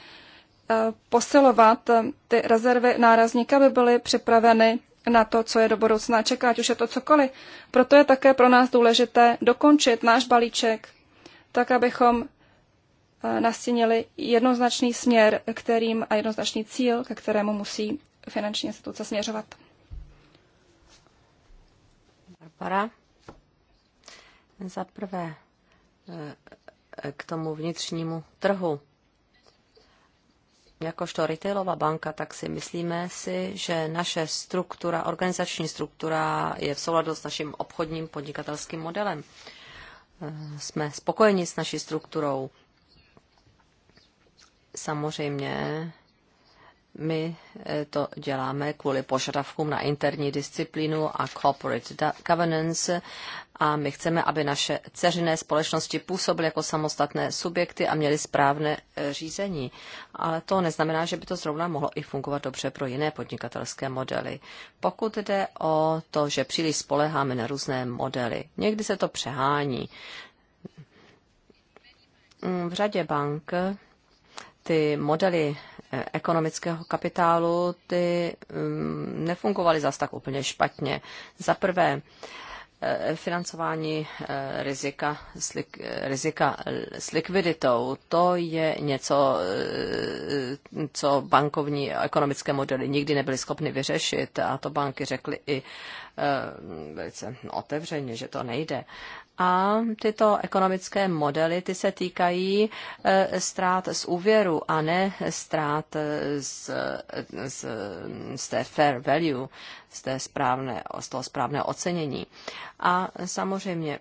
Eh, posilovat ty rezervy nárazníka, aby byly připraveny na to, co je do budoucna čeká, ať už je to cokoliv. Proto je také pro nás důležité dokončit náš balíček, tak abychom eh, nastínili jednoznačný směr, kterým a jednoznačný cíl, ke kterému musí finanční instituce směřovat. Barbara. Za prvé eh, k tomu vnitřnímu trhu jakožto retailová banka, tak si myslíme si, že naše struktura, organizační struktura je v souladu s naším obchodním podnikatelským modelem. Eh, jsme spokojeni s naší strukturou. Samozřejmě my eh, to děláme kvůli požadavkům na interní disciplínu a corporate governance a my chceme, aby naše ceřiné společnosti působily jako samostatné subjekty a měly správné eh, řízení. Ale to neznamená, že by to zrovna mohlo i fungovat dobře pro jiné podnikatelské modely. Pokud jde o to, že příliš spoleháme na různé modely, někdy se to přehání. Mm, v řadě bank eh, ty modely Eh, ekonomického kapitálu, ty mm, nefungovaly zas tak úplně špatně. Za prvé, eh, financování eh, rizika s, lik, rizika s likviditou, to je něco, co bankovní ekonomické modely nikdy nebyly schopny vyřešit a to banky řekly i velice otevřeně, že to nejde. A tyto ekonomické modely, ty se týkají e, ztrát z úvěru a ne ztrát e, z, e, z, z té fair value, z, té správné, z toho správného ocenění. A samozřejmě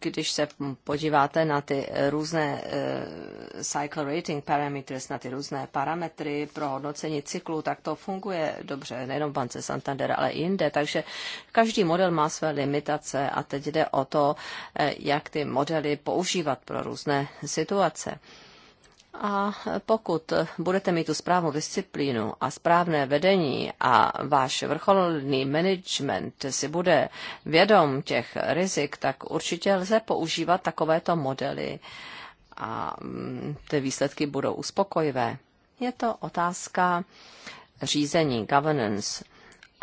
když se podíváte na ty různé eh, cycle rating parameters, na ty různé parametry pro hodnocení cyklu, tak to funguje dobře, nejenom v bance Santander, ale i jinde. Takže každý model má své limitace a teď jde o to, eh, jak ty modely používat pro různé situace. A pokud budete mít tu správnou disciplínu a správné vedení a váš vrcholný management si bude vědom těch rizik, tak určitě lze používat takovéto modely a mm, ty výsledky budou uspokojivé. Je to otázka řízení, governance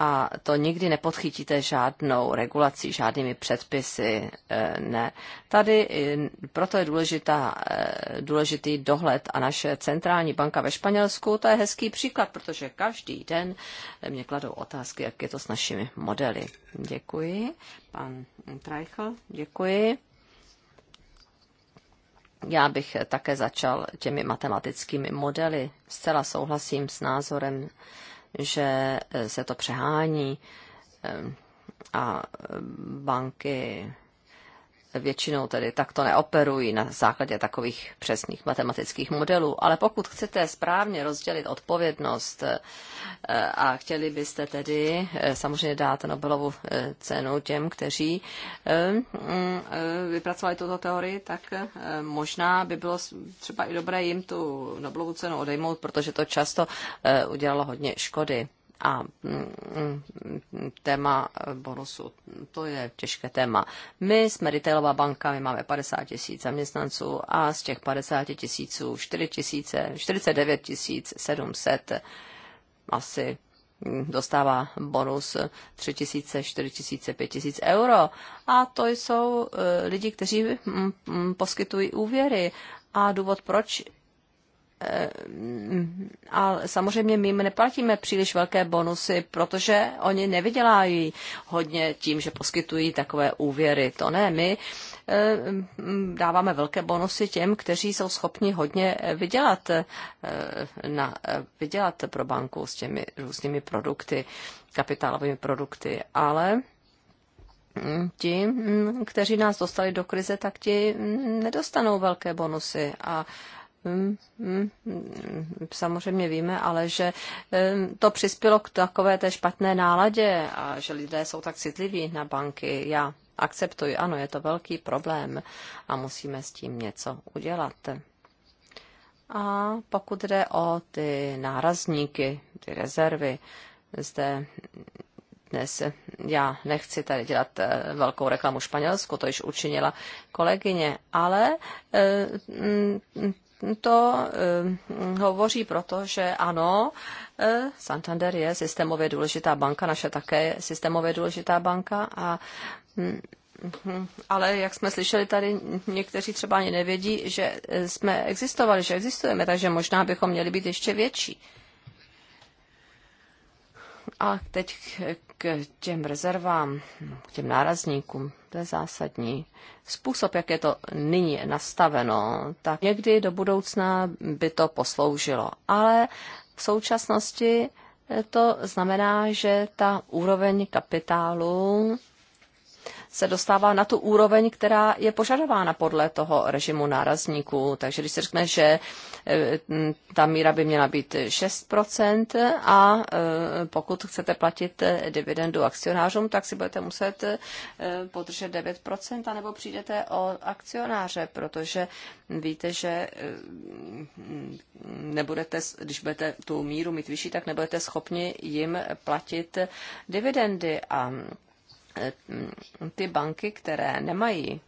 a to nikdy nepodchytíte žádnou regulací, žádnými předpisy, e, ne. Tady proto je důležitá, e, důležitý dohled a naše centrální banka ve Španělsku, to je hezký příklad, protože každý den mě kladou otázky, jak je to s našimi modely. Děkuji. Pan Trajchl, děkuji. Já bych také začal těmi matematickými modely. Zcela souhlasím s názorem že eh, se to přehání eh, a eh, banky většinou tedy takto neoperují na základě takových přesných matematických modelů, ale pokud chcete správně rozdělit odpovědnost eh, a chtěli byste tedy eh, samozřejmě dát Nobelovu eh, cenu těm, kteří mm, vypracovali tuto teorii, tak možná by bylo třeba i dobré jim tu Nobelovu cenu odejmout, protože to často udělalo hodně škody a mm, mm, téma bonusu, to je těžké téma. My jsme retailová banka, my máme 50 tisíc zaměstnanců a z těch 50 tisíců 4 tisíce, 49 tisíc 700 asi dostává bonus 3 tisíce, 4 tisíce, 5 tisíc euro. A to jsou eh, lidi, kteří mm, poskytují úvěry. A důvod, proč Eh, mm, a samozřejmě my jim neplatíme příliš velké bonusy, protože oni nevydělají hodně tím, že poskytují takové úvěry. To ne, my eh, mm, dáváme velké bonusy těm, kteří jsou schopni hodně eh, vydělat, na, vydělat pro banku s těmi různými produkty, kapitálovými produkty, ale mm, ti, kteří nás dostali do krize, tak ti nedostanou velké bonusy a Hm, hm, hm, samozřejmě víme, ale že to přispělo k takové té špatné náladě a že lidé jsou tak citliví na banky. Já akceptuji, ano, je to velký problém a musíme s tím něco udělat. A pokud jde o ty nárazníky, ty rezervy, zde dnes já nechci tady dělat eh, velkou reklamu Španělsku, to již učinila kolegyně, ale eh, to eh, hovoří proto, že ano, eh, Santander je systémově důležitá banka, naše také je systémově důležitá banka a hm, ale jak jsme slyšeli tady, někteří třeba ani nevědí, že eh, jsme existovali, že existujeme, takže možná bychom měli být ještě větší. A teď k těm rezervám, k těm nárazníkům, to je zásadní. Způsob, jak je to nyní nastaveno, tak někdy do budoucna by to posloužilo. Ale v současnosti to znamená, že ta úroveň kapitálu se dostává na tu úroveň, která je požadována podle toho režimu nárazníků. Takže když se řekne, že e, ta míra by měla být 6% a e, pokud chcete platit dividendu akcionářům, tak si budete muset e, podržet 9% anebo přijdete o akcionáře, protože víte, že nebudete, když budete tu míru mít vyšší, tak nebudete schopni jim platit dividendy a ty banky, které nemají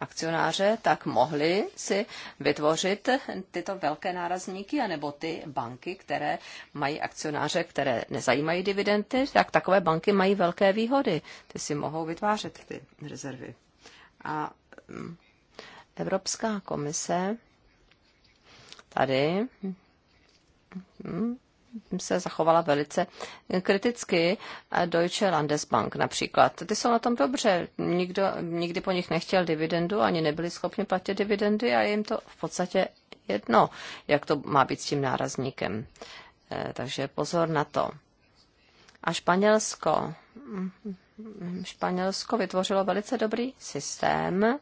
akcionáře, tak mohly si vytvořit tyto velké nárazníky, anebo ty banky, které mají akcionáře, které nezajímají dividendy, tak takové banky mají velké výhody. Ty si mohou vytvářet ty rezervy. A mm, Evropská komise tady mm, se zachovala velice kriticky. Eh, Deutsche Landesbank například. Ty jsou na tom dobře. Nikdo nikdy po nich nechtěl dividendu, ani nebyli schopni platit dividendy a jim to v podstatě jedno, jak to má být s tím nárazníkem. Eh, takže pozor na to. A Španělsko. Mm, mm, mm, Španělsko vytvořilo velice dobrý systém,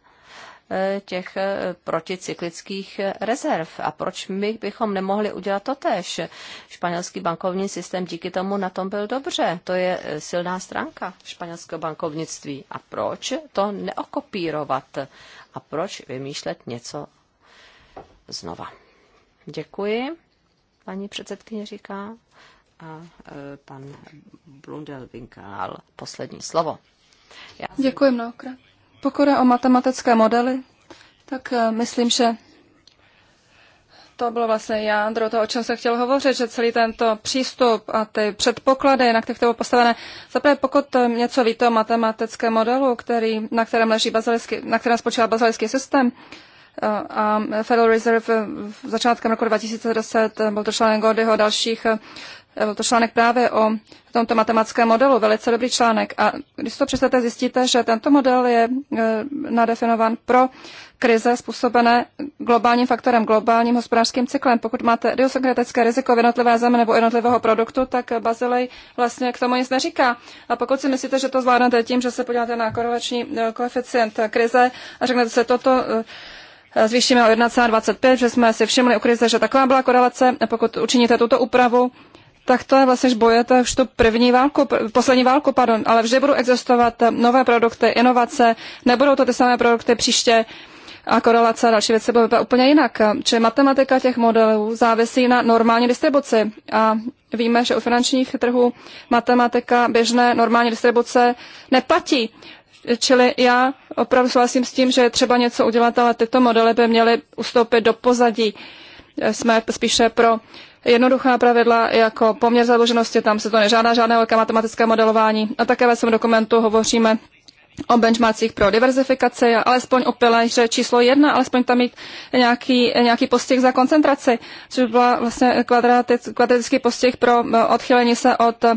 těch eh, proticyklických rezerv. A proč my bychom nemohli udělat to tež? Španělský bankovní systém díky tomu na tom byl dobře. To je eh, silná stránka španělského bankovnictví. A proč to neokopírovat? A proč vymýšlet něco znova? Děkuji, paní předsedkyně říká. A eh, pan Blundel Vinkál poslední slovo. Já Děkuji mnohokrát. Pokud je o matematické modely, tak eh, myslím, že to bylo vlastně jádro toho, o čem jsem chtěl hovořit, že celý tento přístup a ty předpoklady, na kterých to bylo postavené, zaprvé pokud eh, něco víte o matematickém modelu, který, na kterém leží bazalický, na kterém spočívá bazalický systém, eh, a Federal Reserve v začátkem roku 2010 byl to člen Gordyho a dalších byl eh, to článek právě o tomto matematickém modelu, velice dobrý článek. A když to přečtete, zjistíte, že tento model je eh, nadefinován pro krize způsobené globálním faktorem, globálním hospodářským cyklem. Pokud máte idiosynkretické riziko v jednotlivé zemi nebo jednotlivého produktu, tak eh, Bazilej vlastně k tomu nic neříká. A pokud si myslíte, že to zvládnete tím, že se podíváte na korelační koeficient krize a řeknete se toto, zvýšíme o 1,25, že jsme si všimli u krize, že taková byla korelace. A Pokud učiníte tuto úpravu, tak to je vlastně, že bojujete už tu první válku, poslední válku, pardon, ale vždy budou existovat eh, nové produkty, inovace, nebudou to ty samé produkty příště a korelace a další věci budou vypadat úplně jinak. Čili matematika těch modelů závisí na normální distribuci a víme, že u finančních trhů matematika běžné normální distribuce neplatí. Čili já opravdu souhlasím s tím, že je třeba něco udělat, ale tyto modely by měly ustoupit do pozadí. Jsme spíše pro jednoduchá pravidla jako poměr zadluženosti, tam se to nežádá žádné velké matematické modelování. A také ve svém dokumentu hovoříme o benchmarkcích pro diverzifikaci, alespoň o pilaře číslo jedna, alespoň tam mít nějaký, nějaký postih za koncentraci, což by byla vlastně kvadratický postih pro eh, odchylení se od eh,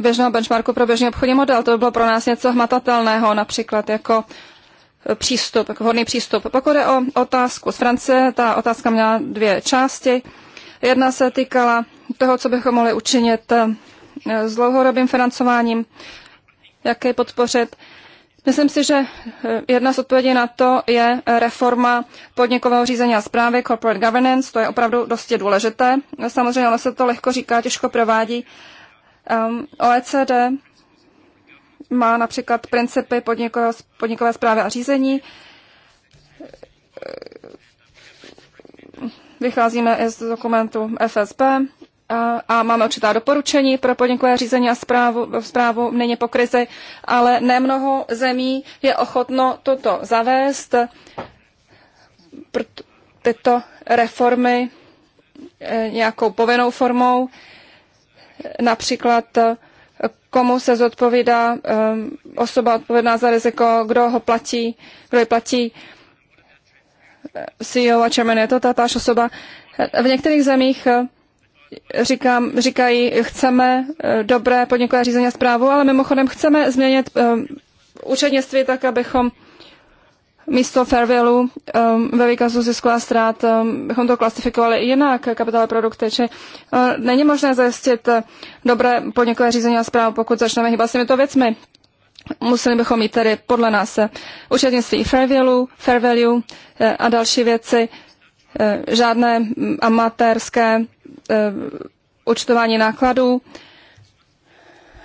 běžného benchmarku pro běžný obchodní model. To by bylo pro nás něco hmatatelného, například jako eh, přístup, jako vhodný přístup. Pokud je o otázku z Francie, ta otázka měla dvě části. Jedna se týkala toho, co bychom mohli učinit eh, s dlouhodobým financováním, jak jej podpořit. Myslím si, že eh, jedna z odpovědí na to je eh, reforma podnikového řízení a zprávy, corporate governance, to je opravdu dosti důležité. No, samozřejmě ono se to lehko říká, těžko provádí. Ehm, OECD má například principy podnikové zprávy a řízení, vycházíme i z dokumentu FSB a, a máme určitá doporučení pro podnikové řízení a zprávu, zprávu není po krizi, ale nemnoho zemí je ochotno toto zavést. tyto reformy e, nějakou povinnou formou, například e, komu se zodpovídá e, osoba odpovědná za riziko, kdo ho platí, kdo ji platí, CEO a chairman je to ta táž osoba. V některých zemích eh, říkám, říkají, chceme eh, dobré podnikové řízení a zprávu, ale mimochodem chceme změnit eh, účetnictví tak, abychom místo fairvalue um, ve výkazu zisku a ztrát um, bychom to klasifikovali jinak, kapitálové produkty, či uh, není možné zajistit dobré podnikové řízení a zprávu, pokud začneme hýbat s těmito věcmi. Museli bychom mít tedy podle nás eh, účetnictví fair value, fair value eh, a další věci, eh, žádné amatérské účtování nákladů,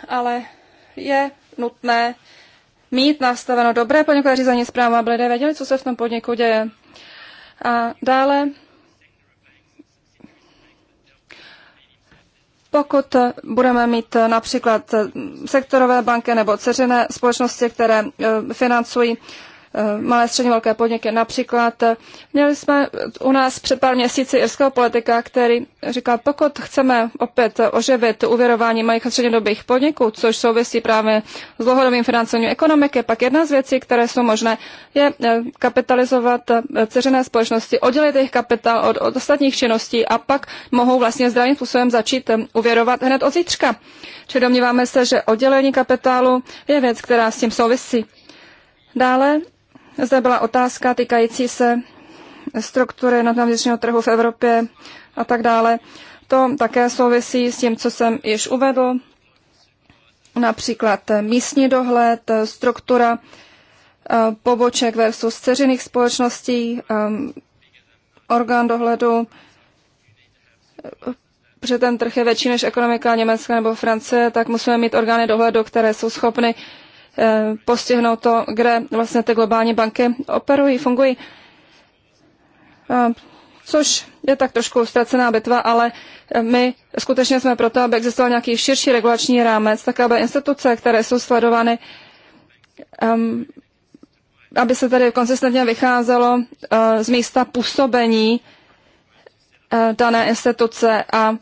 ale je nutné mít nastaveno dobré podnikové řízení zpráva, aby lidé věděli, co se v tom podniku děje. A dále Pokud budeme mít například sektorové banky nebo ceřené společnosti, které eh, financují Eh, malé středně velké podniky. Například eh, měli jsme u nás před pár měsíci irského politika, který říkal, pokud chceme opět oživit uvěrování malých a střednědobých podniků, což souvisí právě s dlouhodobým financováním ekonomiky, pak jedna z věcí, které jsou možné, je eh, kapitalizovat ceřené společnosti, oddělit jejich kapitál od, od ostatních činností a pak mohou vlastně zdravým způsobem začít uvěrovat hned od zítřka. Čili domníváme se, že oddělení kapitálu je věc, která s tím souvisí. Dále zde byla otázka týkající se struktury nadnávěřního trhu v Evropě a tak dále. To také souvisí s tím, co jsem již uvedl, například místní dohled, struktura eh, poboček versus ceřiných společností, eh, orgán dohledu, eh, protože ten trh je větší než ekonomika Německa nebo Francie, tak musíme mít orgány dohledu, které jsou schopny Eh, postihnout to, kde vlastně ty globální banky operují, fungují. Eh, což je tak trošku ztracená bitva, ale eh, my skutečně jsme proto, aby existoval nějaký širší regulační rámec, tak aby instituce, které jsou sledovány, ehm, aby se tady konzistentně vycházelo z místa působení dané instituce a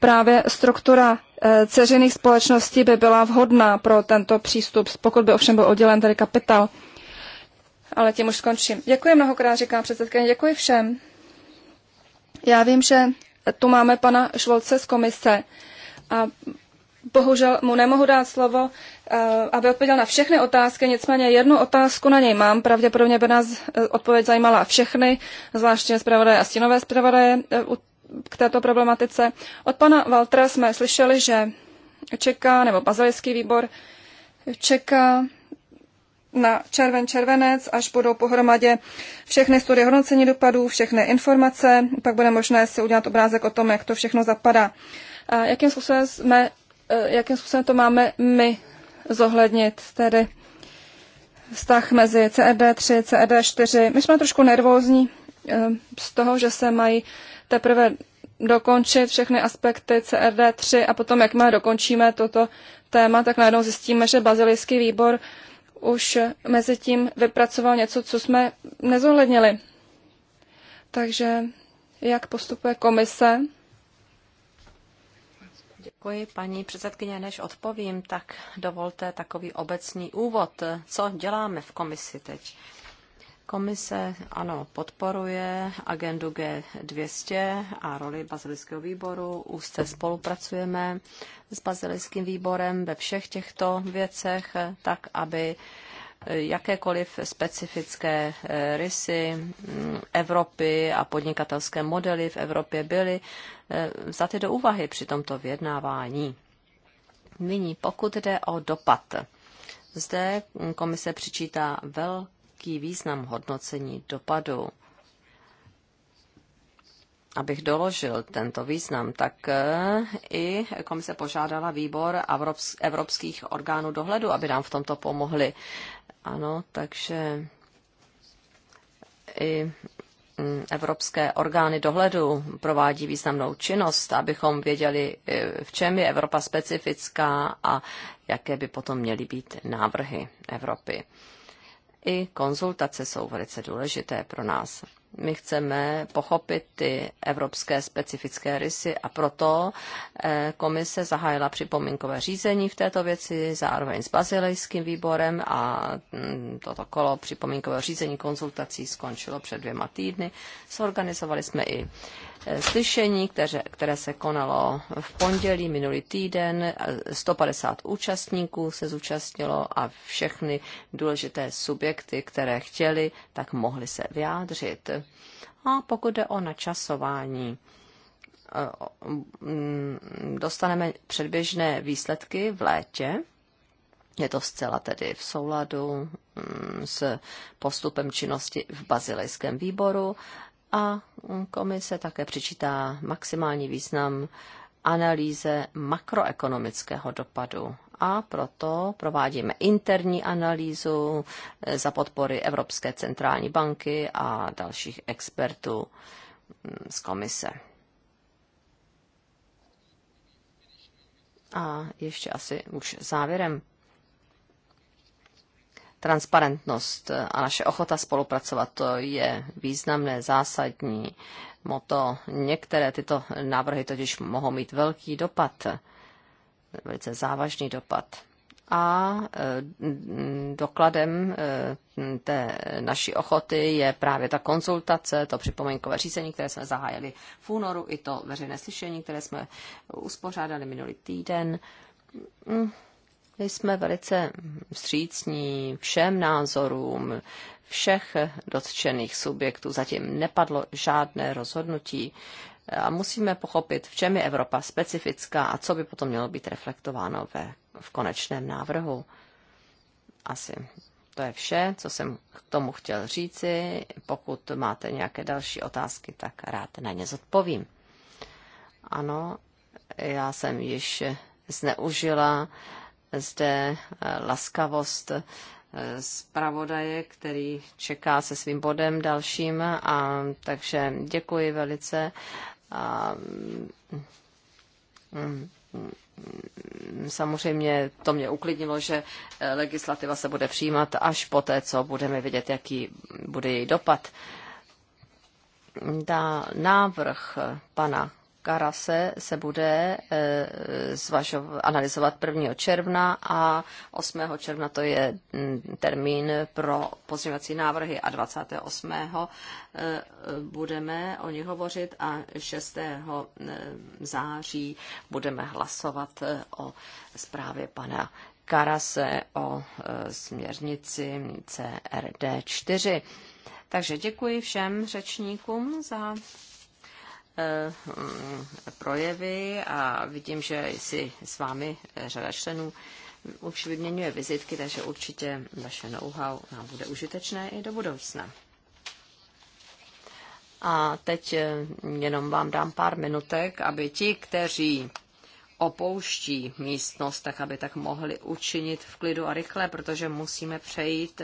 právě struktura Eh, ceřiných společností by byla vhodná pro tento přístup, pokud by ovšem byl oddělen tady kapitál. Ale tím už skončím. Děkuji mnohokrát, říká předsedkyně, děkuji všem. Já vím, že tu máme pana Švolce z komise a bohužel mu nemohu dát slovo, eh, aby odpověděl na všechny otázky, nicméně jednu otázku na něj mám. Pravděpodobně by nás eh, odpověď zajímala všechny, zvláště zpravodaje a stínové zpravodaje u k této problematice. Od pana Valtra jsme slyšeli, že čeká, nebo bazilický výbor čeká na červen červenec, až budou pohromadě všechny studie hodnocení dopadů, všechny informace, pak bude možné si udělat obrázek o tom, jak to všechno zapadá. A jakým způsobem, jsme, e, jakým způsobem to máme my zohlednit, tedy vztah mezi CED3, CED4. My jsme trošku nervózní e, z toho, že se mají teprve dokončit všechny aspekty CRD3 a potom, jakmile dokončíme toto téma, tak najednou zjistíme, že bazilijský výbor už mezi tím vypracoval něco, co jsme nezohlednili. Takže jak postupuje komise? Děkuji, paní předsedkyně. Než odpovím, tak dovolte takový obecný úvod. Co děláme v komisi teď? Komise, ano, podporuje agendu G200 a roli bazilického výboru. Úzce spolupracujeme s bazilickým výborem ve všech těchto věcech, tak aby eh, jakékoliv specifické eh, rysy mm, Evropy a podnikatelské modely v Evropě byly eh, vzaty do úvahy při tomto vyjednávání. Nyní, pokud jde o dopad. Zde komise přičítá velký velký význam hodnocení dopadu. Abych doložil tento význam, tak eh, i komise požádala výbor evropských orgánů dohledu, aby nám v tomto pomohli. Ano, takže i mm, evropské orgány dohledu provádí významnou činnost, abychom věděli, eh, v čem je Evropa specifická a jaké by potom měly být návrhy Evropy i konzultace jsou velice důležité pro nás. My chceme pochopit ty evropské specifické rysy a proto eh, komise zahájila připomínkové řízení v této věci zároveň s bazilejským výborem a mm, toto kolo připomínkového řízení konzultací skončilo před dvěma týdny. Sorganizovali jsme i Eh, slyšení, které, které se konalo v pondělí minulý týden. 150 eh, účastníků se zúčastnilo a všechny důležité subjekty, které chtěli, tak mohli se vyjádřit. A pokud jde o načasování, eh, mm, dostaneme předběžné výsledky v létě. Je to zcela tedy v souladu mm, s postupem činnosti v bazilejském výboru a komise také přičítá maximální význam analýze makroekonomického dopadu a proto provádíme interní analýzu eh, za podpory Evropské centrální banky a dalších expertů mm, z komise. A ještě asi už závěrem transparentnost a naše ochota spolupracovat, to je významné, zásadní moto. Některé tyto návrhy totiž mohou mít velký dopad, velice závažný dopad. A e, dokladem e, té naší ochoty je právě ta konzultace, to připomínkové řízení, které jsme zahájili v únoru, i to veřejné slyšení, které jsme uspořádali minulý týden. Mm jsme velice vstřícní všem názorům všech dotčených subjektů. Zatím nepadlo žádné rozhodnutí a musíme pochopit, v čem je Evropa specifická a co by potom mělo být reflektováno ve, v konečném návrhu. Asi to je vše, co jsem k tomu chtěl říci. Pokud máte nějaké další otázky, tak rád na ně zodpovím. Ano, já jsem již zneužila uh, zde eh, laskavost eh, zpravodaje, který čeká se svým bodem dalším. A, takže děkuji velice. A, mm, mm samozřejmě to mě uklidnilo, že eh, legislativa se bude přijímat až poté, co budeme vědět, jaký bude její dopad. Dá návrh pana Karase se bude eh, zvažov, analyzovat 1. června a 8. června to je mm, termín pro pozměňovací návrhy a 28. Eh, budeme o nich hovořit a 6. Eh, září budeme hlasovat o zprávě pana Karase o směrnici CRD 4. Takže děkuji všem řečníkům za Eh, projevy a vidím, že si s vámi eh, řada členů už vyměňuje vizitky, takže určitě vaše know-how nám bude užitečné i do budoucna. A teď eh, jenom vám dám pár minutek, aby ti, kteří opouští místnost, tak aby tak mohli učinit v klidu a rychle, protože musíme přejít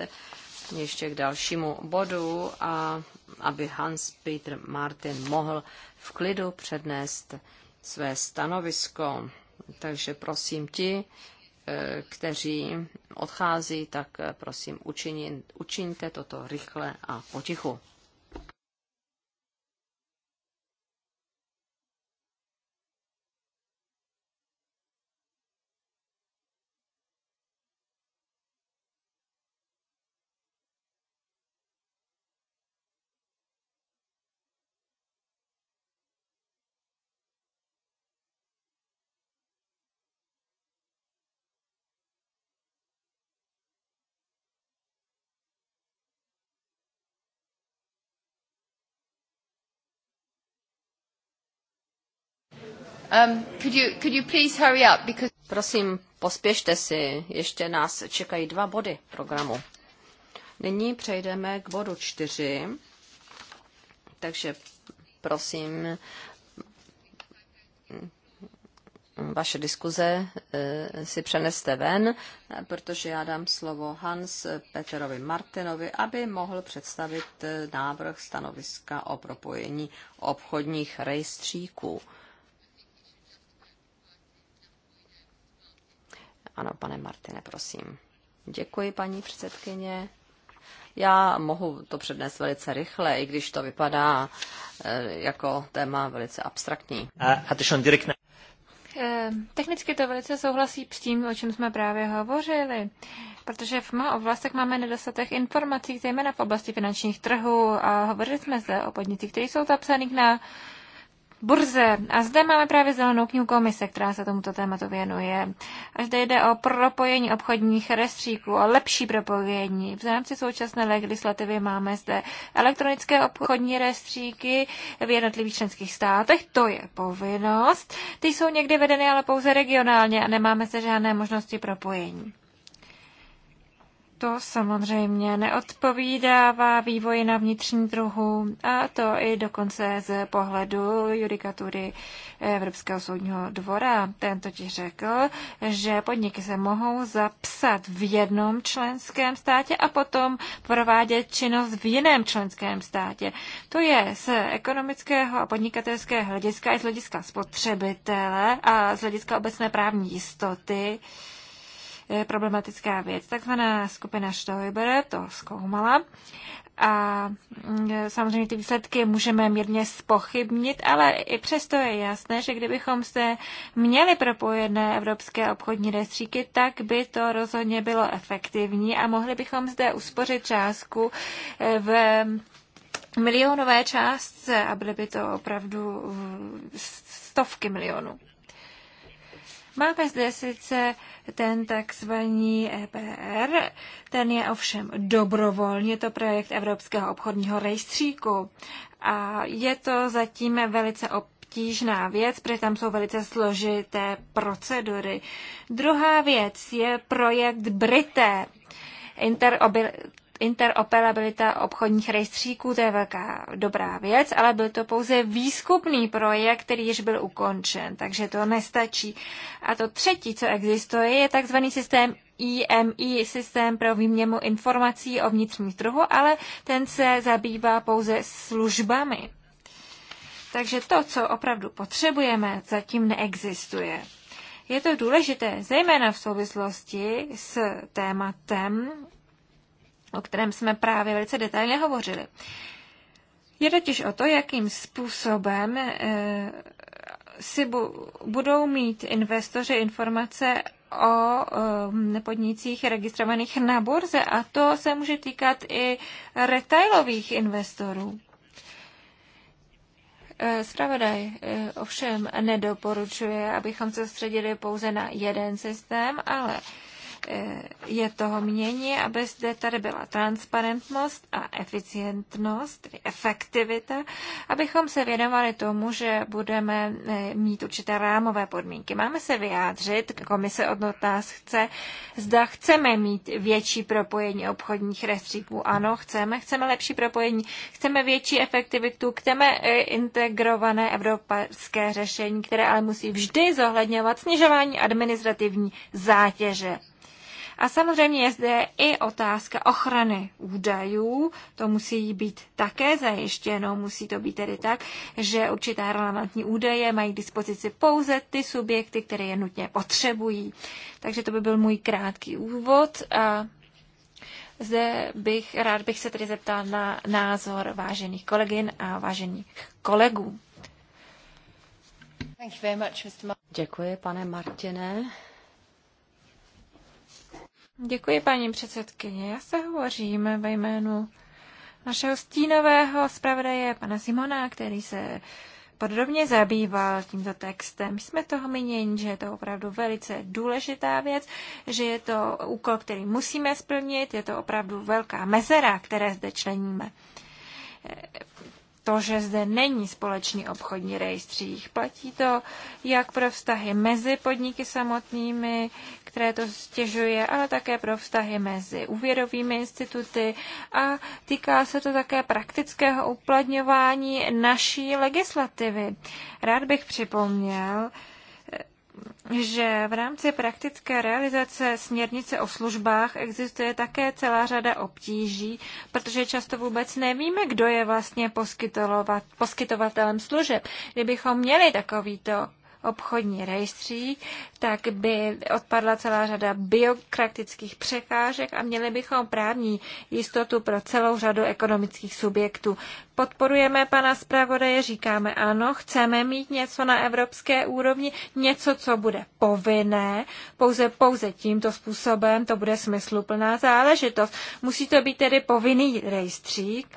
ještě k dalšímu bodu a aby Hans Peter Martin mohl v klidu přednést své stanovisko. Takže prosím ti, eh, kteří odchází, tak eh, prosím učiní, učiňte toto rychle a potichu. Um, could you, could you please hurry up, because... Prosím, pospěšte si, ještě nás čekají dva body programu. Nyní přejdeme k bodu čtyři, takže prosím, vaše diskuze eh, si přeneste ven, protože já dám slovo Hans Peterovi Martinovi, aby mohl představit eh, návrh stanoviska o propojení obchodních rejstříků. Ano, pane Martine, prosím. Děkuji, paní předsedkyně. Já mohu to přednést velice rychle, i když to vypadá eh, jako téma velice abstraktní. A to direktně? Eh, technicky to velice souhlasí s tím, o čem jsme právě hovořili, protože v mnoha oblastech máme nedostatek informací, zejména v oblasti finančních trhů a hovořili jsme zde o podnicích, které jsou zapsaných na burze. A zde máme právě zelenou knihu komise, která se tomuto tématu věnuje. A zde jde o propojení obchodních rejstříků, o lepší propojení. V rámci současné legislativy máme zde elektronické obchodní rejstříky v jednotlivých členských státech, to je povinnost. Ty jsou někdy vedeny ale pouze regionálně a nemáme se žádné možnosti propojení. To samozřejmě neodpovídává vývoji na vnitřní trhu a to i dokonce z pohledu judikatury Evropského soudního dvora. Ten totiž řekl, že podniky se mohou zapsat v jednom členském státě a potom provádět činnost v jiném členském státě. To je z ekonomického a podnikatelského hlediska i z hlediska spotřebitele a z hlediska obecné právní jistoty E, problematická věc. Takzvaná skupina Stoiber to zkoumala a mm, e, samozřejmě ty výsledky můžeme mírně spochybnit, ale i přesto je jasné, že kdybychom se měli propojené evropské obchodní rejstříky, tak by to rozhodně bylo efektivní a mohli bychom zde uspořit částku e, v milionové částce a byly by to opravdu stovky milionů. Máme zde sice ten takzvaný EPR, ten je ovšem dobrovolně, to projekt Evropského obchodního rejstříku. A je to zatím velice obtížná věc, protože tam jsou velice složité procedury. Druhá věc je projekt Brité, interoperability interoperabilita obchodních rejstříků, to je velká dobrá věc, ale byl to pouze výzkumný projekt, který již byl ukončen, takže to nestačí. A to třetí, co existuje, je takzvaný systém IMI, systém pro výměnu informací o vnitřním trhu, ale ten se zabývá pouze službami. Takže to, co opravdu potřebujeme, zatím neexistuje. Je to důležité, zejména v souvislosti s tématem o kterém jsme právě velice detailně hovořili. Je totiž o to, jakým způsobem eh, si bu- budou mít investoři informace o eh, podnicích registrovaných na burze a to se může týkat i retailových investorů. Spravodaj eh, ovšem nedoporučuje, abychom se středili pouze na jeden systém, ale Eh, je toho mění, aby zde tady byla transparentnost a eficientnost, tedy efektivita, abychom se věnovali tomu, že budeme eh, mít určité rámové podmínky. Máme se vyjádřit, komise od nás chce, zda chceme mít větší propojení obchodních rejstříků. Ano, chceme, chceme lepší propojení, chceme větší efektivitu, chceme eh, integrované evropské řešení, které ale musí vždy zohledňovat snižování administrativní zátěže. A samozřejmě je zde i otázka ochrany údajů. To musí být také zajištěno. Musí to být tedy tak, že určitá relevantní údaje mají k dispozici pouze ty subjekty, které je nutně potřebují. Takže to by byl můj krátký úvod. A zde bych, rád bych se tedy zeptal na názor vážených kolegyn a vážených kolegů. Děkuji, pane Martine. Děkuji, paní předsedkyně. Já se hovořím ve jménu našeho stínového zpravodaje, pana Simona, který se podrobně zabýval tímto textem. My jsme toho mínění, že je to opravdu velice důležitá věc, že je to úkol, který musíme splnit, je to opravdu velká mezera, které zde členíme to, že zde není společný obchodní rejstřík. Platí to jak pro vztahy mezi podniky samotnými, které to stěžuje, ale také pro vztahy mezi úvěrovými instituty a týká se to také praktického uplatňování naší legislativy. Rád bych připomněl, že v rámci praktické realizace směrnice o službách existuje také celá řada obtíží, protože často vůbec nevíme, kdo je vlastně poskytovatelem služeb. Kdybychom měli takovýto obchodní rejstřík, tak by odpadla celá řada biokratických překážek a měli bychom právní jistotu pro celou řadu ekonomických subjektů. Podporujeme pana zpravodaje, říkáme ano, chceme mít něco na evropské úrovni, něco, co bude povinné, pouze, pouze tímto způsobem to bude smysluplná záležitost. Musí to být tedy povinný rejstřík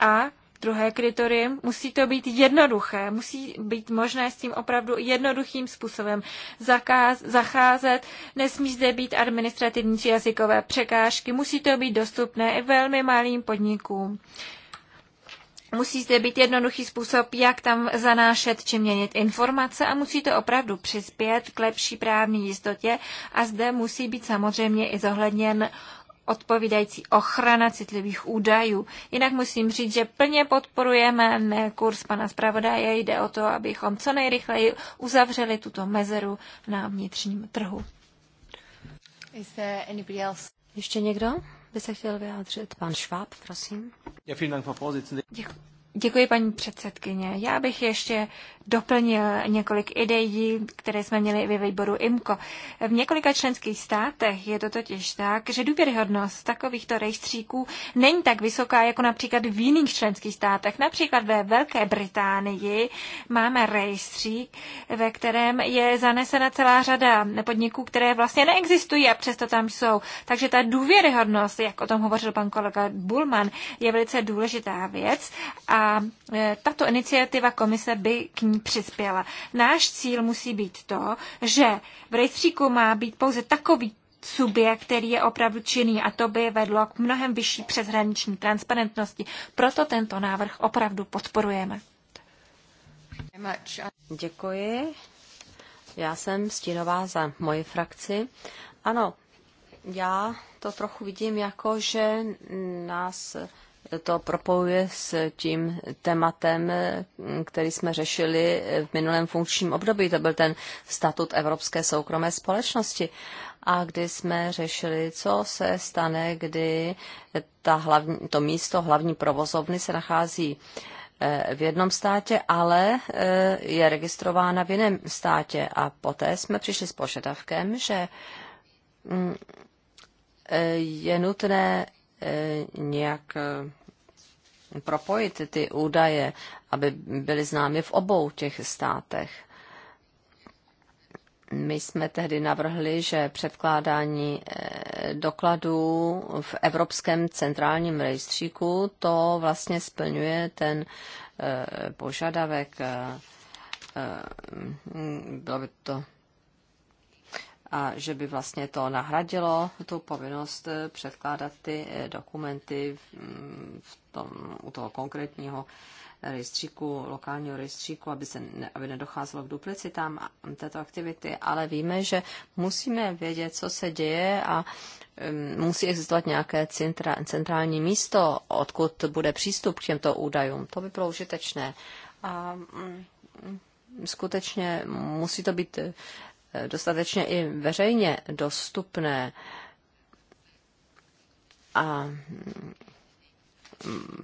a Druhé kritérium, musí to být jednoduché, musí být možné s tím opravdu jednoduchým způsobem zakáz, zacházet, nesmí zde být administrativní či jazykové překážky, musí to být dostupné i velmi malým podnikům. Musí zde být jednoduchý způsob, jak tam zanášet či měnit informace a musí to opravdu přispět k lepší právní jistotě a zde musí být samozřejmě i zohledněn odpovídající ochrana citlivých údajů. Jinak musím říct, že plně podporujeme kurz pana zpravodaje. Jde o to, abychom co nejrychleji uzavřeli tuto mezeru na vnitřním trhu. Ještě někdo by se chtěl vyjádřit? Pan Šváb, prosím. Děkuji. Děkuji, paní předsedkyně. Já bych ještě doplnil několik ideí, které jsme měli ve výboru IMCO. V několika členských státech je to totiž tak, že důvěryhodnost takovýchto rejstříků není tak vysoká jako například v jiných členských státech. Například ve Velké Británii máme rejstřík, ve kterém je zanesena celá řada podniků, které vlastně neexistují a přesto tam jsou. Takže ta důvěryhodnost, jak o tom hovořil pan kolega Bulman, je velice důležitá věc. A a e, tato iniciativa komise by k ní přispěla. Náš cíl musí být to, že v rejstříku má být pouze takový subjekt, který je opravdu činný a to by vedlo k mnohem vyšší přeshraniční transparentnosti. Proto tento návrh opravdu podporujeme. Děkuji. Já jsem Stínová za moji frakci. Ano, já to trochu vidím jako, že nás to propojuje s tím tématem, který jsme řešili v minulém funkčním období. To byl ten statut Evropské soukromé společnosti. A kdy jsme řešili, co se stane, kdy ta hlavní, to místo hlavní provozovny se nachází eh, v jednom státě, ale eh, je registrována v jiném státě. A poté jsme přišli s požadavkem, že mm, eh, je nutné Eh, nějak eh, propojit ty údaje, aby byly známy v obou těch státech. My jsme tehdy navrhli, že předkládání eh, dokladů v Evropském centrálním rejstříku to vlastně splňuje ten požadavek. Bylo by to a že by vlastně to nahradilo tu povinnost eh, předkládat ty eh, dokumenty mm, v tom, u toho konkrétního rejstříku, lokálního rejstříku, aby, se, aby nedocházelo k duplicitám této aktivity, ale víme, že musíme vědět, co se děje a um, musí existovat nějaké centra, centrální místo, odkud bude přístup k těmto údajům. To by bylo užitečné. A um, skutečně musí to být eh, dostatečně i veřejně dostupné. A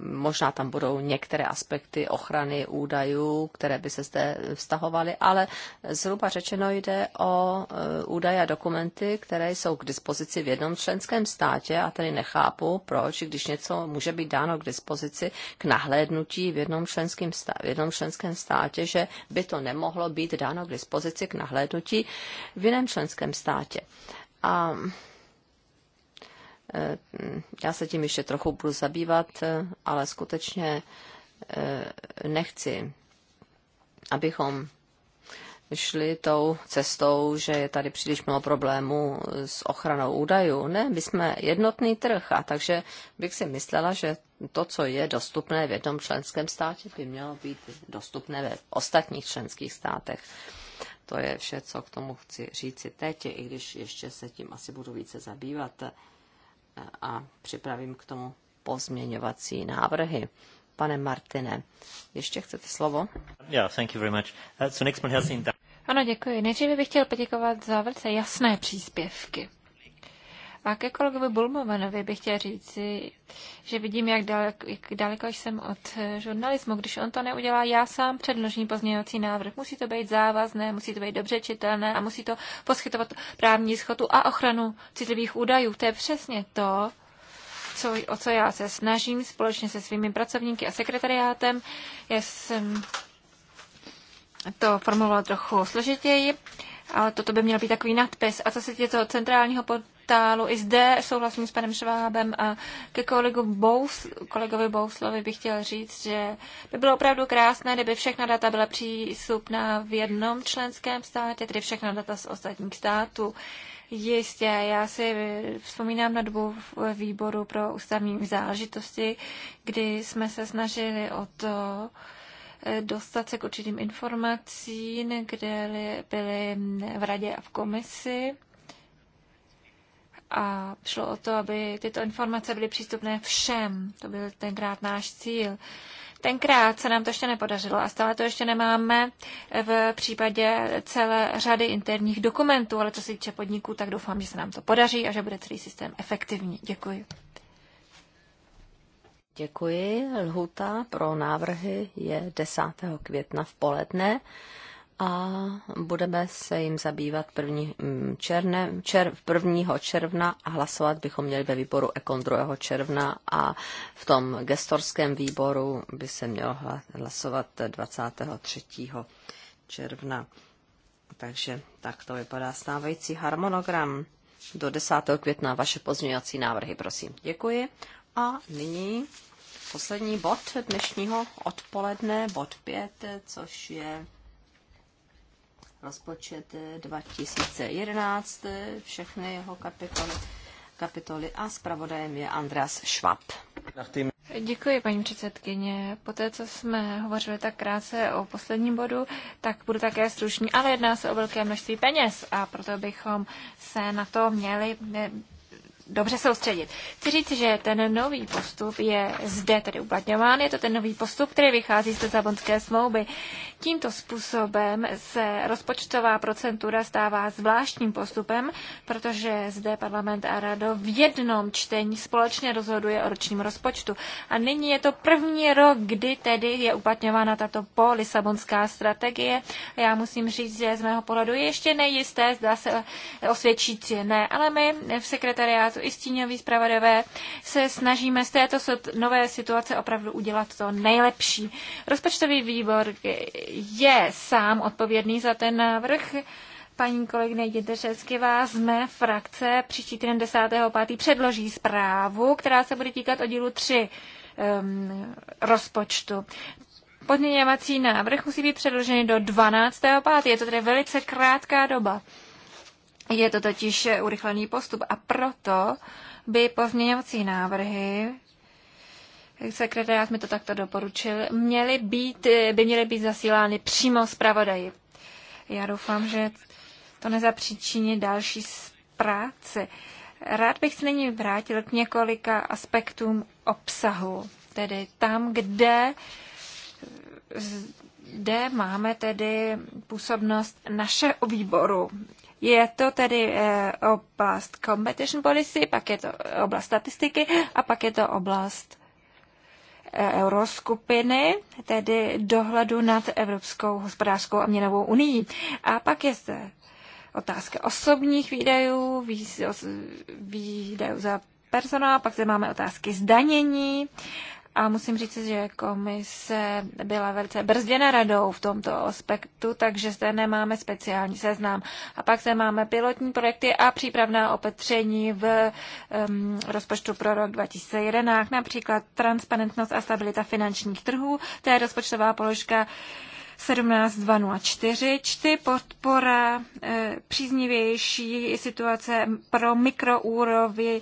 možná tam budou některé aspekty ochrany údajů, které by se zde vztahovaly, ale zhruba řečeno jde o e, údaje a dokumenty, které jsou k dispozici v jednom členském státě a tedy nechápu, proč, když něco může být dáno k dispozici k nahlédnutí v jednom, členském státě, v jednom členském státě, že by to nemohlo být dáno k dispozici k nahlédnutí v jiném členském státě. A Eh, já se tím ještě trochu budu zabývat, eh, ale skutečně eh, nechci, abychom šli tou cestou, že je tady příliš mnoho problémů s ochranou údajů. Ne, my jsme jednotný trh a takže bych si myslela, že to, co je dostupné v jednom členském státě, by mělo být dostupné ve ostatních členských státech. To je vše, co k tomu chci říci teď, i když ještě se tím asi budu více zabývat a připravím k tomu pozměňovací návrhy. Pane Martine, ještě chcete slovo? Yeah, thank you very much. Zunächst mal herzlichen Ano, děkuji. Nejdříve bych chtěl poděkovat za velice jasné příspěvky. A ke kolegovi Bulmovanovi bych chtěla říci, že vidím, jak daleko, jak daleko jsem od eh, žurnalismu. Když on to neudělá, já sám předložím pozměňovací návrh. Musí to být závazné, musí to být dobře čitelné a musí to poskytovat právní schotu a ochranu citlivých údajů. To je přesně to, co, o co já se snažím společně se svými pracovníky a sekretariátem. Já jsem to formulovala trochu složitěji, ale toto by měl být takový nadpis. A co se týče toho centrálního pod kapitálu. I zde souhlasím s panem Švábem a ke kolegu Bous, kolegovi Bouslovi bych chtěl říct, že by bylo opravdu krásné, kdyby všechna data byla přístupná v jednom členském státě, tedy všechna data z ostatních států. Jistě, já si vzpomínám na dobu výboru pro ústavní záležitosti, kdy jsme se snažili o to, eh, dostat se k určitým informacím, které byly v radě a v komisi a šlo o to, aby tyto informace byly přístupné všem. To byl tenkrát náš cíl. Tenkrát se nám to ještě nepodařilo a stále to ještě nemáme v případě celé řady interních dokumentů, ale co se týče podniků, tak doufám, že se nám to podaří a že bude celý systém efektivní. Děkuji. Děkuji. Lhuta pro návrhy je 10. května v poledne a budeme se jim zabývat první mm, černe, čer, 1. června a hlasovat bychom měli ve výboru Ekon 2. června a v tom gestorském výboru by se mělo hlasovat 23. června. Takže tak to vypadá stávající harmonogram. Do 10. května vaše pozměňovací návrhy, prosím. Děkuji. A nyní poslední bod dnešního odpoledne, bod 5, což je rozpočet 2011, všechny jeho kapitoly, kapitoly a zpravodajem je Andreas Schwab. Děkuji, paní předsedkyně. Poté, co jsme hovořili tak krátce o posledním bodu, tak budu také stručný, ale jedná se o velké množství peněz a proto bychom se na to měli dobře soustředit. Chci říct, že ten nový postup je zde tedy uplatňován. Je to ten nový postup, který vychází z Lisabonské smlouvy. Tímto způsobem se rozpočtová procentura stává zvláštním postupem, protože zde parlament a rado v jednom čtení společně rozhoduje o ročním rozpočtu. A nyní je to první rok, kdy tedy je uplatňována tato polisabonská strategie. Já musím říct, že z mého pohledu je ještě nejisté, zdá se osvědčící ne, ale my v sekretariátu vás i stíňoví zpravodajové se snažíme z této nové situace opravdu udělat to nejlepší. Rozpočtový výbor je sám odpovědný za ten návrh. Paní kolegyně Dědrževskyvá z mé frakce příští týden 10.5. předloží zprávu, která se bude týkat oddílu 3 um, rozpočtu. Podměňovací návrh musí být předložený do 12.5. Je to tedy velice krátká doba. Je to totiž urychlený postup a proto by pozměňovací návrhy sekretariát mi to takto doporučil, měly být, by měly být zasílány přímo zpravodaji. Já doufám, že to nezapříčiní další práce. Rád bych se nyní vrátil k několika aspektům obsahu, tedy tam, kde, kde máme tedy působnost našeho výboru je to tedy eh, oblast competition policy, pak je to oblast statistiky a pak je to oblast eh, euroskupiny, tedy dohledu nad Evropskou hospodářskou a měnovou unii. A pak je zde otázka osobních výdajů, výdajů za personál, pak zde máme otázky zdanění a musím říct, že komise byla velice brzděna radou v tomto aspektu, takže zde nemáme speciální seznam. A pak zde máme pilotní projekty a přípravná opatření v um, rozpočtu pro rok 2011, například transparentnost a stabilita finančních trhů, to je rozpočtová položka 17204, čty podpora e, příznivější situace pro mikroúrovy,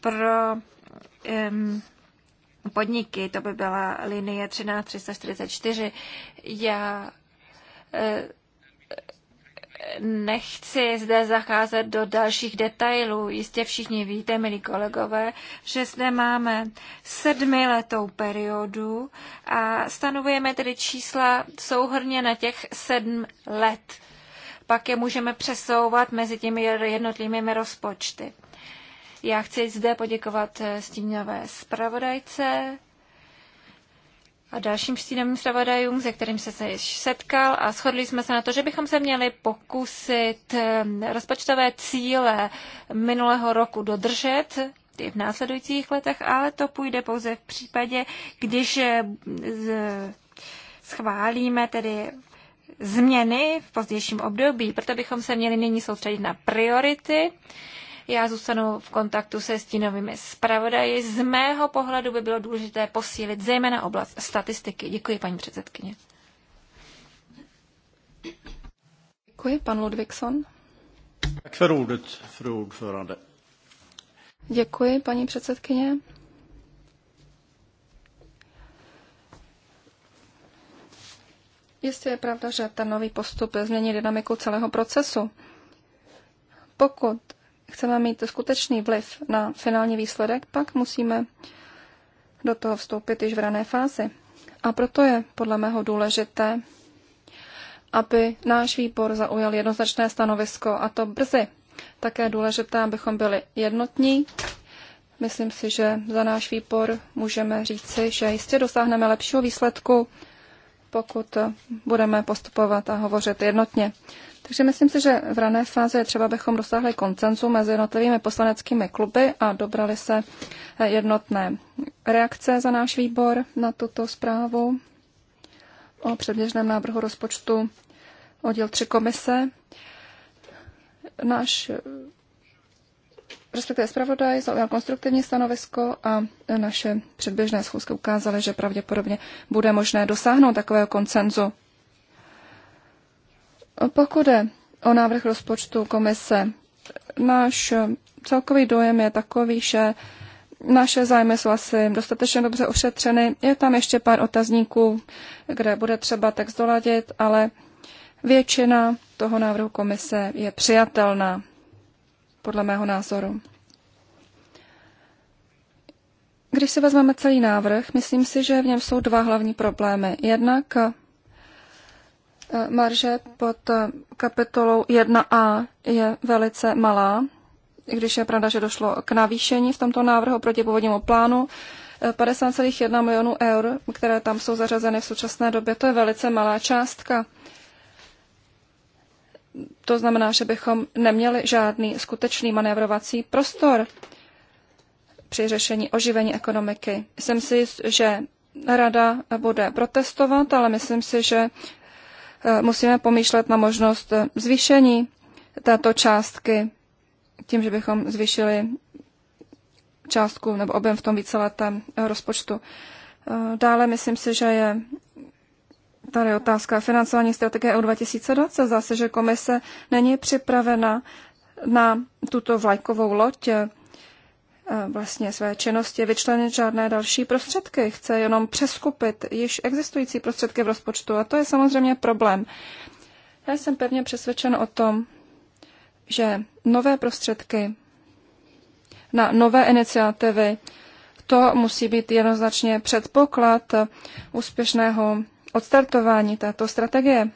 pro e, podniky, to by byla linie 13344. Já eh, nechci zde zacházet do dalších detailů. Jistě všichni víte, milí kolegové, že zde máme sedmiletou periodu a stanovujeme tedy čísla souhrně na těch sedm let. Pak je můžeme přesouvat mezi těmi jednotlivými rozpočty. Já chci zde poděkovat eh, stínové zpravodajce a dalším stínovým zpravodajům, se kterým se se již setkal a shodli jsme se na to, že bychom se měli pokusit eh, rozpočtové cíle minulého roku dodržet, i v následujících letech, ale to půjde pouze v případě, když eh, schválíme tedy změny v pozdějším období. Proto bychom se měli nyní soustředit na priority já zůstanu v kontaktu se stínovými zpravodaji. Z mého pohledu by bylo důležité posílit zejména oblast statistiky. Děkuji, paní předsedkyně. Děkuji, pan Ludvíkson. Děkuji, paní předsedkyně. Jistě je pravda, že ten nový postup změní dynamiku celého procesu. Pokud chceme mít skutečný vliv na finální výsledek, pak musíme do toho vstoupit již v rané fázi. A proto je podle mého důležité, aby náš výbor zaujal jednoznačné stanovisko a to brzy. Také důležité, abychom byli jednotní. Myslím si, že za náš výbor můžeme říci, že jistě dosáhneme lepšího výsledku, pokud budeme postupovat a hovořit jednotně. Takže myslím si, že v rané fázi je třeba bychom dosáhli koncenzu mezi jednotlivými poslaneckými kluby a dobrali se eh, jednotné reakce za náš výbor na tuto zprávu o předběžném návrhu rozpočtu oddíl 3 komise. Náš respektive zpravodaj zaujal konstruktivní stanovisko a naše předběžné schůzky ukázaly, že pravděpodobně bude možné dosáhnout takového koncenzu pokud je o návrh rozpočtu komise, náš celkový dojem je takový, že naše zájmy jsou asi dostatečně dobře ošetřeny. Je tam ještě pár otazníků, kde bude třeba text doladit, ale většina toho návrhu komise je přijatelná, podle mého názoru. Když si vezmeme celý návrh, myslím si, že v něm jsou dva hlavní problémy. Jednak Marže pod eh, kapitolou 1a je velice malá, i když je pravda, že došlo k navýšení v tomto návrhu proti původnímu plánu. 50,1 eh, milionů eur, které tam jsou zařazeny v současné době, to je velice malá částka. To znamená, že bychom neměli žádný skutečný manévrovací prostor při řešení oživení ekonomiky. Myslím si, že rada bude protestovat, ale myslím si, že Eh, musíme pomýšlet na možnost eh, zvýšení této částky tím, že bychom zvýšili částku nebo objem v tom víceletém eh, rozpočtu. Dále myslím si, že je tady otázka financování strategie EU 2020. Zase, že komise není připravena na tuto vlajkovou loď Eh, vlastně své činnosti vyčlenit žádné další prostředky. Chce jenom přeskupit již existující prostředky v rozpočtu a to je samozřejmě problém. Já jsem pevně přesvědčen o tom, že nové prostředky na nové iniciativy, to musí být jednoznačně předpoklad úspěšného odstartování této strategie.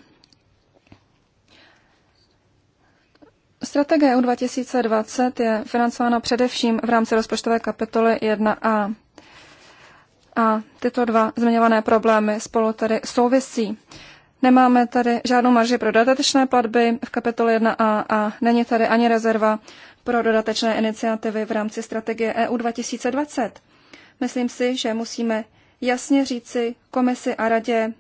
Strategie EU 2020 je financována především v rámci rozpočtové kapitoly 1a. A tyto dva zmiňované problémy spolu tedy souvisí. Nemáme tady žádnou marži pro dodatečné platby v kapitole 1a a není tady ani rezerva pro dodatečné iniciativy v rámci strategie EU 2020. Myslím si, že musíme jasně říci komisi a radě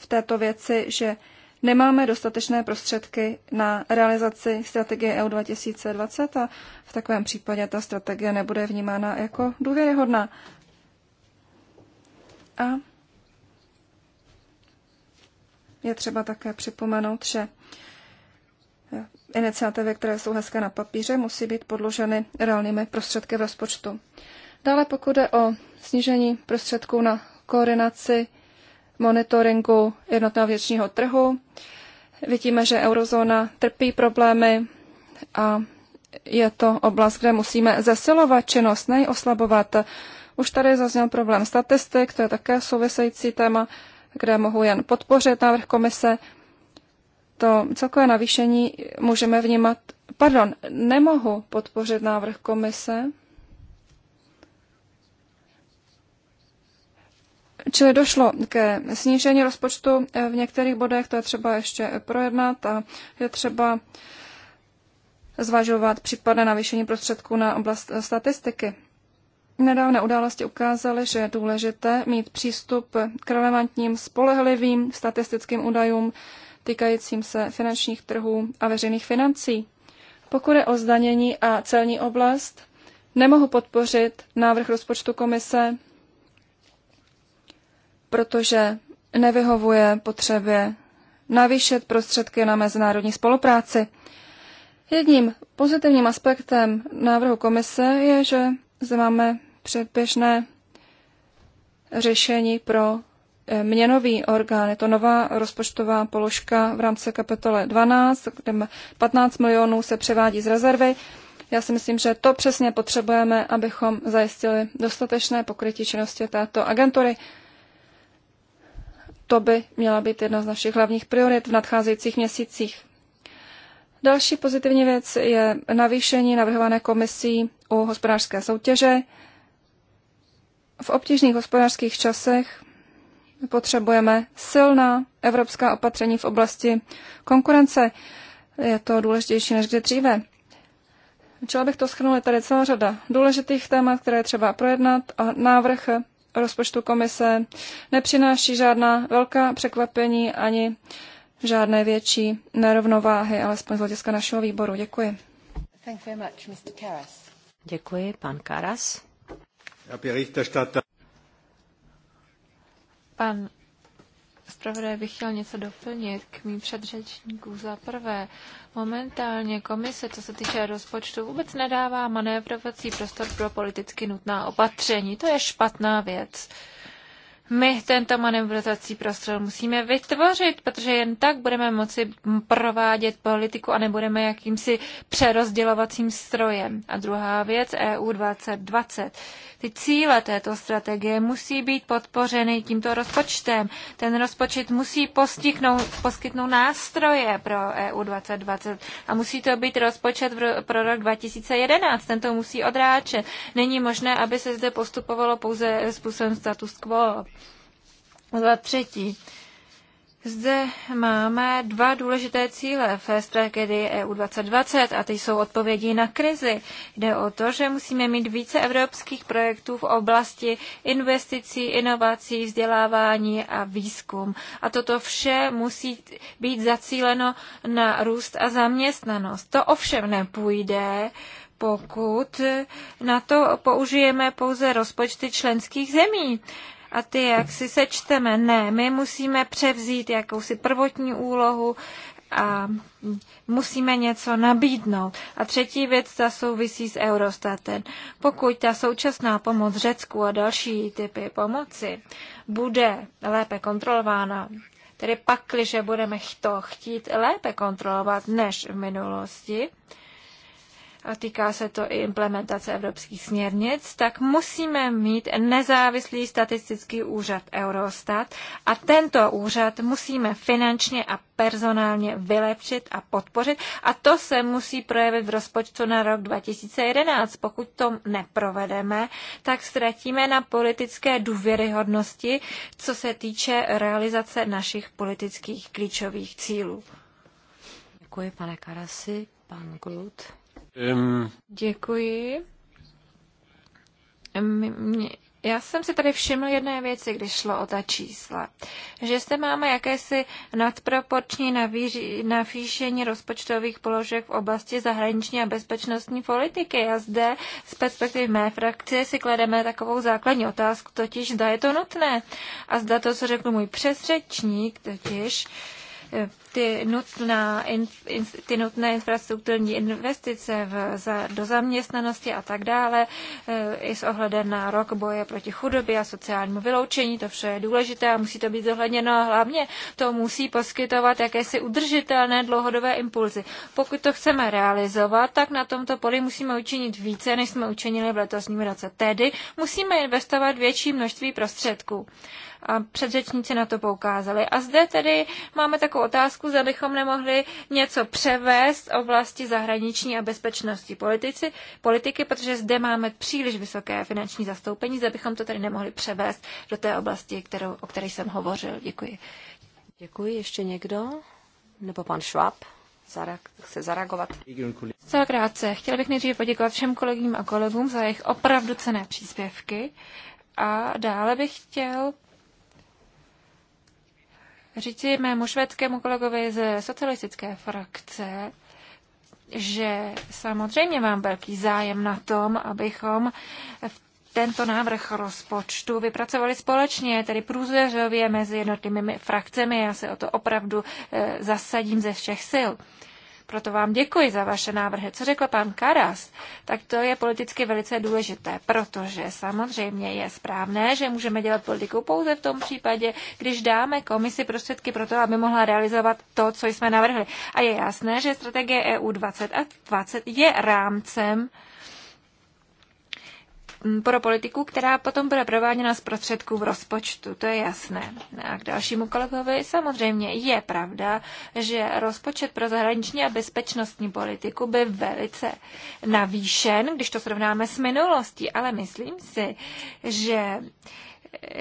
v této věci, že nemáme dostatečné prostředky na realizaci strategie EU 2020 a v takovém případě ta strategie nebude vnímána jako důvěryhodná. A je třeba také připomenout, že iniciativy, které jsou hezké na papíře, musí být podloženy reálnými prostředky v rozpočtu. Dále pokud jde o snížení prostředků na koordinaci monitoringu jednotného věčního trhu. Vidíme, že eurozóna trpí problémy a je to oblast, kde musíme zesilovat činnost, nejoslabovat. oslabovat. Už tady zazněl problém statistik, to je také související téma, kde mohu jen podpořit návrh komise. To celkové navýšení můžeme vnímat, pardon, nemohu podpořit návrh komise, Čili došlo ke snížení rozpočtu eh, v některých bodech, to je třeba ještě projednat a je třeba zvažovat případné navýšení prostředků na oblast eh, statistiky. Nedávné události ukázaly, že je důležité mít přístup k relevantním, spolehlivým statistickým údajům týkajícím se finančních trhů a veřejných financí. Pokud je o zdanění a celní oblast, nemohu podpořit návrh rozpočtu komise protože nevyhovuje potřebě navýšit prostředky na mezinárodní spolupráci. Jedním pozitivním aspektem návrhu komise je, že zde máme předběžné řešení pro eh, měnový orgán. Je to nová rozpočtová položka v rámci kapitole 12, kde 15 milionů se převádí z rezervy. Já si myslím, že to přesně potřebujeme, abychom zajistili dostatečné pokrytí činnosti této agentury. To by měla být jedna z našich hlavních priorit v nadcházejících měsících. Další pozitivní věc je navýšení navrhované komisí u hospodářské soutěže. V obtížných hospodářských časech potřebujeme silná evropská opatření v oblasti konkurence. Je to důležitější než kdy dříve. Chtěla bych to schrnout, tady celá řada důležitých témat, které třeba projednat a návrh rozpočtu komise nepřináší žádná velká překvapení ani žádné větší nerovnováhy, alespoň z hlediska našeho výboru. Děkuji. Děkuji, pan Karas. Pan zpravodaj bych chtěl něco doplnit k mým předřečníkům. Za prvé, momentálně komise, co se týče rozpočtu, vůbec nedává manévrovací prostor pro politicky nutná opatření. To je špatná věc. My tento manévrovací prostor musíme vytvořit, protože jen tak budeme moci provádět politiku a nebudeme jakýmsi přerozdělovacím strojem. A druhá věc, EU 2020 ty cíle této strategie musí být podpořeny tímto rozpočtem. Ten rozpočet musí poskytnout nástroje pro EU 2020 a musí to být rozpočet pro rok 2011. Ten to musí odráčet. Není možné, aby se zde postupovalo pouze způsobem status quo. Za třetí, zde máme dva důležité cíle v strategii EU 2020 a ty jsou odpovědi na krizi. Jde o to, že musíme mít více evropských projektů v oblasti investicí, inovací, vzdělávání a výzkum. A toto vše musí být zacíleno na růst a zaměstnanost. To ovšem nepůjde, pokud na to použijeme pouze rozpočty členských zemí a ty jak si sečteme. Ne, my musíme převzít jakousi prvotní úlohu a musíme něco nabídnout. A třetí věc, ta souvisí s Eurostatem. Pokud ta současná pomoc Řecku a další typy pomoci bude lépe kontrolována, tedy pakliže budeme to chtít lépe kontrolovat než v minulosti, a týká se to i implementace evropských směrnic, tak musíme mít nezávislý statistický úřad Eurostat a tento úřad musíme finančně a personálně vylepšit a podpořit a to se musí projevit v rozpočtu na rok 2011. Pokud to neprovedeme, tak ztratíme na politické důvěryhodnosti, co se týče realizace našich politických klíčových cílů. Děkuji, pane Karasi, pan Glut. Um. Děkuji. Mě, já jsem si tady všiml jedné věci, když šlo o ta čísla. Že zde máme jakési nadproporční navýšení rozpočtových položek v oblasti zahraniční a bezpečnostní politiky. A zde z perspektivy mé frakce si klademe takovou základní otázku, totiž zda je to nutné. A zda to, co řekl můj přesřečník, totiž, uh, ty, nutná, ty nutné infrastrukturní investice v, za, do zaměstnanosti a tak dále, e, i s ohledem na rok boje proti chudobě a sociálnímu vyloučení, to vše je důležité a musí to být zohledněno a hlavně to musí poskytovat jakési udržitelné dlouhodobé impulzy. Pokud to chceme realizovat, tak na tomto poli musíme učinit více, než jsme učinili v letosním roce. Tedy musíme investovat větší množství prostředků a předřečníci na to poukázali. A zde tedy máme takovou otázku, zda bychom nemohli něco převést oblasti zahraniční a bezpečnosti politici, politiky, protože zde máme příliš vysoké finanční zastoupení, zda bychom to tedy nemohli převést do té oblasti, kterou, o které jsem hovořil. Děkuji. Děkuji. Ještě někdo? Nebo pan Schwab? chce zareagovat. Zcela krátce. Chtěla bych nejdříve poděkovat všem kolegům a kolegům za jejich opravdu cené příspěvky. A dále bych chtěl říci mému švédskému kolegovi z socialistické frakce, že samozřejmě mám velký zájem na tom, abychom v tento návrh rozpočtu vypracovali společně, tedy průzvěřově mezi jednotlivými frakcemi. Já se o to opravdu eh, zasadím ze všech sil. Proto vám děkuji za vaše návrhy. Co řekl pan Karas, tak to je politicky velice důležité, protože samozřejmě je správné, že můžeme dělat politiku pouze v tom případě, když dáme komisi prostředky pro to, aby mohla realizovat to, co jsme navrhli. A je jasné, že strategie EU 20 a 20 je rámcem, pro politiku, která potom bude prováděna z prostředků v rozpočtu, to je jasné. A k dalšímu kolegovi samozřejmě je pravda, že rozpočet pro zahraniční a bezpečnostní politiku by velice navýšen, když to srovnáme s minulostí, ale myslím si, že e,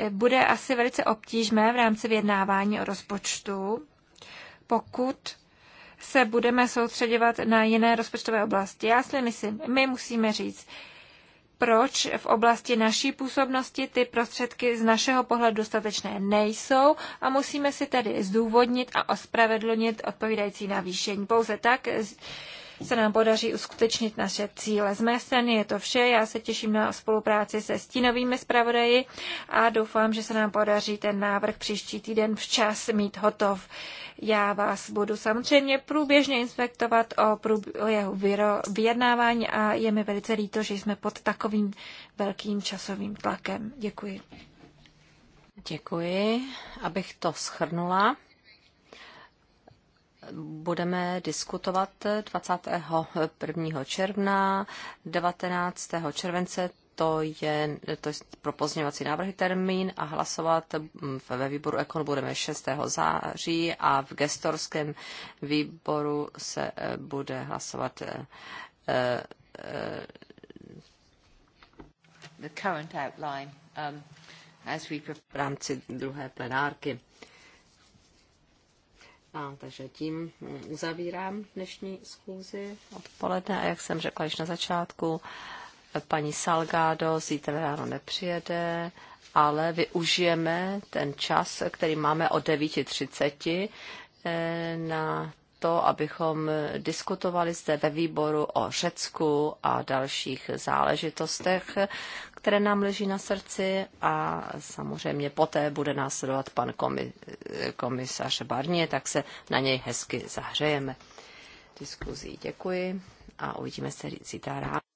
bude asi velice obtížné v rámci vyjednávání o rozpočtu, pokud se budeme soustředovat na jiné rozpočtové oblasti. Já si myslím, my musíme říct, proč v oblasti naší působnosti ty prostředky z našeho pohledu dostatečné nejsou a musíme si tedy zdůvodnit a ospravedlnit odpovídající navýšení. Pouze tak se nám podaří uskutečnit naše cíle. Z mé strany je to vše. Já se těším na spolupráci se stínovými zpravodaji a doufám, že se nám podaří ten návrh příští týden včas mít hotov. Já vás budu samozřejmě průběžně inspektovat o, průb- o jeho vyjednávání a je mi velice líto, že jsme pod takovým velkým časovým tlakem. Děkuji. Děkuji. Abych to schrnula, budeme diskutovat 21. června, 19. července to je, to je pro pozměňovací návrhy termín a hlasovat ve výboru Ekon budeme 6. září a v gestorském výboru se eh, bude hlasovat eh, eh, the current outline, um, as we... v rámci druhé plenárky. A takže tím mm, uzavírám dnešní schůzi odpoledne. A jak jsem řekla již na začátku, paní Salgado zítra ráno nepřijede, ale využijeme ten čas, který máme od 9.30 eh, na to, abychom diskutovali zde ve výboru o Řecku a dalších záležitostech, které nám leží na srdci a samozřejmě poté bude následovat pan komisař Barně, tak se na něj hezky zahřejeme. Diskuzí děkuji a uvidíme se zítra ráno.